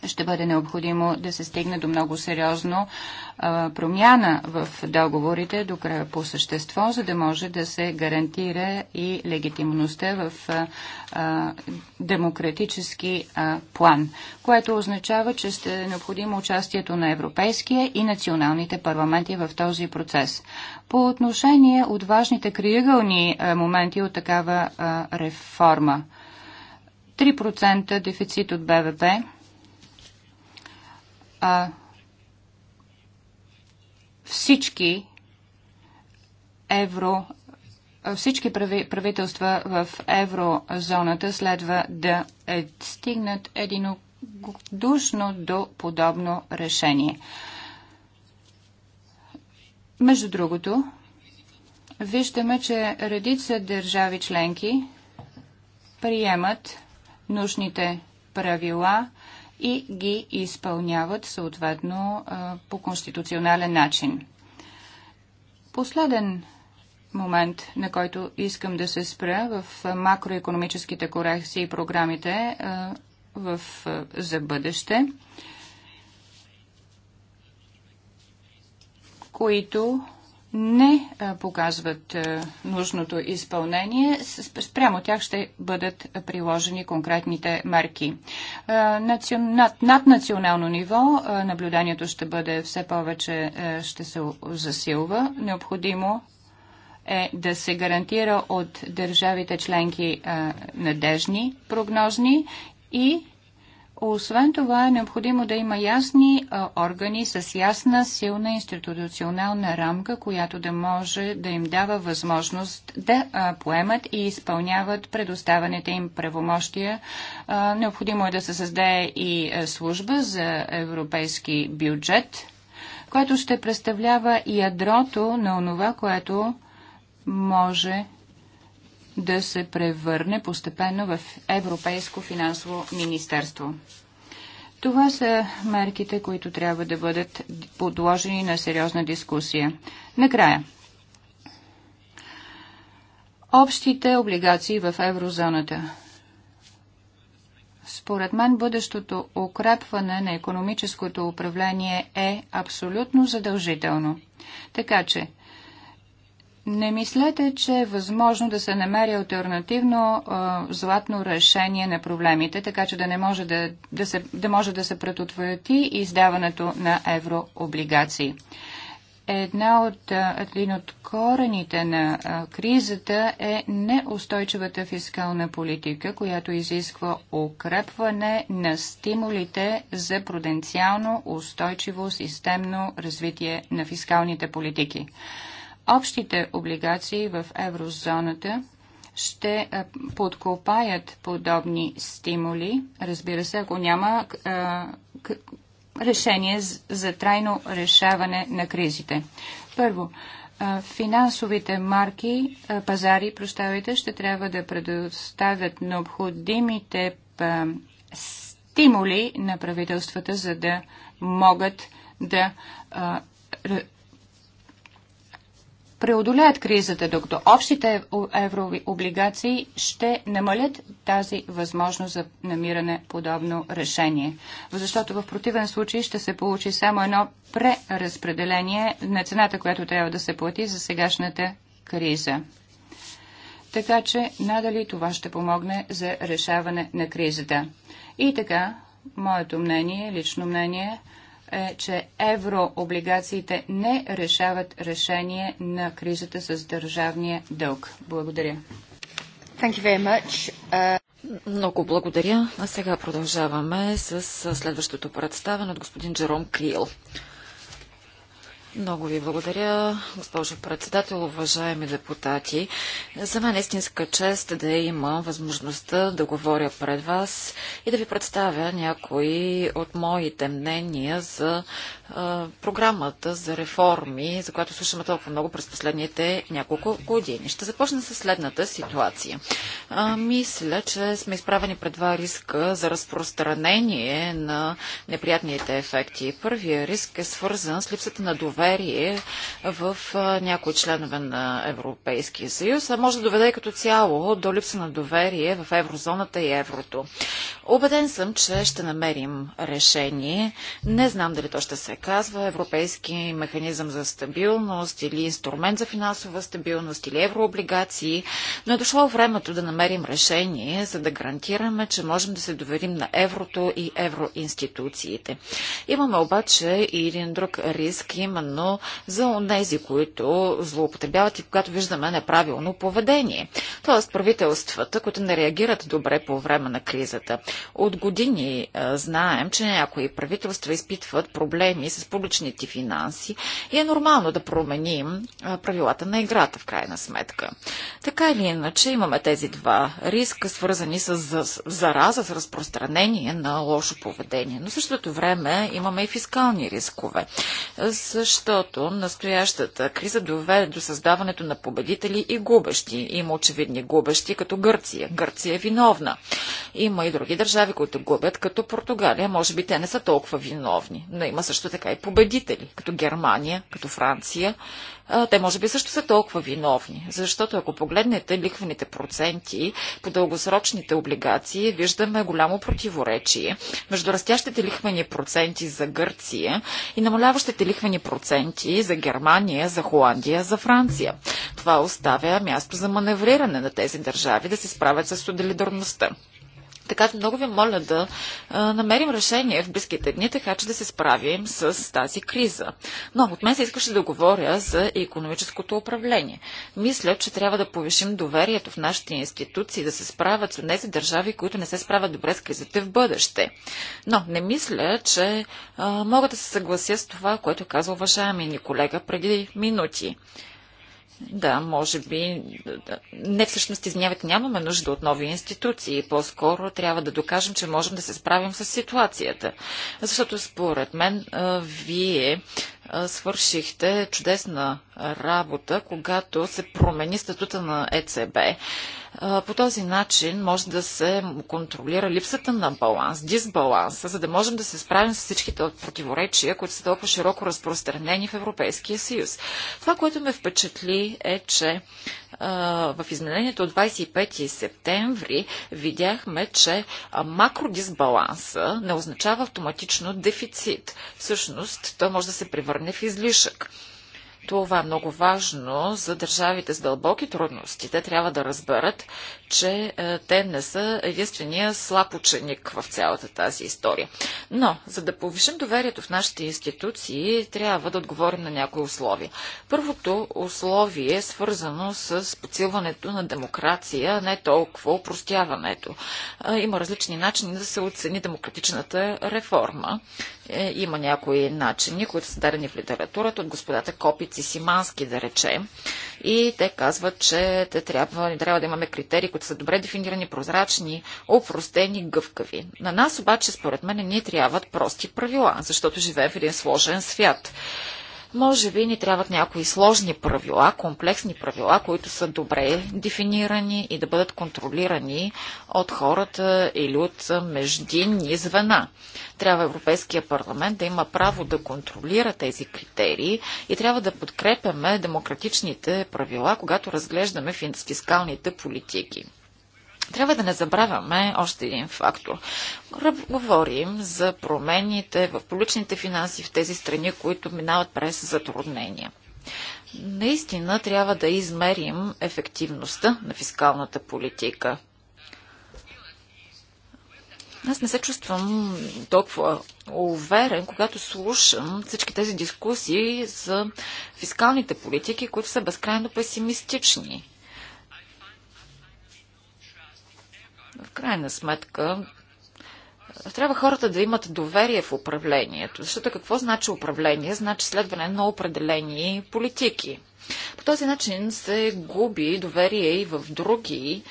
[SPEAKER 3] ще бъде необходимо да се стигне до много сериозно а, промяна в договорите до края по същество, за да може да се гарантира и легитимността в а, демократически а, план, което означава, че ще е необходимо участието на Европейския и националните парламенти в този процес. По отношение от важните криъгълни моменти от такава реформа. 3% дефицит от БВП, а, всички евро всички правителства в еврозоната следва да е стигнат единодушно до подобно решение. Между другото, виждаме, че редица държави членки приемат нужните правила и ги изпълняват съответно по конституционален начин. Последен момент, на който искам да се спра в макроекономическите корекции и програмите в, за бъдеще, които не показват нужното изпълнение, спрямо тях ще бъдат приложени конкретните мерки. Над национално ниво наблюдението ще бъде все повече, ще се засилва. Необходимо е да се гарантира от държавите членки надежни прогнозни и освен това е необходимо да има ясни а, органи с ясна, силна институционална рамка, която да може да им дава възможност да а, поемат и изпълняват предоставените им правомощия. А, необходимо е да се създаде и служба за европейски бюджет, което ще представлява ядрото на онова, което може да се превърне постепенно в Европейско финансово министерство. Това са мерките, които трябва да бъдат подложени на сериозна дискусия. Накрая. Общите облигации в еврозоната. Според мен бъдещото укрепване на економическото управление е абсолютно задължително. Така че не мислете, че е възможно да се намери альтернативно а, златно решение на проблемите, така че да не може да, да, се, да може да се предотврати издаването на еврооблигации. Една от, един от корените на а, кризата е неустойчивата фискална политика, която изисква укрепване на стимулите за пруденциално устойчиво системно развитие на фискалните политики общите облигации в еврозоната ще е, подкопаят подобни стимули, разбира се, ако няма е, решение за трайно решаване на кризите. Първо, е, финансовите марки, пазари, проставите, ще трябва да предоставят необходимите стимули на правителствата, за да могат да преодолеят кризата, докато общите еврови облигации ще намалят тази възможност за намиране подобно решение. Защото в противен случай ще се получи само едно преразпределение на цената, която трябва да се плати за сегашната криза. Така че надали това ще помогне за решаване на кризата. И така, моето мнение, лично мнение, е, че еврооблигациите не решават решение на кризата с държавния дълг.
[SPEAKER 1] Благодаря. Thank you very much. Uh... Много благодаря. А сега продължаваме с следващото представяне от господин Джером Крил. Много ви благодаря, госпожо председател, уважаеми депутати. За мен е истинска чест да има възможността да говоря пред вас и да ви представя някои от моите мнения за а, програмата за реформи, за която слушаме толкова много през последните няколко години. Ще започна с следната ситуация. А, мисля, че сме изправени пред два риска за разпространение на неприятните ефекти. Първия риск е свързан с липсата на доверие доверие в някои членове на Европейския съюз, а може да доведе като цяло до липса на доверие в еврозоната и еврото. Обеден съм, че ще намерим решение. Не знам дали то ще се казва Европейски механизъм за стабилност или инструмент за финансова стабилност или еврооблигации, но е дошло времето да намерим решение, за да гарантираме, че можем да се доверим на еврото и евроинституциите. Имаме обаче и един друг риск, именно особено за тези, които злоупотребяват и когато виждаме неправилно поведение. Тоест правителствата, които не реагират добре по време на кризата. От години знаем, че някои правителства изпитват проблеми с публичните финанси и е нормално да променим правилата на играта в крайна сметка. Така или иначе имаме тези два риска, свързани с зараза, с разпространение на лошо поведение. Но в същото време имаме и фискални рискове. Също защото настоящата криза доведе до създаването на победители и губещи. Има очевидни губещи, като Гърция. Гърция е виновна. Има и други държави, които губят, като Португалия. Може би те не са толкова виновни, но има също така и победители, като Германия, като Франция, а, те може би също са толкова виновни. Защото ако погледнете ликвените проценти по дългосрочните облигации, виждаме голямо противоречие между растящите лихвени проценти за Гърция и намаляващите лихвени проценти за Германия, за Холандия, за Франция. Това оставя място за маневриране на тези държави да се справят с солидарността. Така че много ви моля да а, намерим решение в близките дни, така че да се справим с тази криза. Но от мен се искаше да говоря за економическото управление. Мисля, че трябва да повишим доверието в нашите институции, да се справят с тези държави, които не се справят добре с кризите в бъдеще. Но не мисля, че а, мога да се съглася с това, което каза уважаемия ни колега преди минути. Да, може би. Не всъщност, извинявайте, нямаме нужда от нови институции. По-скоро трябва да докажем, че можем да се справим с ситуацията. Защото според мен вие свършихте чудесна работа, когато се промени статута на ЕЦБ по този начин може да се контролира липсата на баланс, дисбаланса, за да можем да се справим с всичките противоречия, които са толкова широко разпространени в Европейския съюз. Това, което ме впечатли е, че в изменението от 25 септември видяхме, че макродисбаланса не означава автоматично дефицит. Всъщност, той може да се превърне в излишък. Това е много важно за държавите с дълбоки трудности. Те трябва да разберат, че е, те не са единствения слаб ученик в цялата тази история. Но, за да повишим доверието в нашите институции, трябва да отговорим на някои условия. Първото условие е свързано с подсилването на демокрация, не толкова упростяването. Е, има различни начини да се оцени демократичната реформа. Е, има някои начини, които са дадени в литературата от господата Копици Симански, да речем. И те казват, че те трябва, трябва да имаме критерии, които които са добре дефинирани, прозрачни, опростени, гъвкави. На нас обаче, според мен, ние трябват прости правила, защото живеем в един сложен свят. Може би ни трябват някои сложни правила, комплексни правила, които са добре дефинирани и да бъдат контролирани от хората или от междинни звена. Трябва Европейския парламент да има право да контролира тези критерии и трябва да подкрепяме демократичните правила, когато разглеждаме фискалните политики. Трябва да не забравяме още един фактор. Говорим за промените в публичните финанси в тези страни, които минават през затруднения. Наистина трябва да измерим ефективността на фискалната политика. Аз не се чувствам толкова уверен, когато слушам всички тези дискусии за фискалните политики, които са безкрайно песимистични. В крайна сметка, трябва хората да имат доверие в управлението. Защото какво значи управление? Значи следване на определени политики. По този начин се губи доверие и в други е,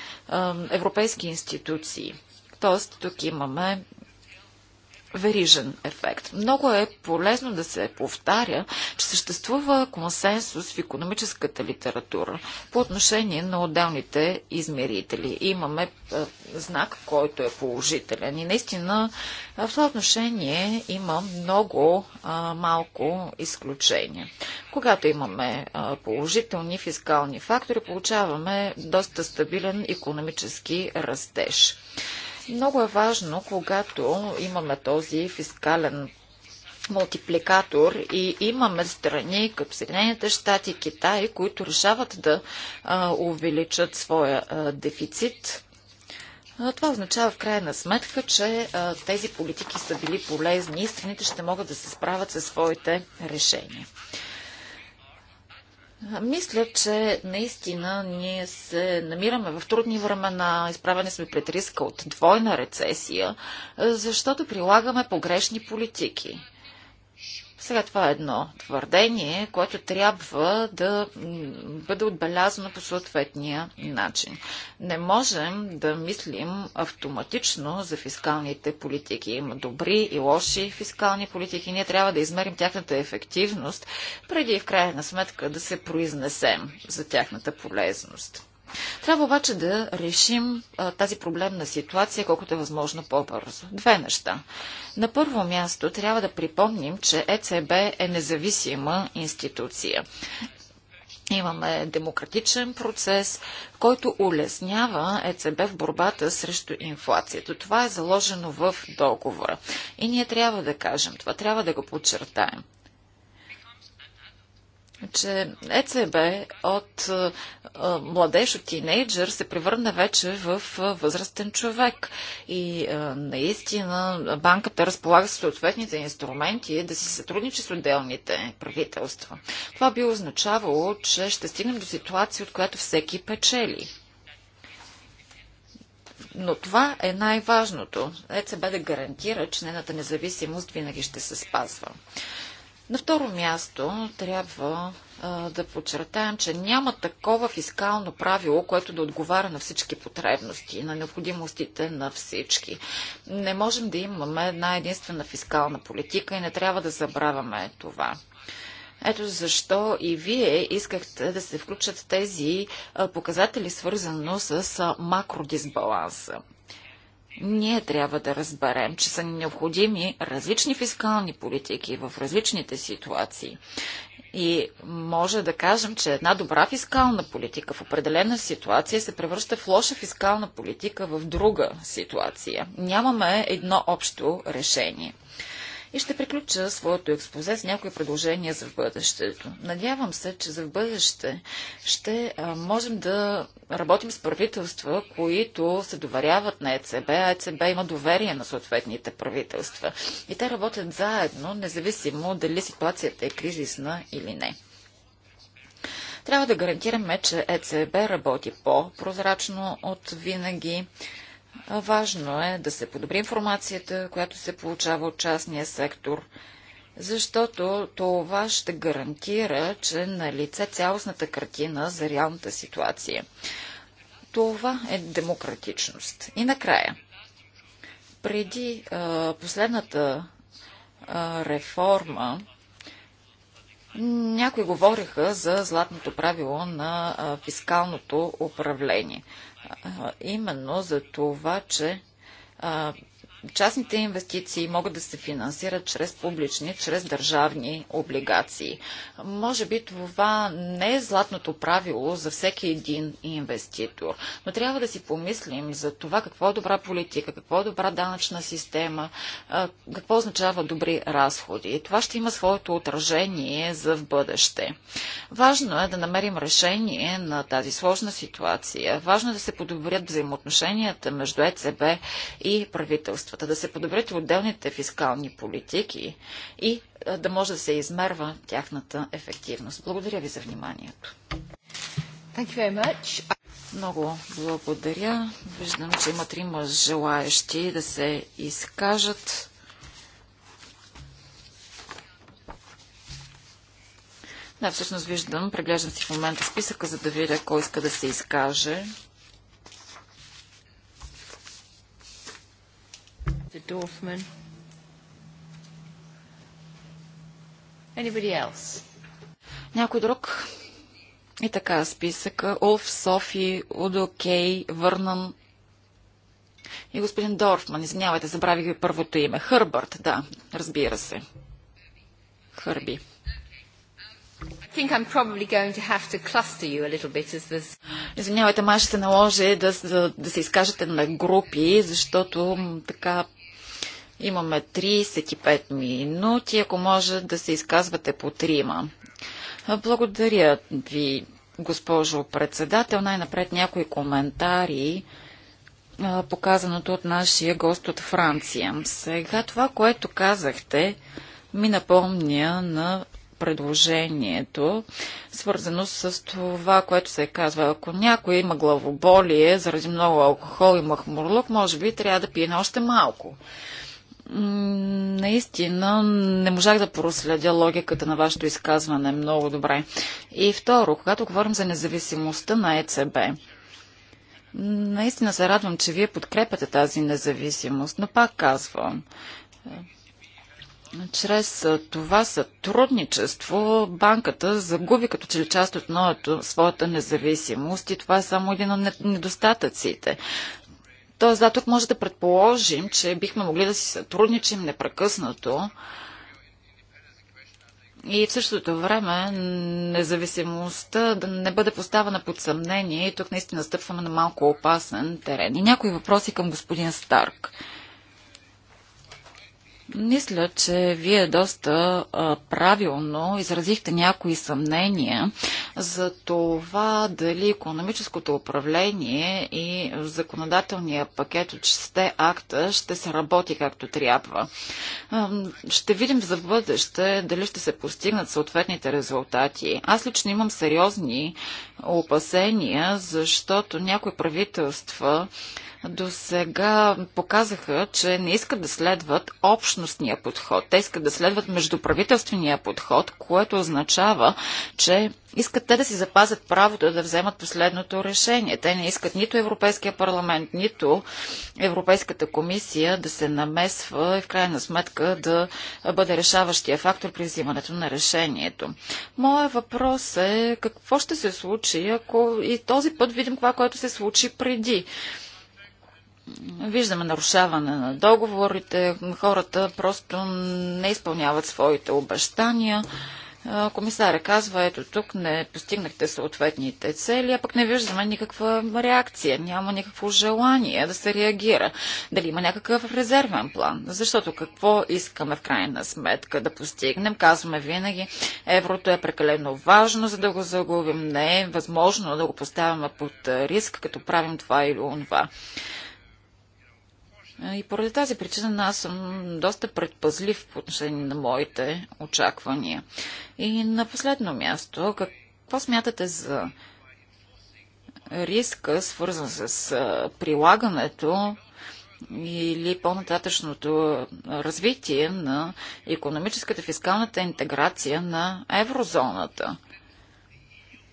[SPEAKER 1] европейски институции. Тоест, тук имаме верижен ефект. Много е полезно да се повтаря, че съществува консенсус в економическата литература по отношение на отделните измерители. Имаме е, знак, който е положителен. И наистина в това отношение има много а, малко изключения. Когато имаме а, положителни фискални фактори, получаваме доста стабилен економически растеж. Много е важно, когато имаме този фискален мултипликатор и имаме страни като Съединените щати и Китай, които решават да а, увеличат своя а, дефицит. това означава в крайна сметка, че а, тези политики са били полезни и страните ще могат да се справят със своите решения. Мисля, че наистина ние се намираме в трудни времена, изправени сме пред риска от двойна рецесия, защото прилагаме погрешни политики. Сега това е едно твърдение, което трябва да бъде отбелязано по съответния начин. Не можем да мислим автоматично за фискалните политики. Има добри и лоши фискални политики. Ние трябва да измерим тяхната ефективност, преди в крайна сметка да се произнесем за тяхната полезност. Трябва обаче да решим а, тази проблемна ситуация колкото е възможно по-бързо. Две неща. На първо място трябва да припомним, че ЕЦБ е независима институция. Имаме демократичен процес, който улеснява ЕЦБ в борбата срещу инфлацията. Това е заложено в договора. И ние трябва да кажем, това трябва да го подчертаем че ЕЦБ от младеж, от тинейджър се превърна вече в възрастен човек. И наистина банката разполага с съответните инструменти да си сътрудничи с отделните правителства. Това би означавало, че ще стигнем до ситуация, от която всеки печели. Но това е най-важното. ЕЦБ да гарантира, че нената независимост винаги ще се спазва. На второ място трябва а, да подчертаем, че няма такова фискално правило, което да отговаря на всички потребности, на необходимостите на всички. Не можем да имаме една единствена фискална политика и не трябва да забравяме това. Ето защо и вие искахте да се включат тези показатели, свързано с макродисбаланса ние трябва да разберем, че са необходими различни фискални политики в различните ситуации. И може да кажем, че една добра фискална политика в определена ситуация се превръща в лоша фискална политика в друга ситуация. Нямаме едно общо решение. И ще приключа своето експозе с някои предложения за в бъдещето. Надявам се, че за в бъдеще ще можем да работим с правителства, които се доверяват на ЕЦБ, а ЕЦБ има доверие на съответните правителства. И те работят заедно, независимо дали ситуацията е кризисна или не. Трябва да гарантираме, че ЕЦБ работи по-прозрачно от винаги, Важно е да се подобри информацията, която се получава от частния сектор, защото това ще гарантира, че е на лице цялостната картина за реалната ситуация. Това е демократичност. И накрая, преди а, последната а, реформа, някои говориха за златното правило на а, фискалното управление именно за това, че частните инвестиции могат да се финансират чрез публични, чрез държавни облигации. Може би това не е златното правило за всеки един инвеститор, но трябва да си помислим за това какво е добра политика, какво е добра данъчна система, какво означава добри разходи. Това ще има своето отражение за в бъдеще. Важно е да намерим решение на тази сложна ситуация. Важно е да се подобрят взаимоотношенията между ЕЦБ и правителство обстоятелствата, да се подобрят отделните фискални политики и да може да се измерва тяхната ефективност. Благодаря ви за вниманието. Много благодаря. Виждам, че има трима желаящи да се изкажат. Да, всъщност виждам, преглеждам си в момента списъка, за да видя кой иска да се изкаже. Mr. Dorfman. Anybody else? Някой друг? И така, списъка. Улф, Софи, Удо Кей, Върнан и господин Дорфман. Извинявайте, забравих ви първото име. Хърбърт, да, разбира се. Хърби. Извинявайте, май ще се наложи да, да, да се изкажете на групи, защото така Имаме 35 минути, ако може да се изказвате по трима. Благодаря ви, госпожо председател. Най-напред някои коментари показаното от нашия гост от Франция. Сега това, което казахте, ми напомня на предложението, свързано с това, което се казва. Ако някой има главоболие заради много алкохол и махмурлук, може би трябва да пие още малко. Наистина не можах да проследя логиката на вашето изказване много добре. И второ, когато говорим за независимостта на ЕЦБ, наистина се радвам, че вие подкрепяте тази независимост, но пак казвам, чрез това сътрудничество банката загуби като че ли част от новото, своята независимост и това е само един от недостатъците. Тоест, да, тук може да предположим, че бихме могли да си сътрудничим непрекъснато и в същото време независимостта да не бъде поставена под съмнение и тук наистина стъпваме на малко опасен терен. И някои въпроси към господин Старк. Мисля, че вие доста а, правилно изразихте някои съмнения за това дали економическото управление и законодателния пакет от шесте акта ще се работи както трябва. А, ще видим за бъдеще дали ще се постигнат съответните резултати. Аз лично имам сериозни опасения, защото някои правителства до сега показаха, че не искат да следват общо общностния подход. Те искат да следват междуправителствения подход, което означава, че искат те да си запазят правото да вземат последното решение. Те не искат нито Европейския парламент, нито Европейската комисия да се намесва и в крайна сметка да бъде решаващия фактор при взимането на решението. Моят въпрос е какво ще се случи, ако и този път видим това, което се случи преди виждаме нарушаване на договорите, хората просто не изпълняват своите обещания. Комисаря казва, ето тук не постигнахте съответните цели, а пък не виждаме никаква реакция, няма никакво желание да се реагира. Дали има някакъв резервен план? Защото какво искаме в крайна сметка да постигнем? Казваме винаги, еврото е прекалено важно, за да го загубим. Не е възможно да го поставяме под риск, като правим това или онова. И поради тази причина аз съм доста предпазлив по отношение на моите очаквания. И на последно място, какво смятате за риска, свързан с прилагането или по-нататъчното развитие на економическата фискалната интеграция на еврозоната?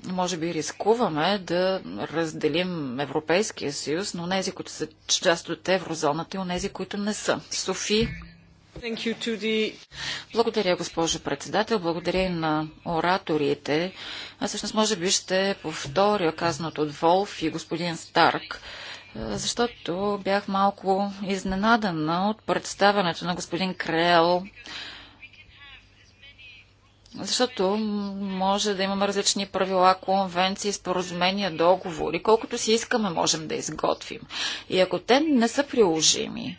[SPEAKER 1] може би рискуваме да разделим Европейския съюз но нези, които са част от еврозоната и нези, които не са. Софи. The... Благодаря, госпожо председател. Благодаря и на ораторите. А всъщност може би ще повторя казаното от Волф и господин Старк защото бях малко изненадана от представянето на господин Крел защото може да имаме различни правила, конвенции, споразумения, договори. Колкото си искаме, можем да изготвим. И ако те не са приложими,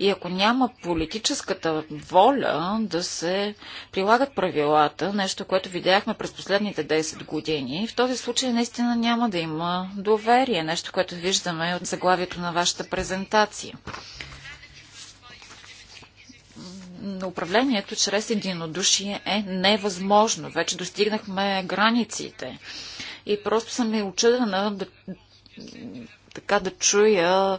[SPEAKER 1] и ако няма политическата воля да се прилагат правилата, нещо, което видяхме през последните 10 години, в този случай наистина няма да има доверие, нещо, което виждаме от заглавието на вашата презентация на управлението чрез единодушие е невъзможно. Вече достигнахме границите. И просто съм и е очудена да така да чуя а,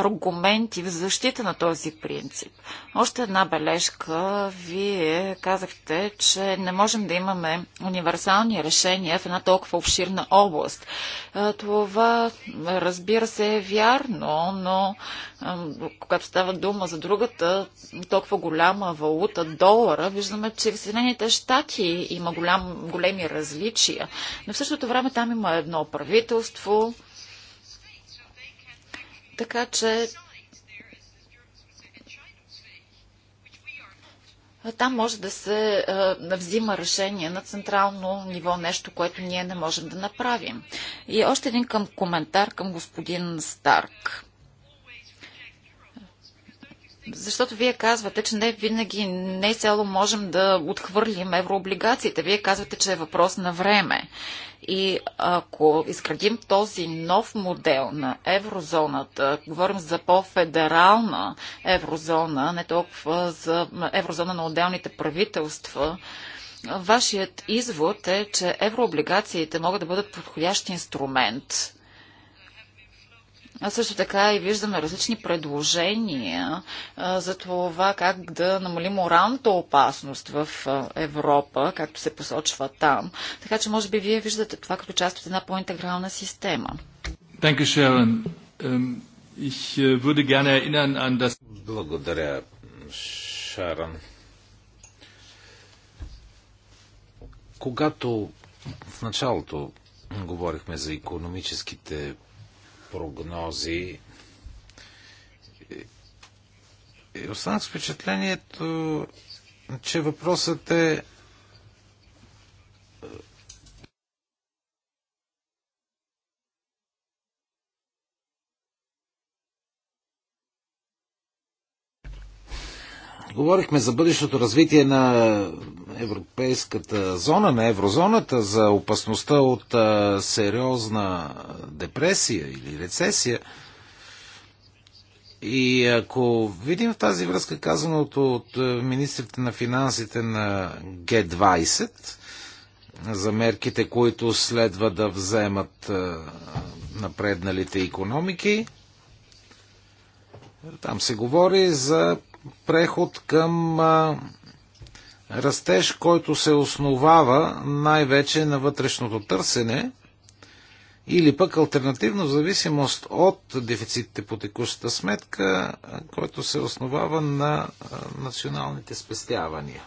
[SPEAKER 1] аргументи в защита на този принцип. Още една бележка. Вие казахте, че не можем да имаме универсални решения в една толкова обширна област. А, това, разбира се, е вярно, но а, когато става дума за другата толкова голяма валута, долара, виждаме, че в Съединените щати има голям, големи различия. Но в същото време там има едно правителство, така че Там може да се а, взима решение на централно ниво, нещо, което ние не можем да направим. И още един към коментар към господин Старк. Защото вие казвате, че не винаги не цяло можем да отхвърлим еврооблигациите. Вие казвате, че е въпрос на време. И ако изградим този нов модел на еврозоната, говорим за по-федерална еврозона, не толкова за еврозона на отделните правителства, Вашият извод е, че еврооблигациите могат да бъдат подходящ инструмент а също така и виждаме различни предложения а, за това как да намали моралната опасност в а, Европа, както се посочва там. Така че може би вие виждате това като част от една по-интегрална система.
[SPEAKER 2] Е, Благодаря, Шаран. Когато в началото говорихме за економическите прогнози. И останах с впечатлението, че въпросът е Говорихме за бъдещото развитие на европейската зона, на еврозоната, за опасността от сериозна депресия или рецесия. И ако видим в тази връзка казаното от министрите на финансите на Г-20, за мерките, които следва да вземат напредналите економики, там се говори за преход към Растеж, който се основава най-вече на вътрешното търсене или пък альтернативно в зависимост от дефицитите по текущата сметка, който се основава на националните спестявания.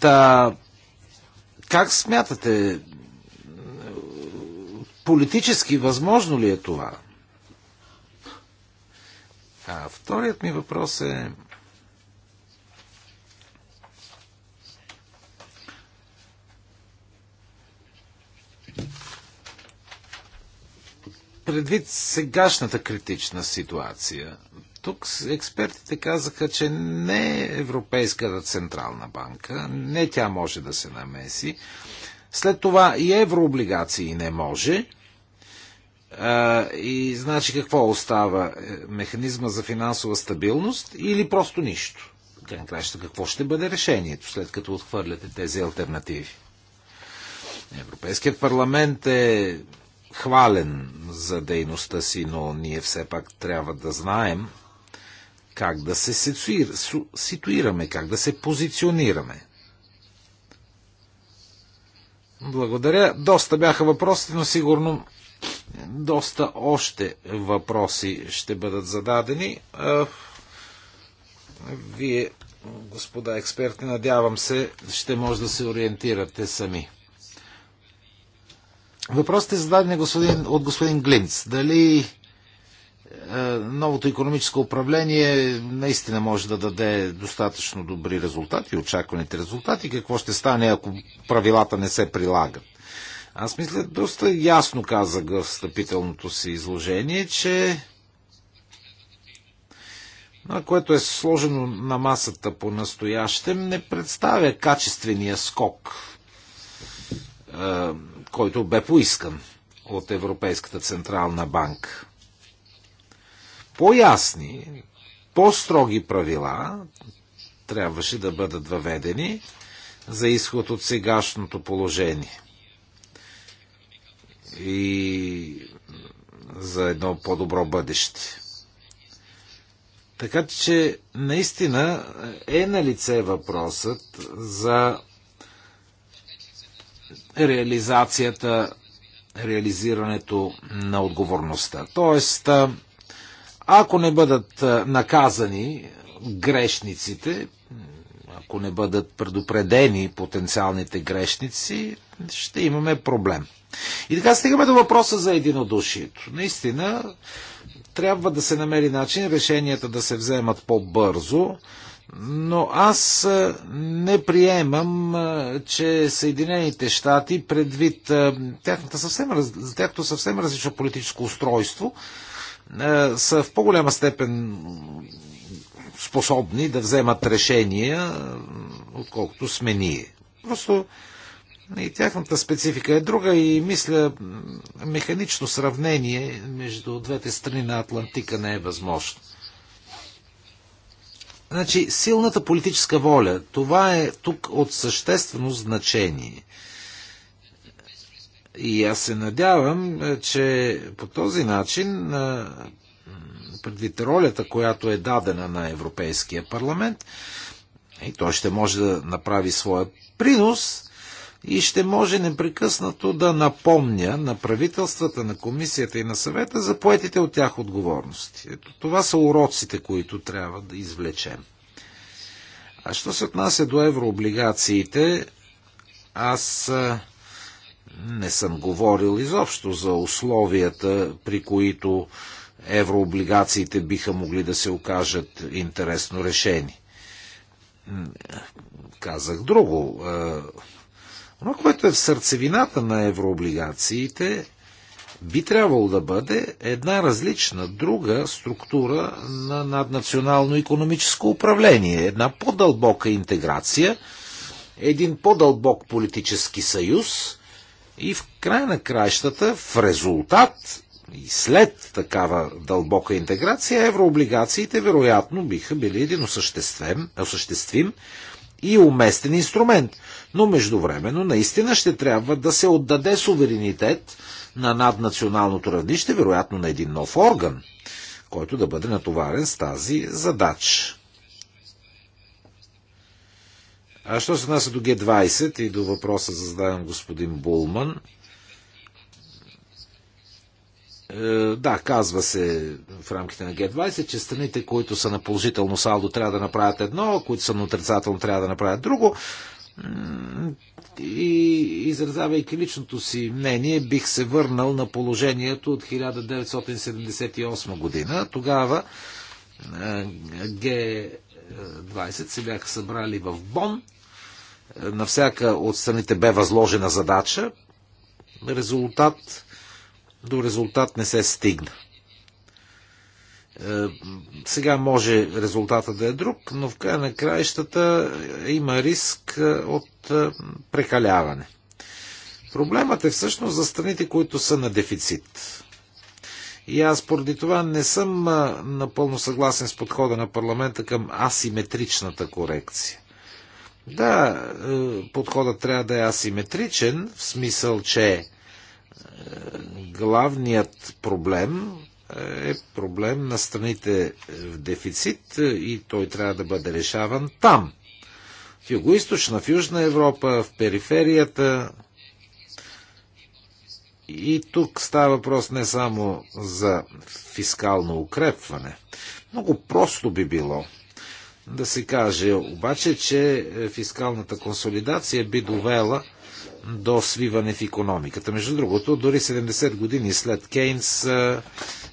[SPEAKER 2] Та, как смятате, политически възможно ли е това? А вторият ми въпрос е. Предвид сегашната критична ситуация, тук експертите казаха, че не е Европейската централна банка, не тя може да се намеси. След това и еврооблигации не може. И значи какво остава? Е, механизма за финансова стабилност или просто нищо? Край краща, какво ще бъде решението, след като отхвърляте тези альтернативи? Европейският парламент е хвален за дейността си, но ние все пак трябва да знаем, как да се ситуираме, как да се позиционираме. Благодаря. Доста бяха въпросите, но сигурно доста още въпроси ще бъдат зададени. Вие, господа експерти, надявам се, ще може да се ориентирате сами. Въпросът е зададен господин, от господин Глинц. Дали е, новото економическо управление наистина може да даде достатъчно добри резултати, очакваните резултати. Какво ще стане, ако правилата не се прилагат? Аз мисля, доста ясно казах в встъпителното си изложение, че на което е сложено на масата по настоящем, не представя качествения скок, е, който бе поискан от Европейската Централна банка по-ясни, по-строги правила трябваше да бъдат въведени за изход от сегашното положение. И за едно по-добро бъдеще. Така че наистина е на лице въпросът за реализацията, реализирането на отговорността. Тоест, ако не бъдат наказани грешниците, ако не бъдат предупредени потенциалните грешници, ще имаме проблем. И така стигаме до въпроса за единодушието. Наистина, трябва да се намери начин решенията да се вземат по-бързо, но аз не приемам, че Съединените щати, предвид тяхното съвсем, тяхното съвсем различно политическо устройство, е, са в по-голяма степен способни да вземат решения, е, отколкото сме ние. Просто и тяхната специфика е друга и мисля механично сравнение между двете страни на Атлантика не е възможно. Значи, силната политическа воля, това е тук от съществено значение – и аз се надявам, е, че по този начин, е, предвид ролята, която е дадена на Европейския парламент, и той ще може да направи своя принос и ще може непрекъснато да напомня на правителствата, на комисията и на съвета за поетите от тях отговорности. Ето, това са уроците, които трябва да извлечем. А що се отнася до еврооблигациите, аз е, не съм говорил изобщо за условията, при които еврооблигациите биха могли да се окажат интересно решени. Казах друго. Е, Но което е в сърцевината на еврооблигациите, би трябвало да бъде една различна, друга структура на наднационално економическо управление, една по-дълбока интеграция, един по-дълбок политически съюз, и в края на краищата, в резултат и след такава дълбока интеграция, еврооблигациите вероятно биха били един осъществим, осъществим и уместен инструмент. Но междувременно наистина ще трябва да се отдаде суверенитет на наднационалното равнище, вероятно на един нов орган, който да бъде натоварен с тази задача. А що се отнася до Г20 и до въпроса за зададен господин Булман, е, да, казва се в рамките на Г20, че страните, които са на положително салдо, трябва да направят едно, които са на отрицателно, трябва да направят друго. И изразявайки личното си мнение, бих се върнал на положението от 1978 година. Тогава е, Г20 се бяха събрали в Бон на всяка от страните бе възложена задача. Резултат до резултат не се стигна. Е, сега може резултата да е друг, но в края на краищата има риск е, от е, прекаляване. Проблемът е всъщност за страните, които са на дефицит. И аз поради това не съм напълно съгласен с подхода на парламента към асиметричната корекция. Да, е, подходът трябва да е асиметричен, в смисъл, че е, главният проблем е, е проблем на страните в дефицит и той трябва да бъде решаван там. В Юго-Источна, в Южна Европа, в периферията. И тук става въпрос не само за фискално укрепване. Много просто би било да се каже обаче, че е, фискалната консолидация би довела до свиване в економиката. Между другото, дори 70 години след Кейнс,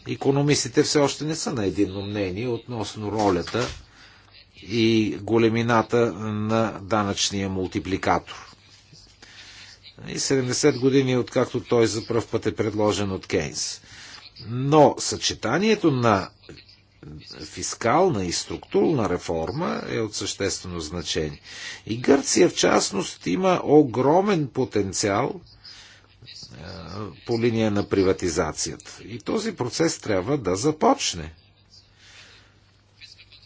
[SPEAKER 2] економистите все още не са на единно мнение относно ролята и големината на данъчния мултипликатор. И 70 години, откакто той за пръв път е предложен от Кейнс. Но съчетанието на фискална и структурна реформа е от съществено значение. И Гърция в частност има огромен потенциал е, по линия на приватизацията. И този процес трябва да започне.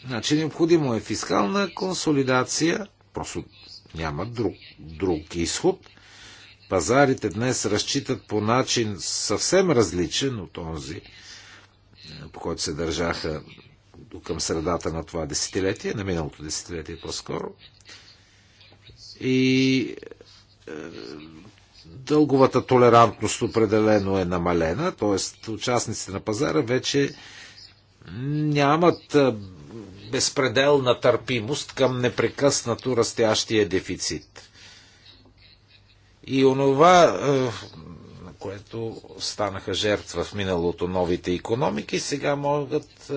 [SPEAKER 2] Значи необходимо е фискална консолидация, просто няма друг, друг изход. Пазарите днес разчитат по начин съвсем различен от този, по който се държаха към средата на това десетилетие, на миналото десетилетие по-скоро. И е, дълговата толерантност определено е намалена, т.е. участниците на пазара вече нямат е, безпределна търпимост към непрекъснато растящия дефицит. И онова е, което станаха жертва в миналото новите економики, сега могат е,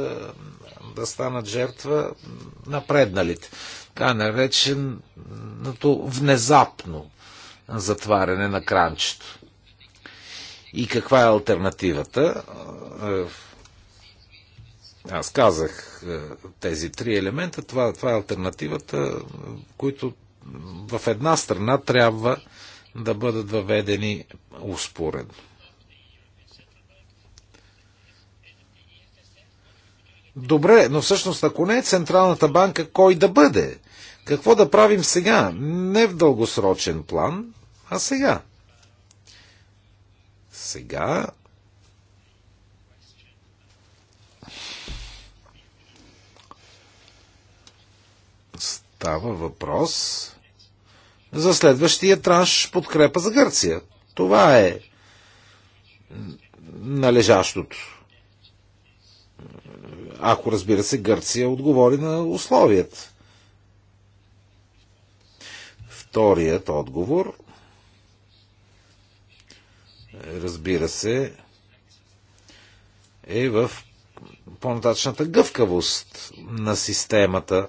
[SPEAKER 2] да станат жертва напредналите. Така нареченото внезапно затваряне на кранчето. И каква е альтернативата? Е, аз казах е, тези три елемента. Това, това е альтернативата, които в една страна трябва да бъдат въведени успоредно. Добре, но всъщност ако не е Централната банка, кой да бъде? Какво да правим сега? Не в дългосрочен план, а сега. Сега. Става въпрос за следващия транш подкрепа за Гърция. Това е належащото. Ако, разбира се, Гърция отговори на условията. Вторият отговор, разбира се, е в по-нататъчната гъвкавост на системата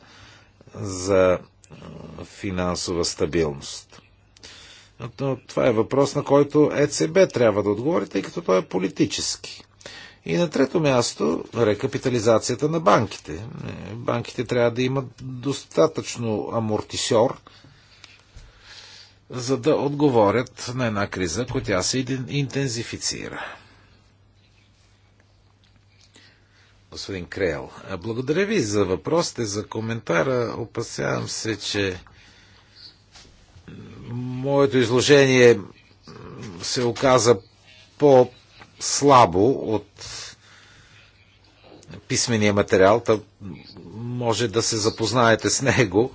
[SPEAKER 2] за финансова стабилност. Но това е въпрос, на който ЕЦБ трябва да отговори, тъй като той е политически. И на трето място, рекапитализацията на банките. Е, банките трябва да имат достатъчно амортисьор, за да отговорят на една криза, която се интензифицира. господин Крел. Благодаря ви за въпросите, за коментара. Опасявам се, че моето изложение се оказа по-слабо от писмения материал, Та може да се запознаете с него.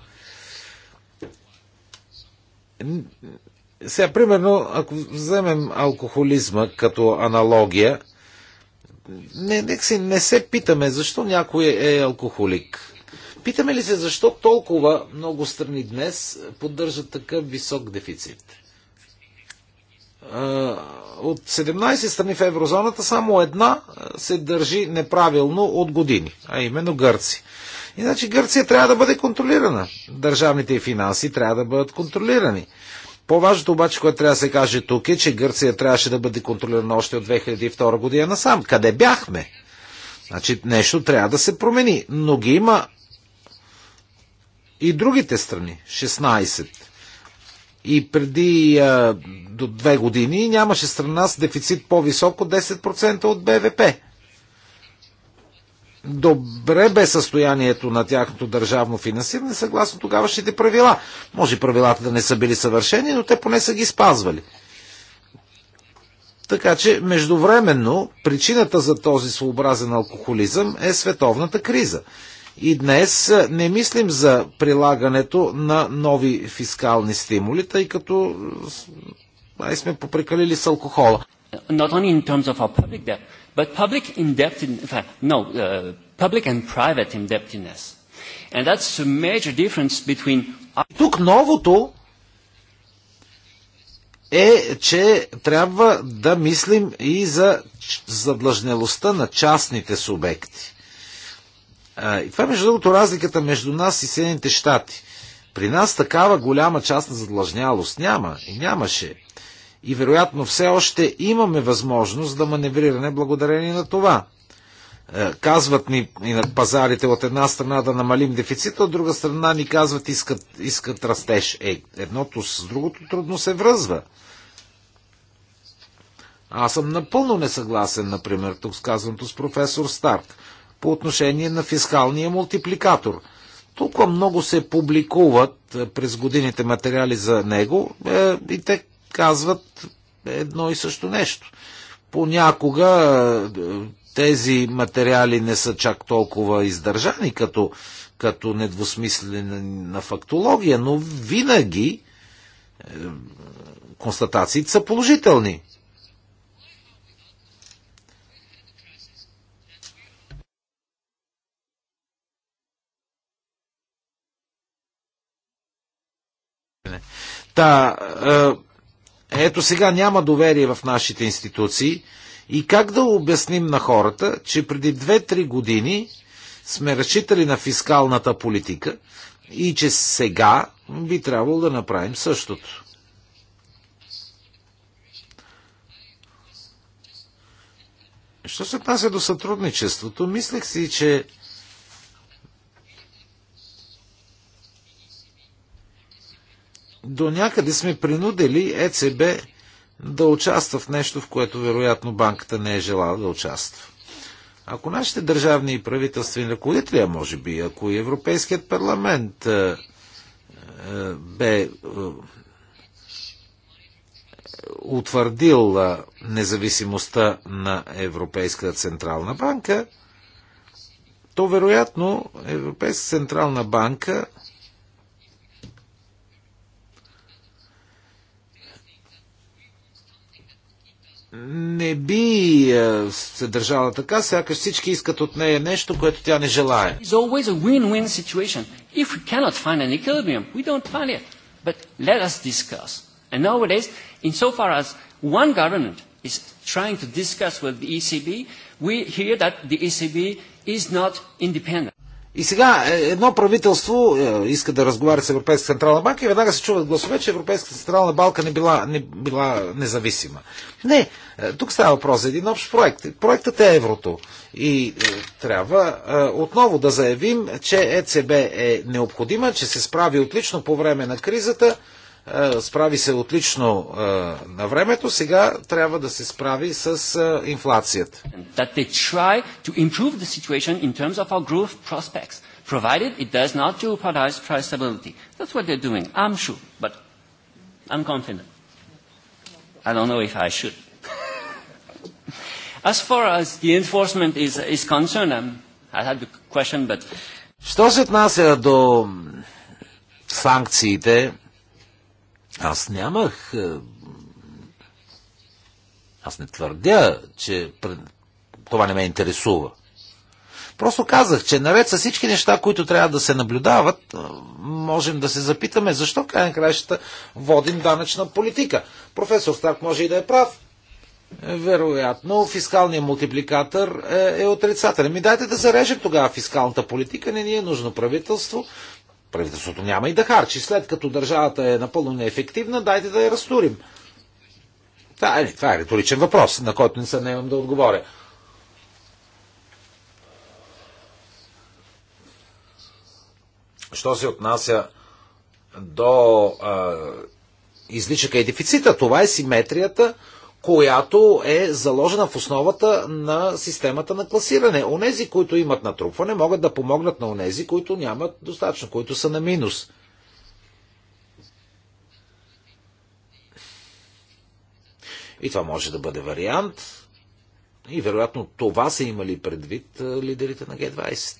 [SPEAKER 2] Сега, примерно, ако вземем алкохолизма като аналогия – не, не, не се питаме защо някой е алкохолик. Питаме ли се защо толкова много страни днес поддържат такъв висок дефицит? От 17 страни в еврозоната само една се държи неправилно от години, а именно Гърци. Иначе Гърция трябва да бъде контролирана. Държавните финанси трябва да бъдат контролирани. По-важното обаче, което трябва да се каже тук е, че Гърция трябваше да бъде контролирана още от 2002 година насам. Къде бяхме? Значи нещо трябва да се промени. Но ги има и другите страни. 16. И преди а, до две години нямаше страна с дефицит по-високо 10% от БВП добре бе състоянието на тяхното държавно финансиране съгласно тогавашните правила. Може правилата да не са били съвършени, но те поне са ги спазвали. Така че, междувременно, причината за този своеобразен алкохолизъм е световната криза. И днес не мислим за прилагането на нови фискални стимули, тъй като ай сме попрекалили с алкохола. Not only in terms of our public debt, But public indebtedness, no, uh, public and private indebtedness. And that's a major difference between... Тук новото е, че трябва да мислим и за задлъжнелостта на частните субекти. И това е между другото разликата между нас и Съединените щати. При нас такава голяма частна задлъжнялост няма и нямаше. И вероятно все още имаме възможност да маневрираме благодарение на това. Е, казват ни и на пазарите от една страна да намалим дефицита, от друга страна ни казват искат, искат растеж. Е, едното с другото трудно се връзва. Аз съм напълно несъгласен, например, тук с казаното с професор Старк, по отношение на фискалния мултипликатор. Толкова много се публикуват е, през годините материали за него е, и те казват едно и също нещо. Понякога е, тези материали не са чак толкова издържани като, като недвусмислена фактология, но винаги е, констатациите са положителни. Та, е, ето сега няма доверие в нашите институции и как да обясним на хората, че преди 2-3 години сме разчитали на фискалната политика и че сега би трябвало да направим същото. Що се отнася до сътрудничеството, мислех си, че до някъде сме принудили ЕЦБ да участва в нещо, в което вероятно банката не е желала да участва. Ако нашите държавни и правителствени ръководители, а може би, ако и Европейският парламент е, а, е, бе а, е, утвърдил е, независимостта на Европейската централна банка, то вероятно Европейската централна банка не би се държала така, сякаш всички искат от нея нещо, което тя не желае. But let us discuss.
[SPEAKER 3] And nowadays, insofar as one government is trying to discuss with the ECB, we hear that the ECB is not independent.
[SPEAKER 2] И сега е, едно правителство е, иска да разговаря с Европейска централна банка и веднага се чуват гласове, че Европейска централна банка не била, не била независима. Не, е, тук става въпрос за един общ проект. Проектът е еврото. И трябва отново да заявим, че ЕЦБ е необходима, че се справи отлично по време на кризата справи се отлично на времето, сега трябва да се справи с инфлацията. provided
[SPEAKER 3] it does not jeopardize price stability. That's what they're doing, I'm sure, but I'm confident. I don't know if I should. As far as the enforcement is, is concerned, I'm, I had the question, but...
[SPEAKER 2] Що се отнася до санкциите, аз нямах. Е, аз не твърдя, че това не ме интересува. Просто казах, че наред с всички неща, които трябва да се наблюдават, е, можем да се запитаме защо в край на краищата водим данъчна политика. Професор Старк може и да е прав. Вероятно, фискалният мултипликатор е, е отрицателен. Ми дайте да зарежем тогава фискалната политика, не ни е нужно правителство, Правителството няма и да харчи. След като държавата е напълно неефективна, дайте да я разтурим. Това е, това е риторичен въпрос, на който не се наемам да отговоря. Що се отнася до а, излишъка и дефицита, това е симетрията която е заложена в основата на системата на класиране. Онези, които имат натрупване, могат да помогнат на онези, които нямат достатъчно, които са на минус. И това може да бъде вариант. И вероятно това са имали предвид лидерите на Г-20.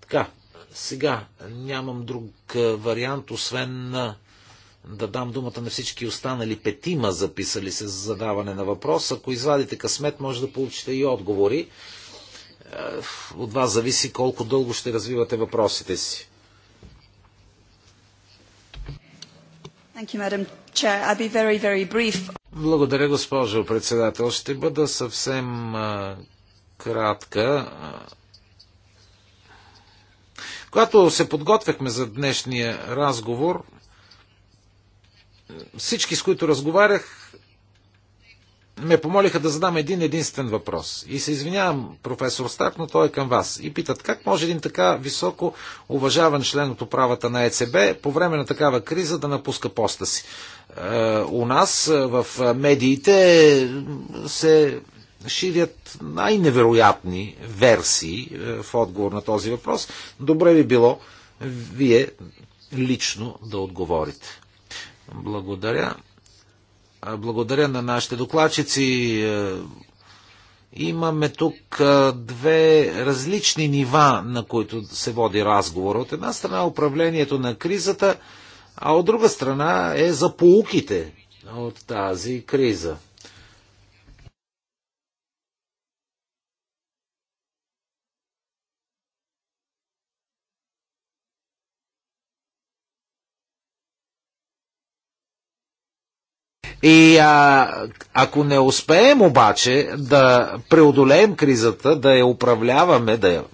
[SPEAKER 2] Така, сега нямам друг вариант, освен на да дам думата на всички останали петима записали се за задаване на въпрос. Ако извадите късмет, може да получите и отговори. Е, от вас зависи колко дълго ще развивате въпросите си. Благодаря, госпожо председател. Ще бъда съвсем кратка. Когато се подготвяхме за днешния разговор, всички, с които разговарях, ме помолиха да задам един единствен въпрос. И се извинявам, професор Старк, но той е към вас. И питат, как може един така високо уважаван член от управата на ЕЦБ по време на такава криза да напуска поста си? Е, у нас е, в медиите се ширят най-невероятни версии е, в отговор на този въпрос. Добре би било вие лично да отговорите. Благодаря. Благодаря на нашите докладчици. Е, имаме тук е, две различни нива, на които се води разговор. От една страна е управлението на кризата, а от друга страна е за полуките от тази криза. И а, ако не успеем обаче да преодолеем кризата, да я управляваме, да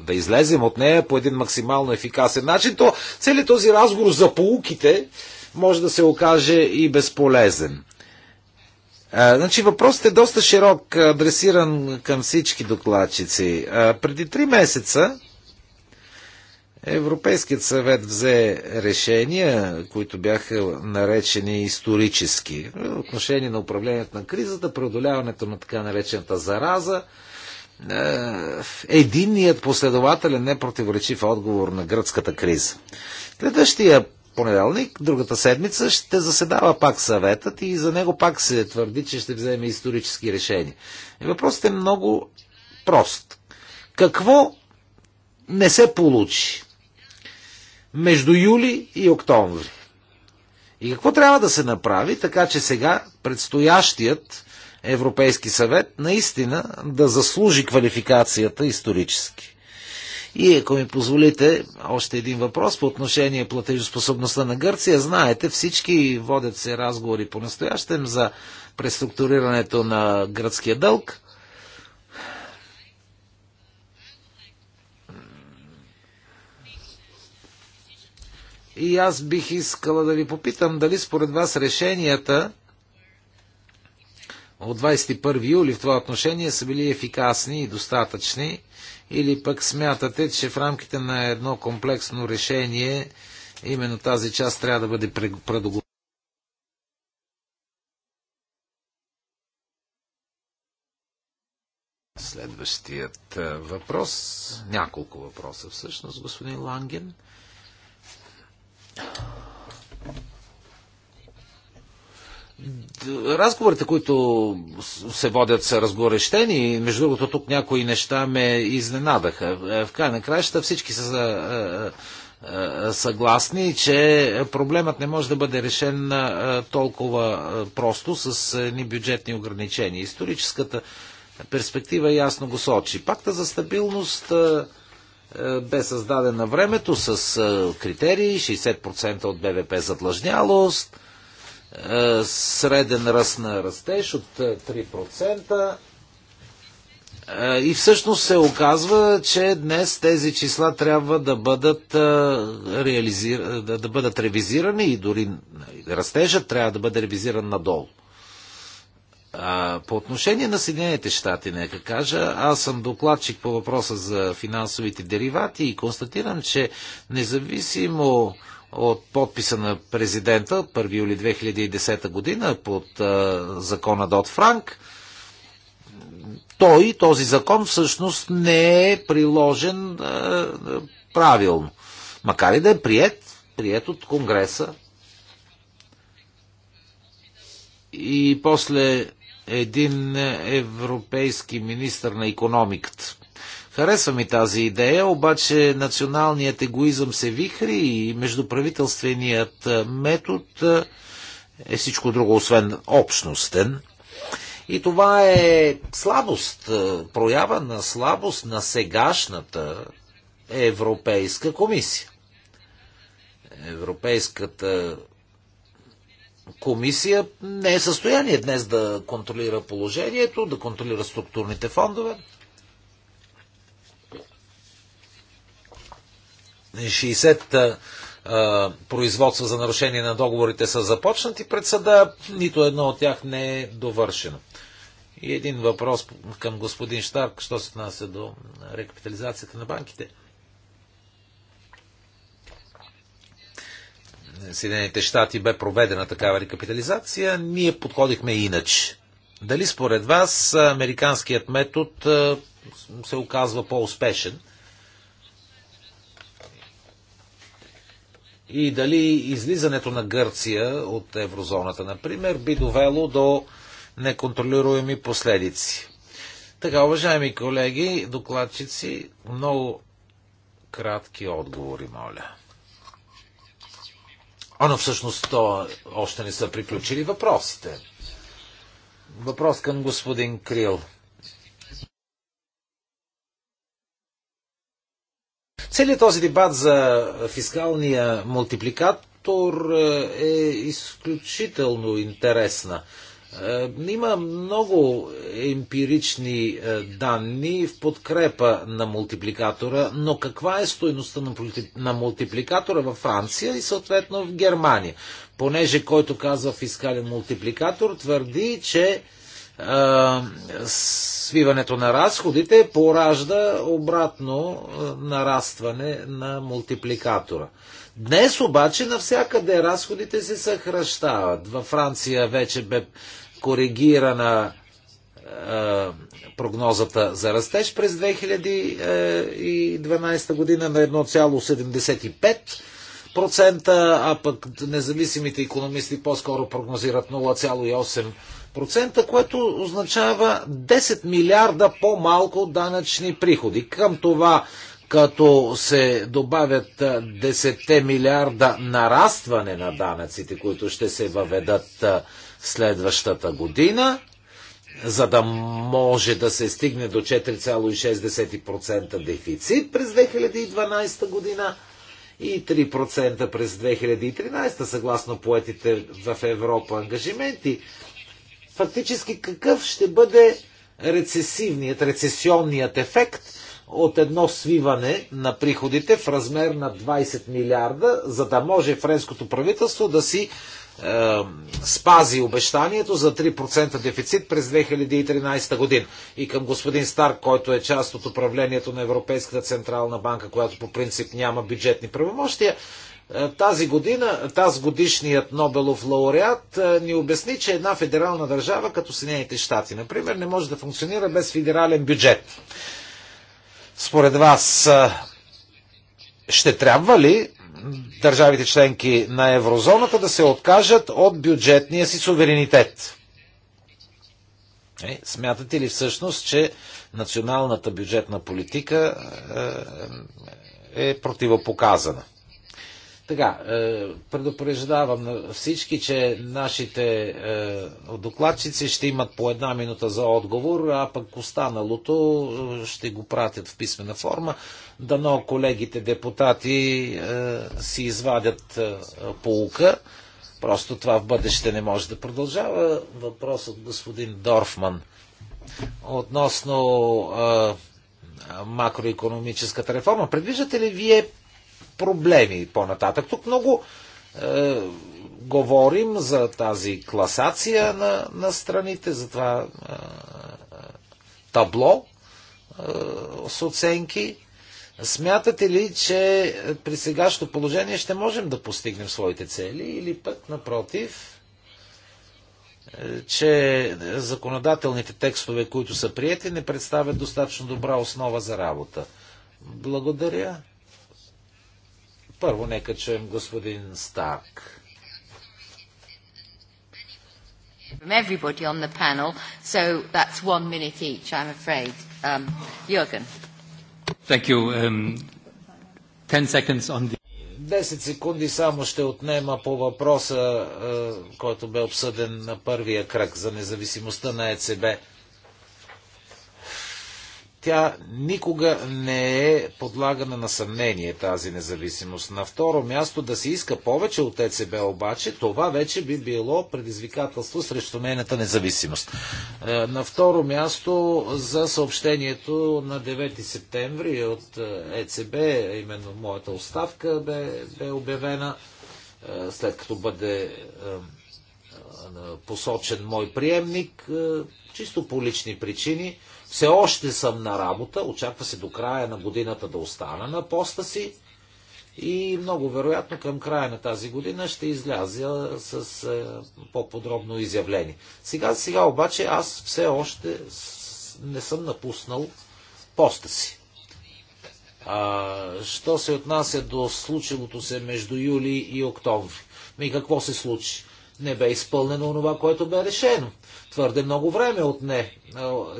[SPEAKER 2] да излезем от нея по един максимално ефикасен начин, то целият този разговор за полуките може да се окаже и безполезен. А, значи въпросът е доста широк, адресиран към всички докладчици. А, преди три месеца Европейският съвет взе решения, които бяха наречени исторически. Отношение на управлението на кризата, преодоляването на така наречената зараза, е, единният последователен противоречив отговор на гръцката криза. Следващия понеделник, другата седмица, ще заседава пак съветът и за него пак се твърди, че ще вземе исторически решения. И въпросът е много прост. Какво не се получи? между юли и октомври. И какво трябва да се направи, така че сега предстоящият Европейски съвет наистина да заслужи квалификацията исторически? И ако ми позволите, още един въпрос по отношение платежоспособността на Гърция. Знаете, всички водят се разговори по настоящем за преструктурирането на гръцкия дълг. И аз бих искала да ви попитам дали според вас решенията от 21 юли в това отношение са били ефикасни и достатъчни или пък смятате, че в рамките на едно комплексно решение именно тази част трябва да бъде предоговорена. Следващият въпрос, няколко въпроса всъщност, господин Ланген. Разговорите, които се водят, са разгорещени. Между другото, тук някои неща ме изненадаха. Е, в край на краища всички са е, е, съгласни, че проблемът не може да бъде решен толкова просто с ни бюджетни ограничения. Историческата перспектива ясно го сочи. Пакта за стабилност е, бе създаден на времето с е, критерии 60% от БВП задлъжнялост, е, среден ръст на растеж от 3%. И всъщност се оказва, че днес тези числа трябва да бъдат, да бъдат ревизирани и дори растежът трябва да бъде ревизиран надолу. По отношение на Съединените щати, нека кажа, аз съм докладчик по въпроса за финансовите деривати и констатирам, че независимо от подписа на президента 1 юли 2010 година под а, закона Дот Франк, той, този закон всъщност не е приложен а, правилно. Макар и да е прият, прият от Конгреса. И после един европейски министр на економиката. Харесва ми тази идея, обаче националният егоизъм се вихри и междуправителственият метод е всичко друго, освен общностен. И това е слабост, проява на слабост на сегашната Европейска комисия. Европейската комисия не е в състояние днес да контролира положението, да контролира структурните фондове. 60 производства за нарушение на договорите са започнати пред съда, нито едно от тях не е довършено. И един въпрос към господин Штарк, що се отнася до рекапитализацията на банките. Съединените щати бе проведена такава рекапитализация, ние подходихме иначе. Дали според вас американският метод се оказва по-успешен? И дали излизането на Гърция от еврозоната, например, би довело до неконтролируеми последици? Така, уважаеми колеги, докладчици, много кратки отговори, моля. А, но всъщност то още не са приключили въпросите. Въпрос към господин Крил. Целият този дебат за фискалния мултипликатор е, е изключително интересна е, има много емпирични е, данни в подкрепа на мултипликатора, но каква е стоеността на мултипликатора във Франция и съответно в Германия? Понеже който казва фискален мултипликатор твърди, че е, свиването на разходите поражда обратно нарастване на мултипликатора. Днес обаче навсякъде разходите се съхръщават. Във Франция вече бе коригирана е, прогнозата за растеж през 2012 година на 1,75 процента, а пък независимите економисти по-скоро прогнозират 0,8%, което означава 10 милиарда по-малко данъчни приходи. Към това като се добавят 10 милиарда нарастване на данъците, които ще се въведат следващата година, за да може да се стигне до 4,6% дефицит през 2012 година и 3% през 2013, съгласно поетите в Европа ангажименти. Фактически какъв ще бъде рецесивният, рецесионният ефект – от едно свиване на приходите в размер на 20 милиарда, за да може френското правителство да си е, спази обещанието за 3% дефицит през 2013 година. И към господин Старк, който е част от управлението на Европейската централна банка, която по принцип няма бюджетни правомощия, е, тази година, тази годишният Нобелов лауреат е, ни обясни, че една федерална държава, като Съединените щати, например, не може да функционира без федерален бюджет. Според вас ще трябва ли държавите членки на еврозоната да се откажат от бюджетния си суверенитет? Е, смятате ли всъщност, че националната бюджетна политика е противопоказана? Така, е, предупреждавам на всички, че нашите е, докладчици ще имат по една минута за отговор, а пък останалото е, ще го пратят в писмена форма. Дано колегите депутати си извадят полука. Просто това в бъдеще не може да продължава. Въпрос от господин Дорфман относно макроекономическата реформа. Предвиждате ли вие проблеми по-нататък. Тук много е, говорим за тази класация на, на страните, за това е, табло е, с оценки. Смятате ли, че при сегашното положение ще можем да постигнем своите цели или пък напротив, е, че законодателните текстове, които са приети, не представят достатъчно добра основа за работа? Благодаря. Първо нека чуем господин Старк.
[SPEAKER 1] From everybody on the panel, so that's one minute each, I'm afraid. Um, Jürgen.
[SPEAKER 2] Thank you. Um, ten seconds on the... Десет секунди само ще отнема по въпроса, е, който бе обсъден на първия кръг за независимостта на ЕЦБ. Тя никога не е подлагана на съмнение тази независимост. На второ място да се иска повече от ЕЦБ обаче, това вече би било предизвикателство срещу нейната независимост. Е, на второ място за съобщението на 9 септември от е, ЕЦБ, именно моята оставка бе, бе обявена, е, след като бъде посочен мой приемник, чисто по лични причини. Все още съм на работа, очаква се до края на годината да остана на поста си и много вероятно към края на тази година ще изляза с е, по-подробно изявление. Сега, сега обаче аз все още не съм напуснал поста си. А, що се отнася до случилото се между юли и октомври? Ми какво се случи? Не бе изпълнено това, което бе решено. Твърде много време отне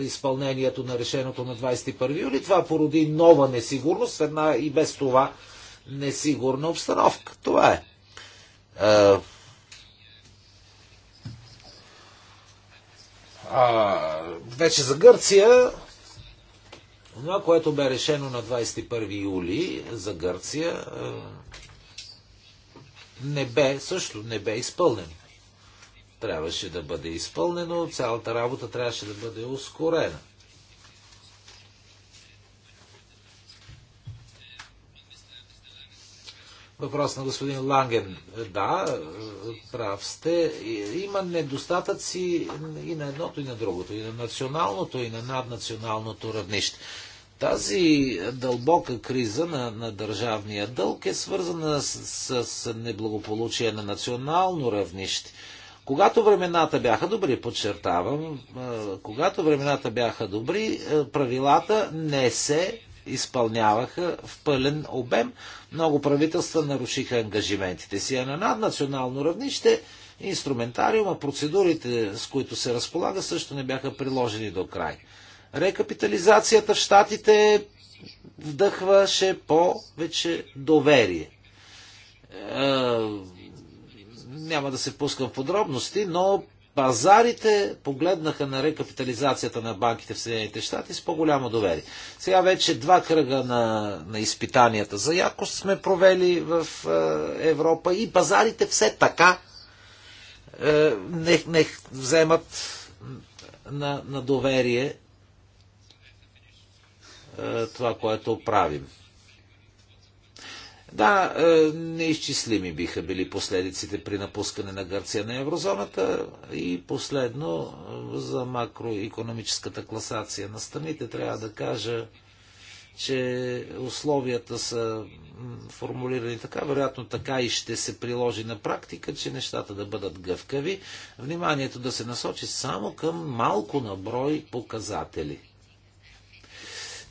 [SPEAKER 2] изпълнението на решеното на 21 юли. Това породи нова несигурност, една и без това несигурна обстановка. Това е. А, вече за Гърция, това, което бе решено на 21 юли за Гърция, не бе, също не бе изпълнено трябваше да бъде изпълнено, цялата работа трябваше да бъде ускорена. Въпрос на господин Ланген. Да, прав сте. Има недостатъци и на едното, и на другото, и на националното, и на наднационалното равнище. Тази дълбока криза на, на държавния дълг е свързана с, с неблагополучие на национално равнище. Когато времената бяха добри, подчертавам, когато времената бяха добри, правилата не се изпълняваха в пълен обем. Много правителства нарушиха ангажиментите си, а на наднационално равнище инструментариума, процедурите, с които се разполага, също не бяха приложени до край. Рекапитализацията в щатите вдъхваше повече доверие няма да се пускам в подробности, но пазарите погледнаха на рекапитализацията на банките в Съединените щати с по-голямо доверие. Сега вече два кръга на, на изпитанията за якост сме провели в е, Европа и пазарите все така е, не, не вземат на, на доверие е, това, което правим. Да, е, неизчислими биха били последиците при напускане на Гърция на еврозоната и последно е, за макроекономическата класация на страните трябва да кажа, че условията са формулирани така, вероятно така и ще се приложи на практика, че нещата да бъдат гъвкави, вниманието да се насочи само към малко наброй показатели.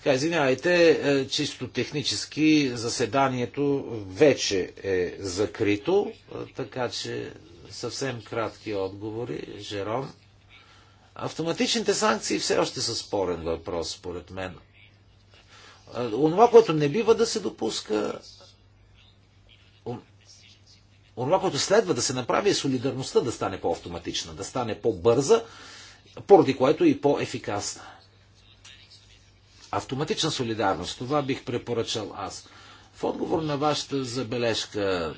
[SPEAKER 2] Така, извинявайте, е, чисто технически заседанието вече е закрито, е, така че съвсем кратки отговори. Жером. Автоматичните санкции все още са спорен въпрос, според мен. Е, онова, което не бива да се допуска, онова, което следва да се направи е солидарността да стане по-автоматична, да стане по-бърза, поради което и по-ефикасна автоматична солидарност. Това бих препоръчал аз. В отговор на вашата забележка,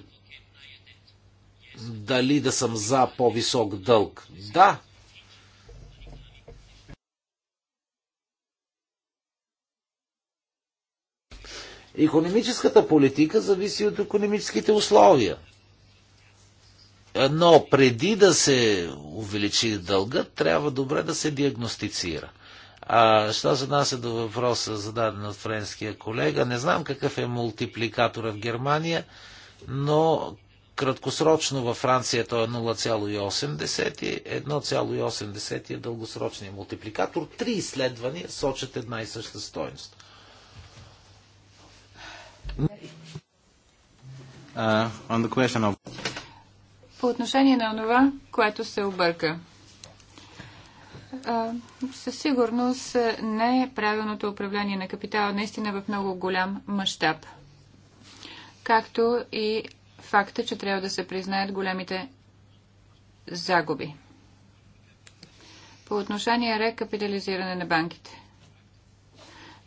[SPEAKER 2] дали да съм за по-висок дълг? Да. Економическата политика зависи от економическите условия. Но преди да се увеличи дълга, трябва добре да се диагностицира. А, що нас отнася до въпроса, зададен от френския колега, не знам какъв е мултипликатора в Германия, но краткосрочно във Франция то е 0,8, 1,8 е дългосрочният мултипликатор. Три изследвания сочат една и съща стоеност. Uh, of...
[SPEAKER 3] По отношение на това, което се обърка със сигурност не е правилното управление на капитала наистина в много голям мащаб. Както и факта, че трябва да се признаят големите загуби. По отношение рекапитализиране на банките.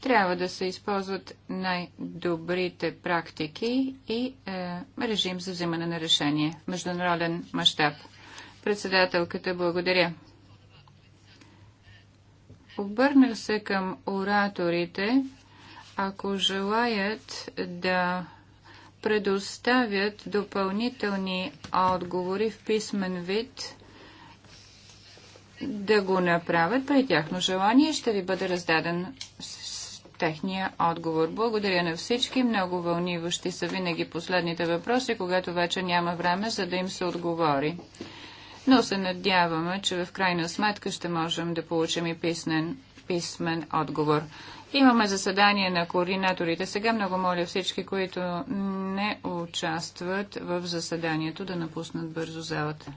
[SPEAKER 3] Трябва да се използват най-добрите практики и е, режим за взимане на решение в международен мащаб. Председателката, благодаря. Обърнах се към ораторите, ако желаят да предоставят допълнителни отговори в писмен вид, да го направят при тяхно желание. Ще ви бъде раздаден с техния отговор. Благодаря на всички. Много вълниващи са винаги последните въпроси, когато вече няма време, за да им се отговори но се надяваме, че в крайна сметка ще можем да получим и писнен, писмен отговор. Имаме заседание на координаторите. Сега много моля всички, които не участват в заседанието, да напуснат бързо залата.